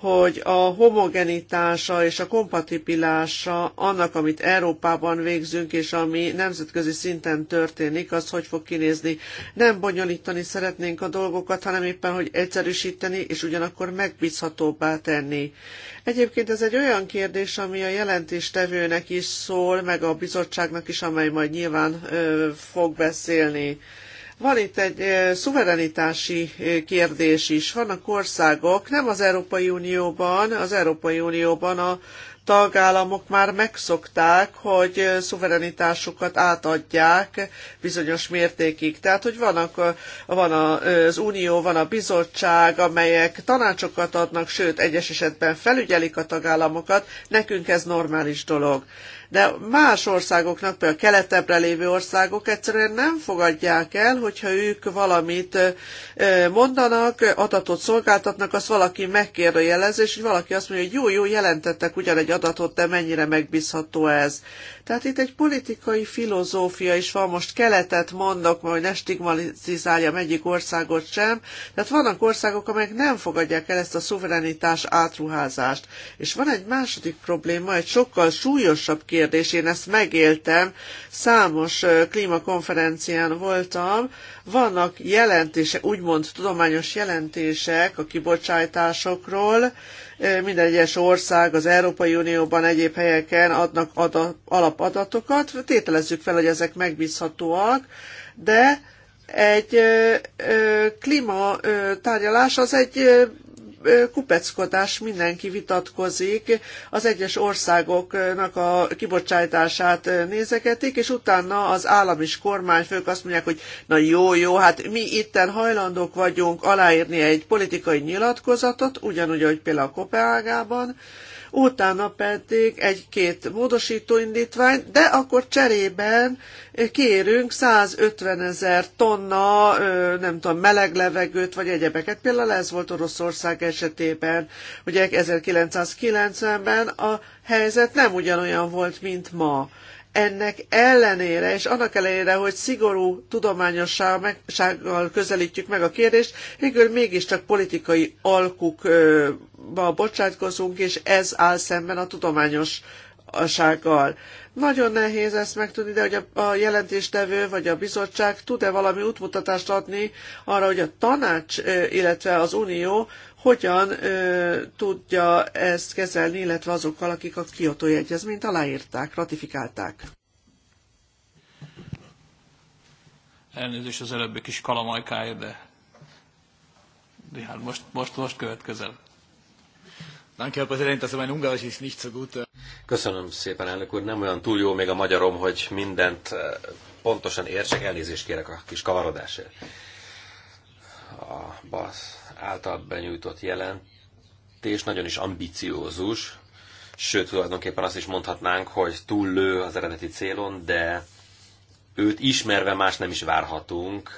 hogy a homogenitása és a kompatibilása annak, amit Európában végzünk, és ami nemzetközi szinten történik, az hogy fog kinézni. Nem bonyolítani szeretnénk a dolgokat, hanem éppen, hogy egyszerűsíteni, és ugyanakkor megbízhatóbbá tenni. Egyébként ez egy olyan kérdés, ami a jelentéstevőnek is szól, meg a bizottságnak is, amely majd nyilván ö, fog beszélni. Van itt egy szuverenitási kérdés is. Vannak országok, nem az Európai Unióban, az Európai Unióban a tagállamok már megszokták, hogy szuverenitásukat átadják bizonyos mértékig. Tehát, hogy vannak, van az Unió, van a bizottság, amelyek tanácsokat adnak, sőt, egyes esetben felügyelik a tagállamokat, nekünk ez normális dolog. De más országoknak, például keletebbre lévő országok egyszerűen nem fogadják el, hogyha ők valamit mondanak, adatot szolgáltatnak, azt valaki megkérdőjelez, és valaki azt mondja, hogy jó, jó, jelentettek ugyanegy adatot, de mennyire megbízható ez. Tehát itt egy politikai filozófia is van, most keletet mondok, hogy ne stigmatizáljam egyik országot sem, tehát vannak országok, amelyek nem fogadják el ezt a szuverenitás átruházást. És van egy második probléma, egy sokkal súlyosabb kérdés, én ezt megéltem, számos klímakonferencián voltam, vannak jelentések, úgymond tudományos jelentések a kibocsátásokról, minden egyes ország az Európai Unióban, egyéb helyeken adnak adat, alap alapadatokat, tételezzük fel, hogy ezek megbízhatóak, de egy klímatárgyalás az egy kupeckodás, mindenki vitatkozik, az egyes országoknak a kibocsátását nézegetik, és utána az állam és kormányfők azt mondják, hogy na jó, jó, hát mi itten hajlandók vagyunk aláírni egy politikai nyilatkozatot, ugyanúgy, ahogy például a Kopenhágában, utána pedig egy-két módosító indítvány, de akkor cserében kérünk 150 ezer tonna, nem tudom, meleg levegőt, vagy egyebeket. Például ez volt Oroszország esetében. Ugye 1990-ben a helyzet nem ugyanolyan volt, mint ma ennek ellenére, és annak ellenére, hogy szigorú tudományossággal közelítjük meg a kérdést, végül mégiscsak politikai alkukba bocsátkozunk, és ez áll szemben a tudományos sággal. Nagyon nehéz ezt megtudni, de hogy a, a jelentéstevő vagy a bizottság tud-e valami útmutatást adni arra, hogy a tanács, illetve az unió hogyan ö, tudja ezt kezelni, illetve azokkal, akik a kiotói egyezményt aláírták, ratifikálták. Elnézést az előbbi kis kalamajkáért, de, de hát most, most, most következel. Köszönöm szépen, elnök úr. Nem olyan túl jó még a magyarom, hogy mindent pontosan értsek. Elnézést kérek a kis kavarodásért. A basz által benyújtott jelentés nagyon is ambiciózus, sőt, tulajdonképpen azt is mondhatnánk, hogy túl lő az eredeti célon, de őt ismerve más nem is várhatunk.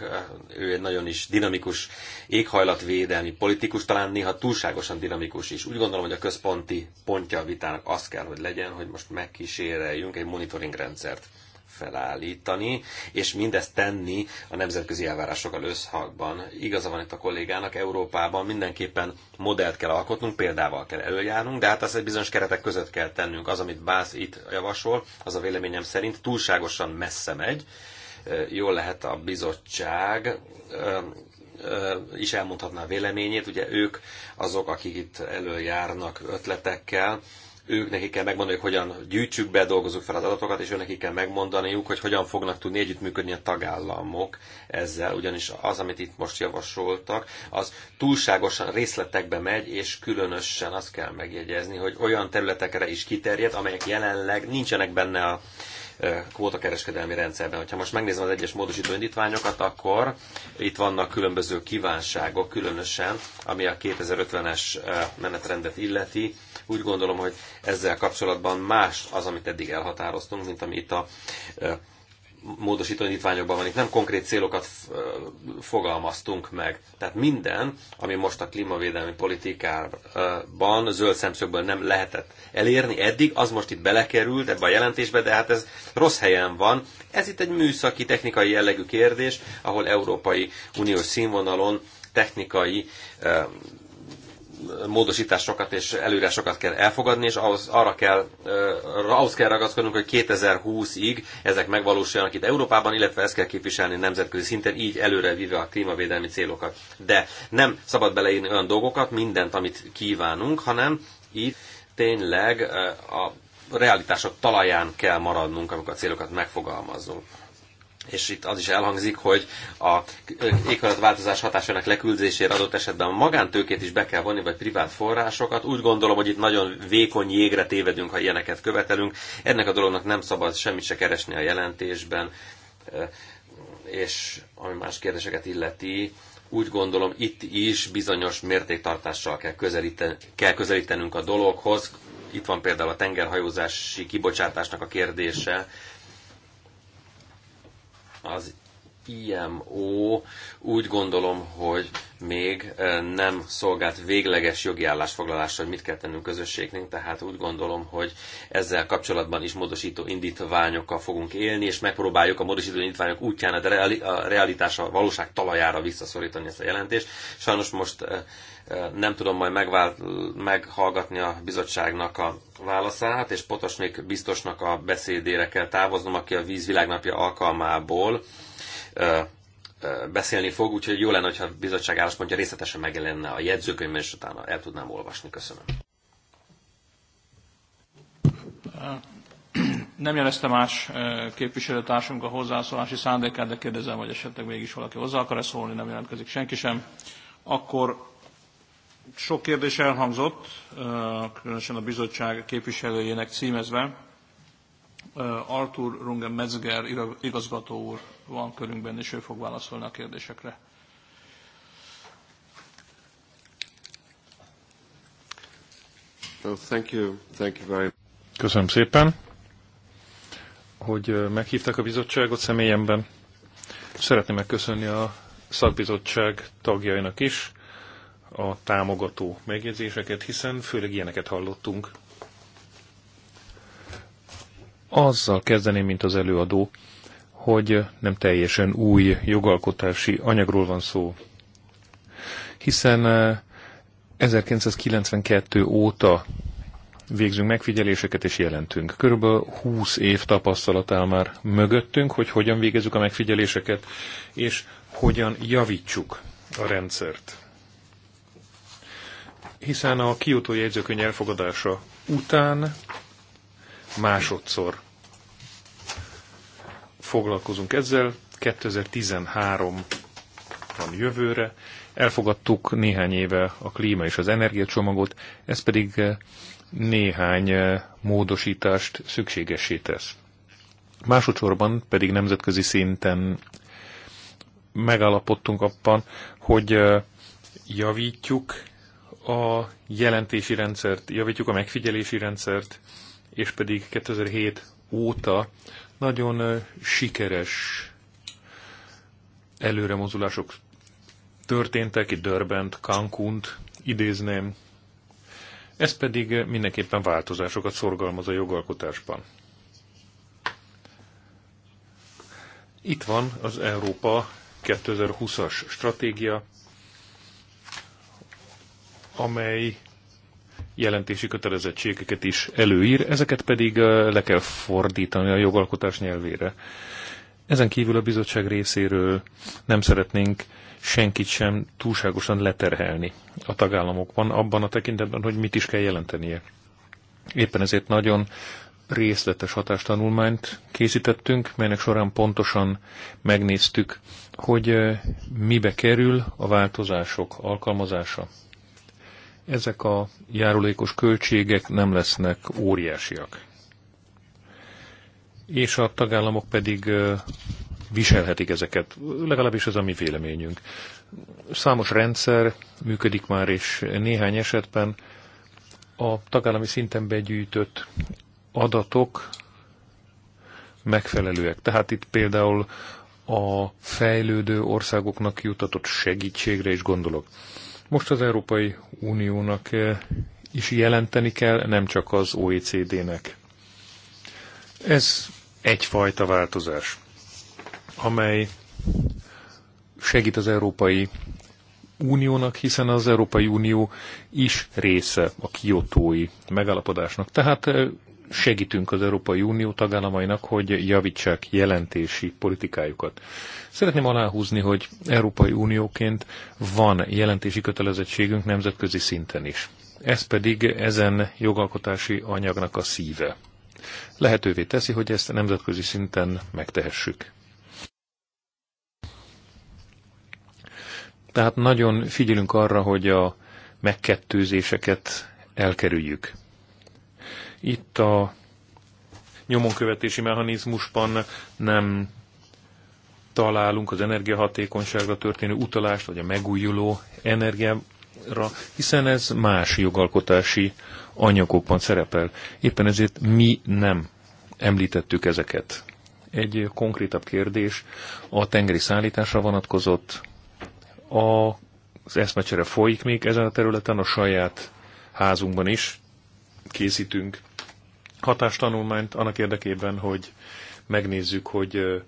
Ő egy nagyon is dinamikus éghajlatvédelmi politikus, talán néha túlságosan dinamikus is. Úgy gondolom, hogy a központi pontja a vitának az kell, hogy legyen, hogy most megkíséreljünk egy monitoring rendszert felállítani, és mindezt tenni a nemzetközi elvárásokkal összhangban. Igaza van itt a kollégának, Európában mindenképpen modellt kell alkotnunk, példával kell előjárnunk, de hát azt egy bizonyos keretek között kell tennünk. Az, amit Bász itt javasol, az a véleményem szerint túlságosan messze megy. Jól lehet a bizottság is elmondhatná a véleményét, ugye ők azok, akik itt előjárnak ötletekkel, ők nekik kell hogy hogyan gyűjtsük be, dolgozzuk fel az adatokat, és őnekik kell megmondaniuk, hogy hogyan fognak tudni együttműködni a tagállamok ezzel, ugyanis az, amit itt most javasoltak, az túlságosan részletekbe megy, és különösen azt kell megjegyezni, hogy olyan területekre is kiterjed, amelyek jelenleg nincsenek benne a kvótakereskedelmi rendszerben. Ha most megnézem az egyes módosító indítványokat, akkor itt vannak különböző kívánságok, különösen, ami a 2050-es menetrendet illeti. Úgy gondolom, hogy ezzel kapcsolatban más az, amit eddig elhatároztunk, mint ami itt a módosító nyitványokban van. Itt nem konkrét célokat fogalmaztunk meg. Tehát minden, ami most a klímavédelmi politikában zöld szemszögből nem lehetett elérni eddig, az most itt belekerült ebbe a jelentésbe, de hát ez rossz helyen van. Ez itt egy műszaki, technikai jellegű kérdés, ahol Európai Uniós színvonalon technikai módosításokat és előírásokat kell elfogadni, és ahhoz, arra kell, ahhoz kell ragaszkodnunk, hogy 2020-ig ezek megvalósuljanak itt Európában, illetve ezt kell képviselni nemzetközi szinten, így előre vive a klímavédelmi célokat. De nem szabad beleírni olyan dolgokat, mindent, amit kívánunk, hanem itt tényleg a realitások talaján kell maradnunk, amikor a célokat megfogalmazunk és itt az is elhangzik, hogy a éghajlatváltozás hatásának leküldésére adott esetben magántőkét is be kell vonni, vagy privát forrásokat. Úgy gondolom, hogy itt nagyon vékony jégre tévedünk, ha ilyeneket követelünk. Ennek a dolognak nem szabad semmit se keresni a jelentésben, és ami más kérdéseket illeti, úgy gondolom itt is bizonyos mértéktartással kell, közelíten, kell közelítenünk a dologhoz. Itt van például a tengerhajózási kibocsátásnak a kérdése, az IMO úgy gondolom, hogy még nem szolgált végleges jogi állásfoglalásra, hogy mit kell tennünk közösségnek, tehát úgy gondolom, hogy ezzel kapcsolatban is módosító indítványokkal fogunk élni, és megpróbáljuk a módosító indítványok útján a, a realitás, a valóság talajára visszaszorítani ezt a jelentést. Sajnos most nem tudom majd megvál, meghallgatni a bizottságnak a válaszát, és Potosnik biztosnak a beszédére kell távoznom, aki a vízvilágnapja alkalmából beszélni fog, úgyhogy jó lenne, hogyha a bizottság álláspontja részletesen megjelenne a jegyzőkönyvben, és utána el tudnám olvasni. Köszönöm. Nem jelezte más képviselőtársunk a hozzászólási szándékát, de kérdezem, hogy esetleg mégis valaki hozzá akar -e szólni, nem jelentkezik senki sem. Akkor sok kérdés elhangzott, különösen a bizottság képviselőjének címezve. Artur Rungen Metzger igazgató úr van körünkben, és ő fog válaszolni a kérdésekre. Köszönöm szépen, hogy meghívták a bizottságot személyemben. Szeretném megköszönni a szakbizottság tagjainak is, a támogató megjegyzéseket, hiszen főleg ilyeneket hallottunk. Azzal kezdeném, mint az előadó, hogy nem teljesen új jogalkotási anyagról van szó, hiszen 1992 eh, óta végzünk megfigyeléseket és jelentünk. Körülbelül 20 év tapasztalat áll már mögöttünk, hogy hogyan végezzük a megfigyeléseket, és hogyan javítsuk a rendszert hiszen a Kyoto jegyzőkönyv elfogadása után másodszor foglalkozunk ezzel, 2013 van jövőre. Elfogadtuk néhány éve a klíma és az energiacsomagot, ez pedig néhány módosítást szükségessé tesz. Másodszorban pedig nemzetközi szinten megállapodtunk abban, hogy javítjuk a jelentési rendszert, javítjuk a megfigyelési rendszert, és pedig 2007 óta nagyon sikeres előremozulások történtek, itt Dörbent, Cancunt idézném. Ez pedig mindenképpen változásokat szorgalmaz a jogalkotásban. Itt van az Európa 2020-as stratégia, amely jelentési kötelezettségeket is előír, ezeket pedig le kell fordítani a jogalkotás nyelvére. Ezen kívül a bizottság részéről nem szeretnénk senkit sem túlságosan leterhelni a tagállamokban, abban a tekintetben, hogy mit is kell jelentenie. Éppen ezért nagyon részletes hatástanulmányt készítettünk, melynek során pontosan megnéztük, hogy mibe kerül a változások alkalmazása ezek a járulékos költségek nem lesznek óriásiak. És a tagállamok pedig viselhetik ezeket, legalábbis ez a mi véleményünk. Számos rendszer működik már, és néhány esetben a tagállami szinten begyűjtött adatok megfelelőek. Tehát itt például a fejlődő országoknak jutatott segítségre is gondolok. Most az Európai Uniónak eh, is jelenteni kell, nem csak az OECD-nek. Ez egyfajta változás, amely segít az Európai Uniónak, hiszen az Európai Unió is része a kiotói megállapodásnak. Tehát eh, segítünk az Európai Unió tagállamainak, hogy javítsák jelentési politikájukat. Szeretném aláhúzni, hogy Európai Unióként van jelentési kötelezettségünk nemzetközi szinten is. Ez pedig ezen jogalkotási anyagnak a szíve. Lehetővé teszi, hogy ezt nemzetközi szinten megtehessük. Tehát nagyon figyelünk arra, hogy a megkettőzéseket elkerüljük. Itt a nyomonkövetési mechanizmusban nem találunk az energiahatékonyságra történő utalást, vagy a megújuló energiára, hiszen ez más jogalkotási anyagokban szerepel. Éppen ezért mi nem említettük ezeket. Egy konkrétabb kérdés a tengeri szállításra vonatkozott. A, az eszmecsere folyik még ezen a területen, a saját házunkban is készítünk hatástanulmányt annak érdekében, hogy megnézzük, hogy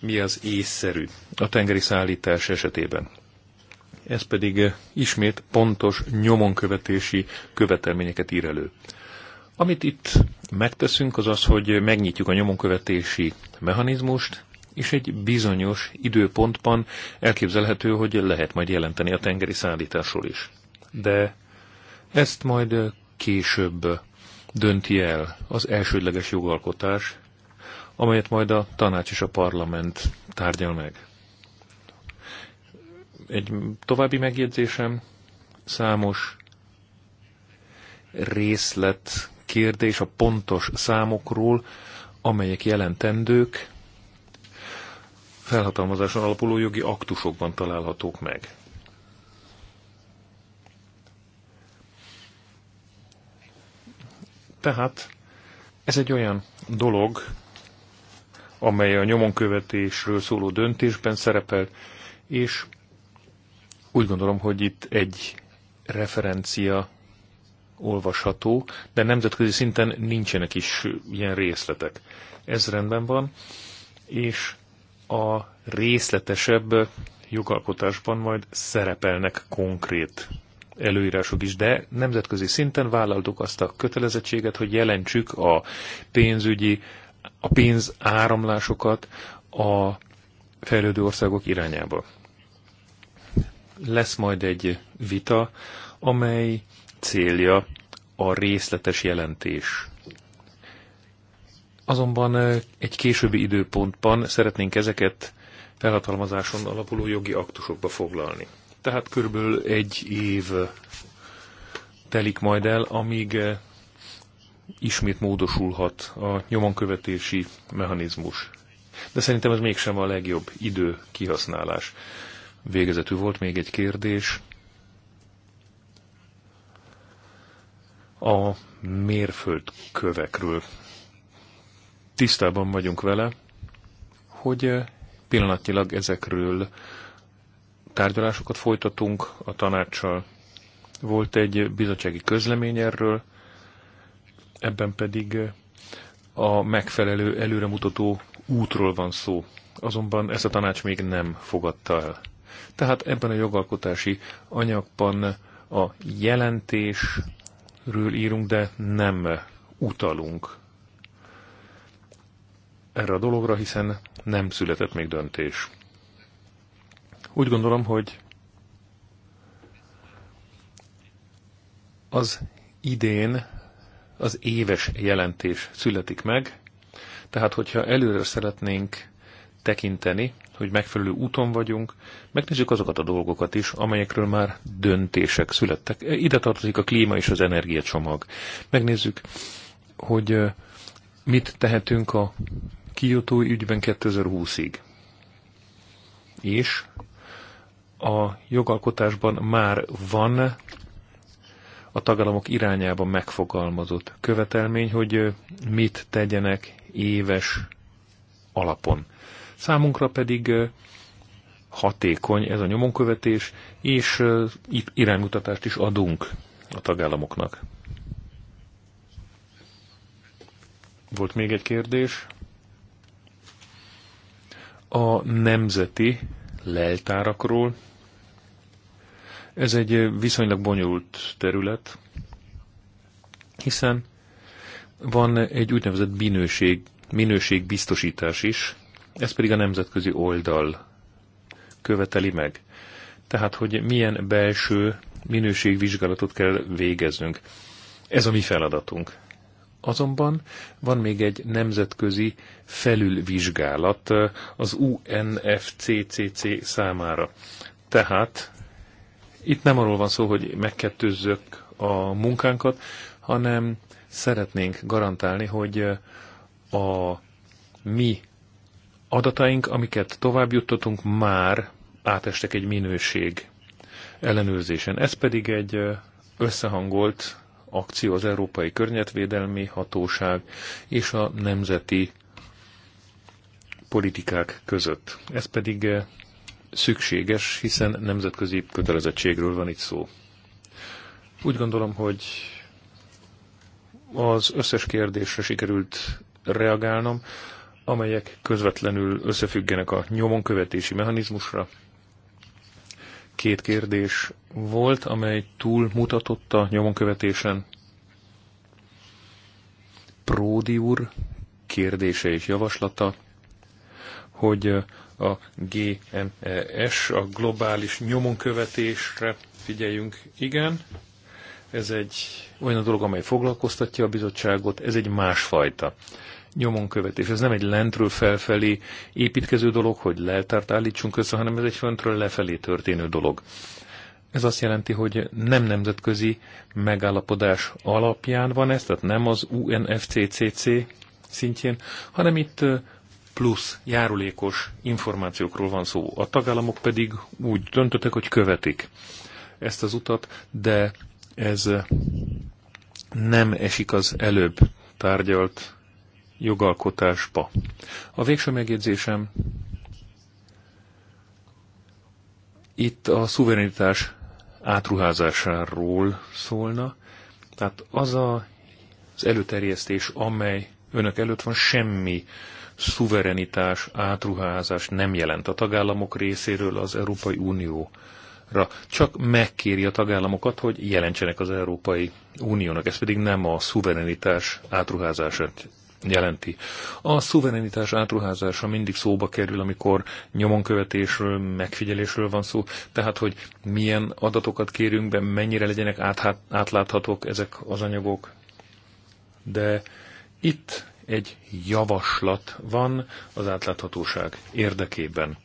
mi az észszerű a tengeri szállítás esetében. Ez pedig ismét pontos nyomonkövetési követelményeket ír elő. Amit itt megteszünk, az az, hogy megnyitjuk a nyomonkövetési mechanizmust, és egy bizonyos időpontban elképzelhető, hogy lehet majd jelenteni a tengeri szállításról is. De ezt majd később dönti el az elsődleges jogalkotás, amelyet majd a tanács és a parlament tárgyal meg. Egy további megjegyzésem, számos részlet kérdés a pontos számokról, amelyek jelentendők, felhatalmazáson alapuló jogi aktusokban találhatók meg. Tehát ez egy olyan dolog, amely a nyomonkövetésről szóló döntésben szerepel, és úgy gondolom, hogy itt egy referencia olvasható, de nemzetközi szinten nincsenek is ilyen részletek. Ez rendben van, és a részletesebb jogalkotásban majd szerepelnek konkrét előírások is, de nemzetközi szinten vállaltuk azt a kötelezettséget, hogy jelentsük a pénzügyi, a pénzáramlásokat a fejlődő országok irányába. Lesz majd egy vita, amely célja a részletes jelentés. Azonban egy későbbi időpontban szeretnénk ezeket felhatalmazáson alapuló jogi aktusokba foglalni. Tehát körülbelül egy év telik majd el, amíg eh, ismét módosulhat a nyomonkövetési mechanizmus. De szerintem ez mégsem a legjobb idő kihasználás. Végezetű volt még egy kérdés. A mérföldkövekről. Tisztában vagyunk vele, hogy eh, pillanatnyilag ezekről tárgyalásokat folytatunk a tanácssal. Volt egy bizottsági közlemény erről, ebben pedig a megfelelő előremutató útról van szó. Azonban ezt a tanács még nem fogadta el. Tehát ebben a jogalkotási anyagban a jelentésről írunk, de nem utalunk erre a dologra, hiszen nem született még döntés. Úgy gondolom, hogy az idén az éves jelentés születik meg, tehát hogyha előre szeretnénk tekinteni, hogy megfelelő úton vagyunk, megnézzük azokat a dolgokat is, amelyekről már döntések születtek. Ide tartozik a klíma és az energiacsomag. Megnézzük, hogy mit tehetünk a Kyoto ügyben 2020-ig. És a jogalkotásban már van a tagállamok irányába megfogalmazott követelmény, hogy mit tegyenek éves alapon. Számunkra pedig hatékony ez a nyomonkövetés, és iránymutatást is adunk a tagállamoknak. Volt még egy kérdés. A nemzeti leltárakról ez egy viszonylag bonyolult terület, hiszen van egy úgynevezett minőség, minőségbiztosítás is, ez pedig a nemzetközi oldal követeli meg. Tehát, hogy milyen belső minőségvizsgálatot kell végeznünk. Ez a mi feladatunk. Azonban van még egy nemzetközi felülvizsgálat az UNFCCC számára. Tehát itt nem arról van szó, hogy megkettőzzök a munkánkat, hanem szeretnénk garantálni, hogy a mi adataink, amiket tovább juttatunk, már átestek egy minőség ellenőrzésen. Ez pedig egy összehangolt akció az Európai Környezetvédelmi Hatóság és a nemzeti politikák között. Ez pedig szükséges, hiszen nemzetközi kötelezettségről van itt szó. Úgy gondolom, hogy az összes kérdésre sikerült reagálnom, amelyek közvetlenül összefüggenek a nyomonkövetési mechanizmusra. Két kérdés volt, amely túl mutatott a nyomonkövetésen. Pródi úr kérdése és javaslata, hogy a GMES, a globális nyomonkövetésre figyeljünk. Igen, ez egy olyan dolog, amely foglalkoztatja a bizottságot, ez egy másfajta nyomonkövetés. Ez nem egy lentről felfelé építkező dolog, hogy leltárt állítsunk össze, hanem ez egy föntről lefelé történő dolog. Ez azt jelenti, hogy nem nemzetközi megállapodás alapján van ez, tehát nem az UNFCCC szintjén, hanem itt plusz járulékos információkról van szó. A tagállamok pedig úgy döntöttek, hogy követik ezt az utat, de ez nem esik az előbb tárgyalt jogalkotásba. A végső megjegyzésem itt a szuverenitás átruházásáról szólna, tehát az a, az előterjesztés, amely önök előtt van, semmi szuverenitás, átruházás nem jelent a tagállamok részéről az Európai Unióra. Csak megkéri a tagállamokat, hogy jelentsenek az Európai Uniónak. Ez pedig nem a szuverenitás átruházását jelenti. A szuverenitás átruházása mindig szóba kerül, amikor nyomonkövetésről, megfigyelésről van szó, tehát hogy milyen adatokat kérünk be, mennyire legyenek átláthatók ezek az anyagok, de itt egy javaslat van az átláthatóság érdekében,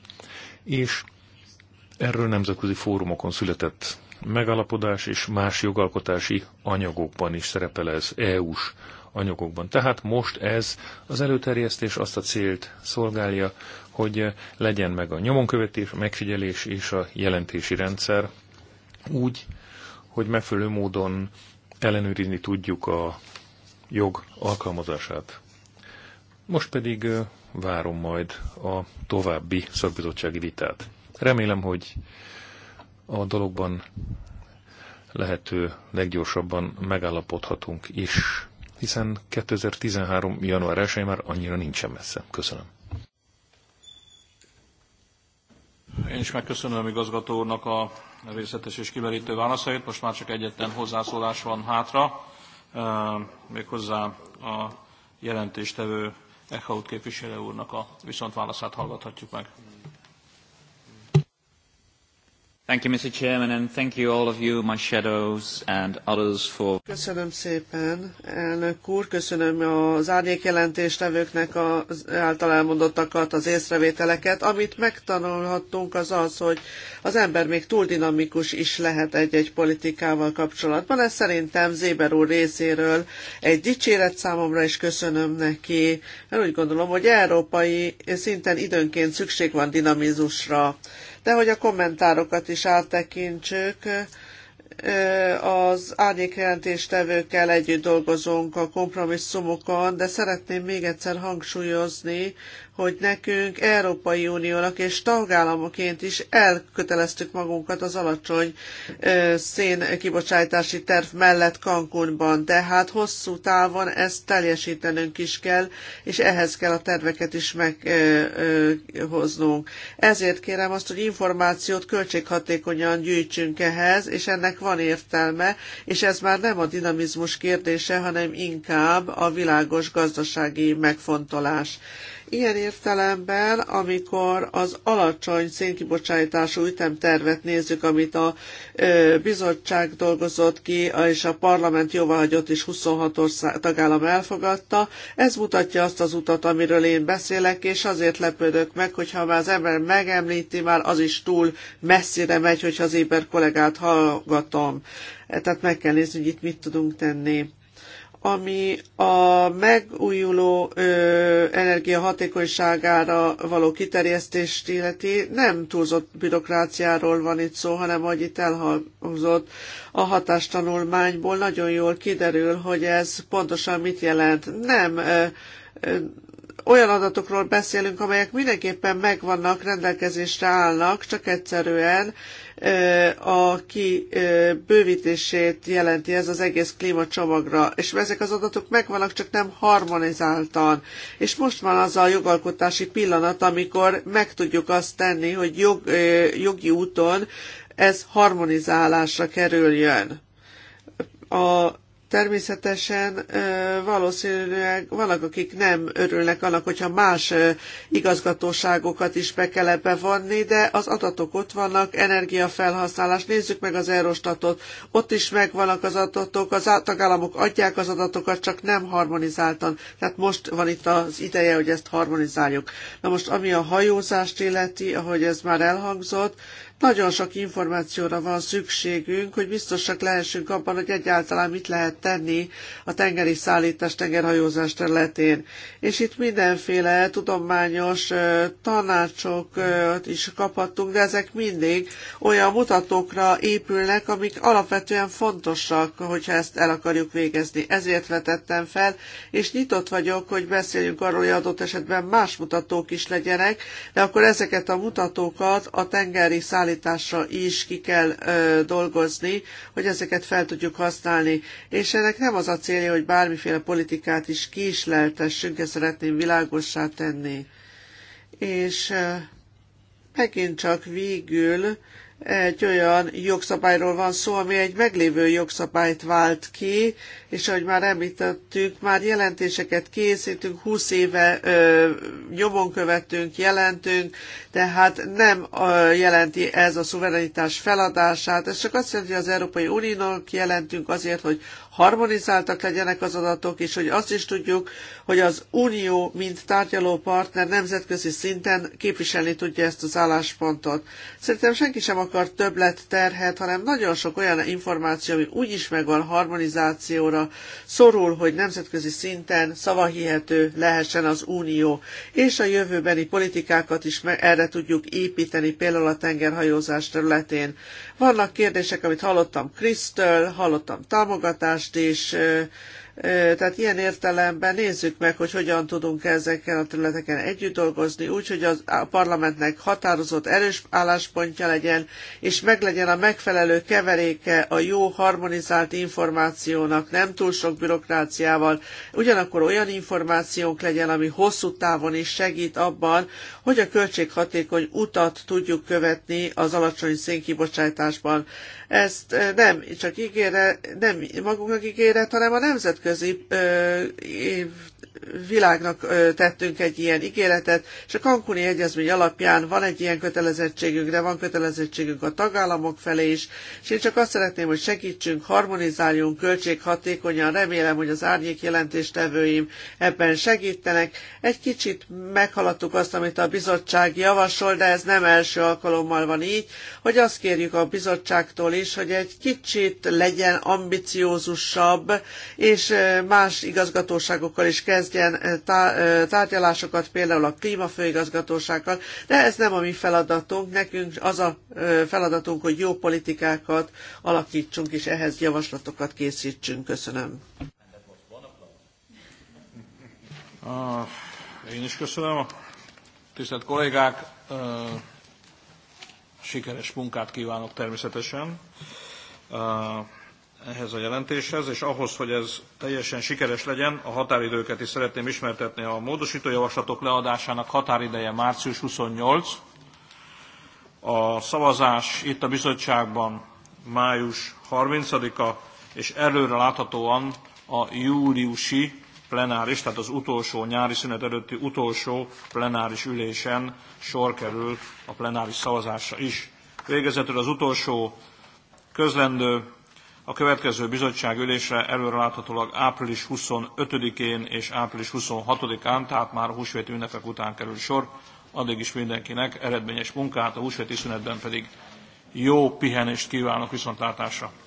és erről nemzetközi fórumokon született megalapodás és más jogalkotási anyagokban is szerepel ez EU-s anyagokban. Tehát most ez az előterjesztés azt a célt szolgálja, hogy legyen meg a nyomonkövetés, a megfigyelés és a jelentési rendszer úgy, hogy megfelelő módon ellenőrizni tudjuk a jog alkalmazását. Most pedig várom majd a további szakbizottsági vitát. Remélem, hogy a dologban lehető leggyorsabban megállapodhatunk is, hiszen 2013. január 1 már annyira nincsen messze. Köszönöm. Én is megköszönöm igazgató úrnak a részletes és kimerítő válaszait. Most már csak egyetlen hozzászólás van hátra. Ehm, méghozzá a jelentéstevő Echaut képviselő úrnak a viszontválaszát hallgathatjuk meg. Thank you, Mr. Chairman, and thank you all of you, my shadows and others for... Köszönöm szépen, elnök úr, köszönöm az árnyékjelentéstevőknek az által elmondottakat, az észrevételeket. Amit megtanulhattunk az az, hogy az ember még túl dinamikus is lehet egy-egy politikával kapcsolatban. Ez szerintem Zéber úr részéről egy dicséret számomra, és köszönöm neki, mert úgy gondolom, hogy európai szinten időnként szükség van dinamizusra de hogy a kommentárokat is áttekintsük, az jelentéstevőkkel együtt dolgozunk a kompromisszumokon, de szeretném még egyszer hangsúlyozni, hogy nekünk Európai Uniónak és tagállamoként is elköteleztük magunkat az alacsony szén kibocsátási terv mellett Cancúnban. Tehát hosszú távon ezt teljesítenünk is kell, és ehhez kell a terveket is meghoznunk. Ezért kérem azt, hogy információt költséghatékonyan gyűjtsünk ehhez, és ennek van értelme, és ez már nem a dinamizmus kérdése, hanem inkább a világos gazdasági megfontolás. Ilyen értelemben, amikor az alacsony szénkibocsátású ütemtervet nézzük, amit a bizottság dolgozott ki, és a parlament jóváhagyott is 26 ország, tagállam elfogadta, ez mutatja azt az utat, amiről én beszélek, és azért lepődök meg, hogyha már az ember megemlíti, már az is túl messzire megy, hogyha az éber kollégát hallgatom. E, tehát meg kell nézni, hogy itt mit tudunk tenni ami a megújuló ö, energia hatékonyságára való kiterjesztést illeti, nem túlzott bürokráciáról van itt szó, hanem ahogy itt elhangzott a hatástanulmányból, nagyon jól kiderül, hogy ez pontosan mit jelent. Nem ö, ö, olyan adatokról beszélünk, amelyek mindenképpen megvannak, rendelkezésre állnak, csak egyszerűen a kibővítését jelenti ez az egész klímacsomagra, és ezek az adatok megvannak, csak nem harmonizáltan. És most van az a jogalkotási pillanat, amikor meg tudjuk azt tenni, hogy jog, jogi úton ez harmonizálásra kerüljön. A Természetesen valószínűleg vannak, akik nem örülnek annak, hogyha más igazgatóságokat is be kell ebbe vonni, de az adatok ott vannak, energiafelhasználás, nézzük meg az Eurostatot, ott is megvannak az adatok, az tagállamok adják az adatokat, csak nem harmonizáltan. Tehát most van itt az ideje, hogy ezt harmonizáljuk. Na most, ami a hajózást illeti, ahogy ez már elhangzott, nagyon sok információra van szükségünk, hogy biztosak lehessünk abban, hogy egyáltalán mit lehet tenni a tengeri szállítás, tengerhajózás területén. És itt mindenféle tudományos tanácsokat is kaphattunk, de ezek mindig olyan mutatókra épülnek, amik alapvetően fontosak, hogyha ezt el akarjuk végezni. Ezért vetettem fel, és nyitott vagyok, hogy beszéljünk arról, hogy adott esetben más mutatók is legyenek, de akkor ezeket a mutatókat a tengeri szállítás szállításra is ki kell ö, dolgozni, hogy ezeket fel tudjuk használni. És ennek nem az a célja, hogy bármiféle politikát is kisleltessünk, ezt szeretném világossá tenni. És ö, megint csak végül egy olyan jogszabályról van szó, ami egy meglévő jogszabályt vált ki, és ahogy már említettük, már jelentéseket készítünk, 20 éve ö, nyomon követünk, jelentünk, tehát nem ö, jelenti ez a szuverenitás feladását, ez csak azt jelenti, hogy az Európai Uniónak jelentünk azért, hogy harmonizáltak legyenek az adatok, és hogy azt is tudjuk, hogy az Unió, mint tárgyaló partner nemzetközi szinten képviselni tudja ezt az álláspontot. Szerintem senki sem akar többlet terhet, hanem nagyon sok olyan információ, ami úgyis megvan harmonizációra, szorul, hogy nemzetközi szinten szavahihető lehessen az Unió, és a jövőbeni politikákat is erre tudjuk építeni, például a tengerhajózás területén. Vannak kérdések, amit hallottam Krisztől, hallottam támogatást támogatást és tehát ilyen értelemben nézzük meg, hogy hogyan tudunk ezekkel a területeken együtt dolgozni, úgy, hogy a parlamentnek határozott erős álláspontja legyen, és meglegyen a megfelelő keveréke a jó harmonizált információnak, nem túl sok bürokráciával. Ugyanakkor olyan információk legyen, ami hosszú távon is segít abban, hogy a költséghatékony utat tudjuk követni az alacsony szénkibocsátásban. Ezt nem csak ígére, nem magunknak ígéret, hanem a nemzet nemzetközi világnak tettünk egy ilyen ígéretet, és a Cancuni Egyezmény alapján van egy ilyen kötelezettségünk, de van kötelezettségünk a tagállamok felé is, és én csak azt szeretném, hogy segítsünk, harmonizáljunk költséghatékonyan, remélem, hogy az árnyék jelentéstevőim ebben segítenek. Egy kicsit meghaladtuk azt, amit a bizottság javasol, de ez nem első alkalommal van így, hogy azt kérjük a bizottságtól is, hogy egy kicsit legyen ambiciózusabb, és más igazgatóságokkal is kezd kezdjen tárgyalásokat például a klímafőigazgatósággal, de ez nem a mi feladatunk, nekünk az a feladatunk, hogy jó politikákat alakítsunk és ehhez javaslatokat készítsünk. Köszönöm. én is köszönöm. Tisztelt kollégák, sikeres munkát kívánok természetesen ehhez a jelentéshez, és ahhoz, hogy ez teljesen sikeres legyen, a határidőket is szeretném ismertetni. A javaslatok leadásának határideje március 28, a szavazás itt a bizottságban május 30-a, és előre láthatóan a júliusi plenáris, tehát az utolsó nyári szünet előtti utolsó plenáris ülésen sor kerül a plenáris szavazásra is. Végezetül az utolsó közlendő a következő bizottság ülésre előreláthatólag április 25-én és április 26-án, tehát már a húsvéti ünnepek után kerül sor. Addig is mindenkinek eredményes munkát, a húsvéti szünetben pedig jó pihenést kívánok viszontlátásra!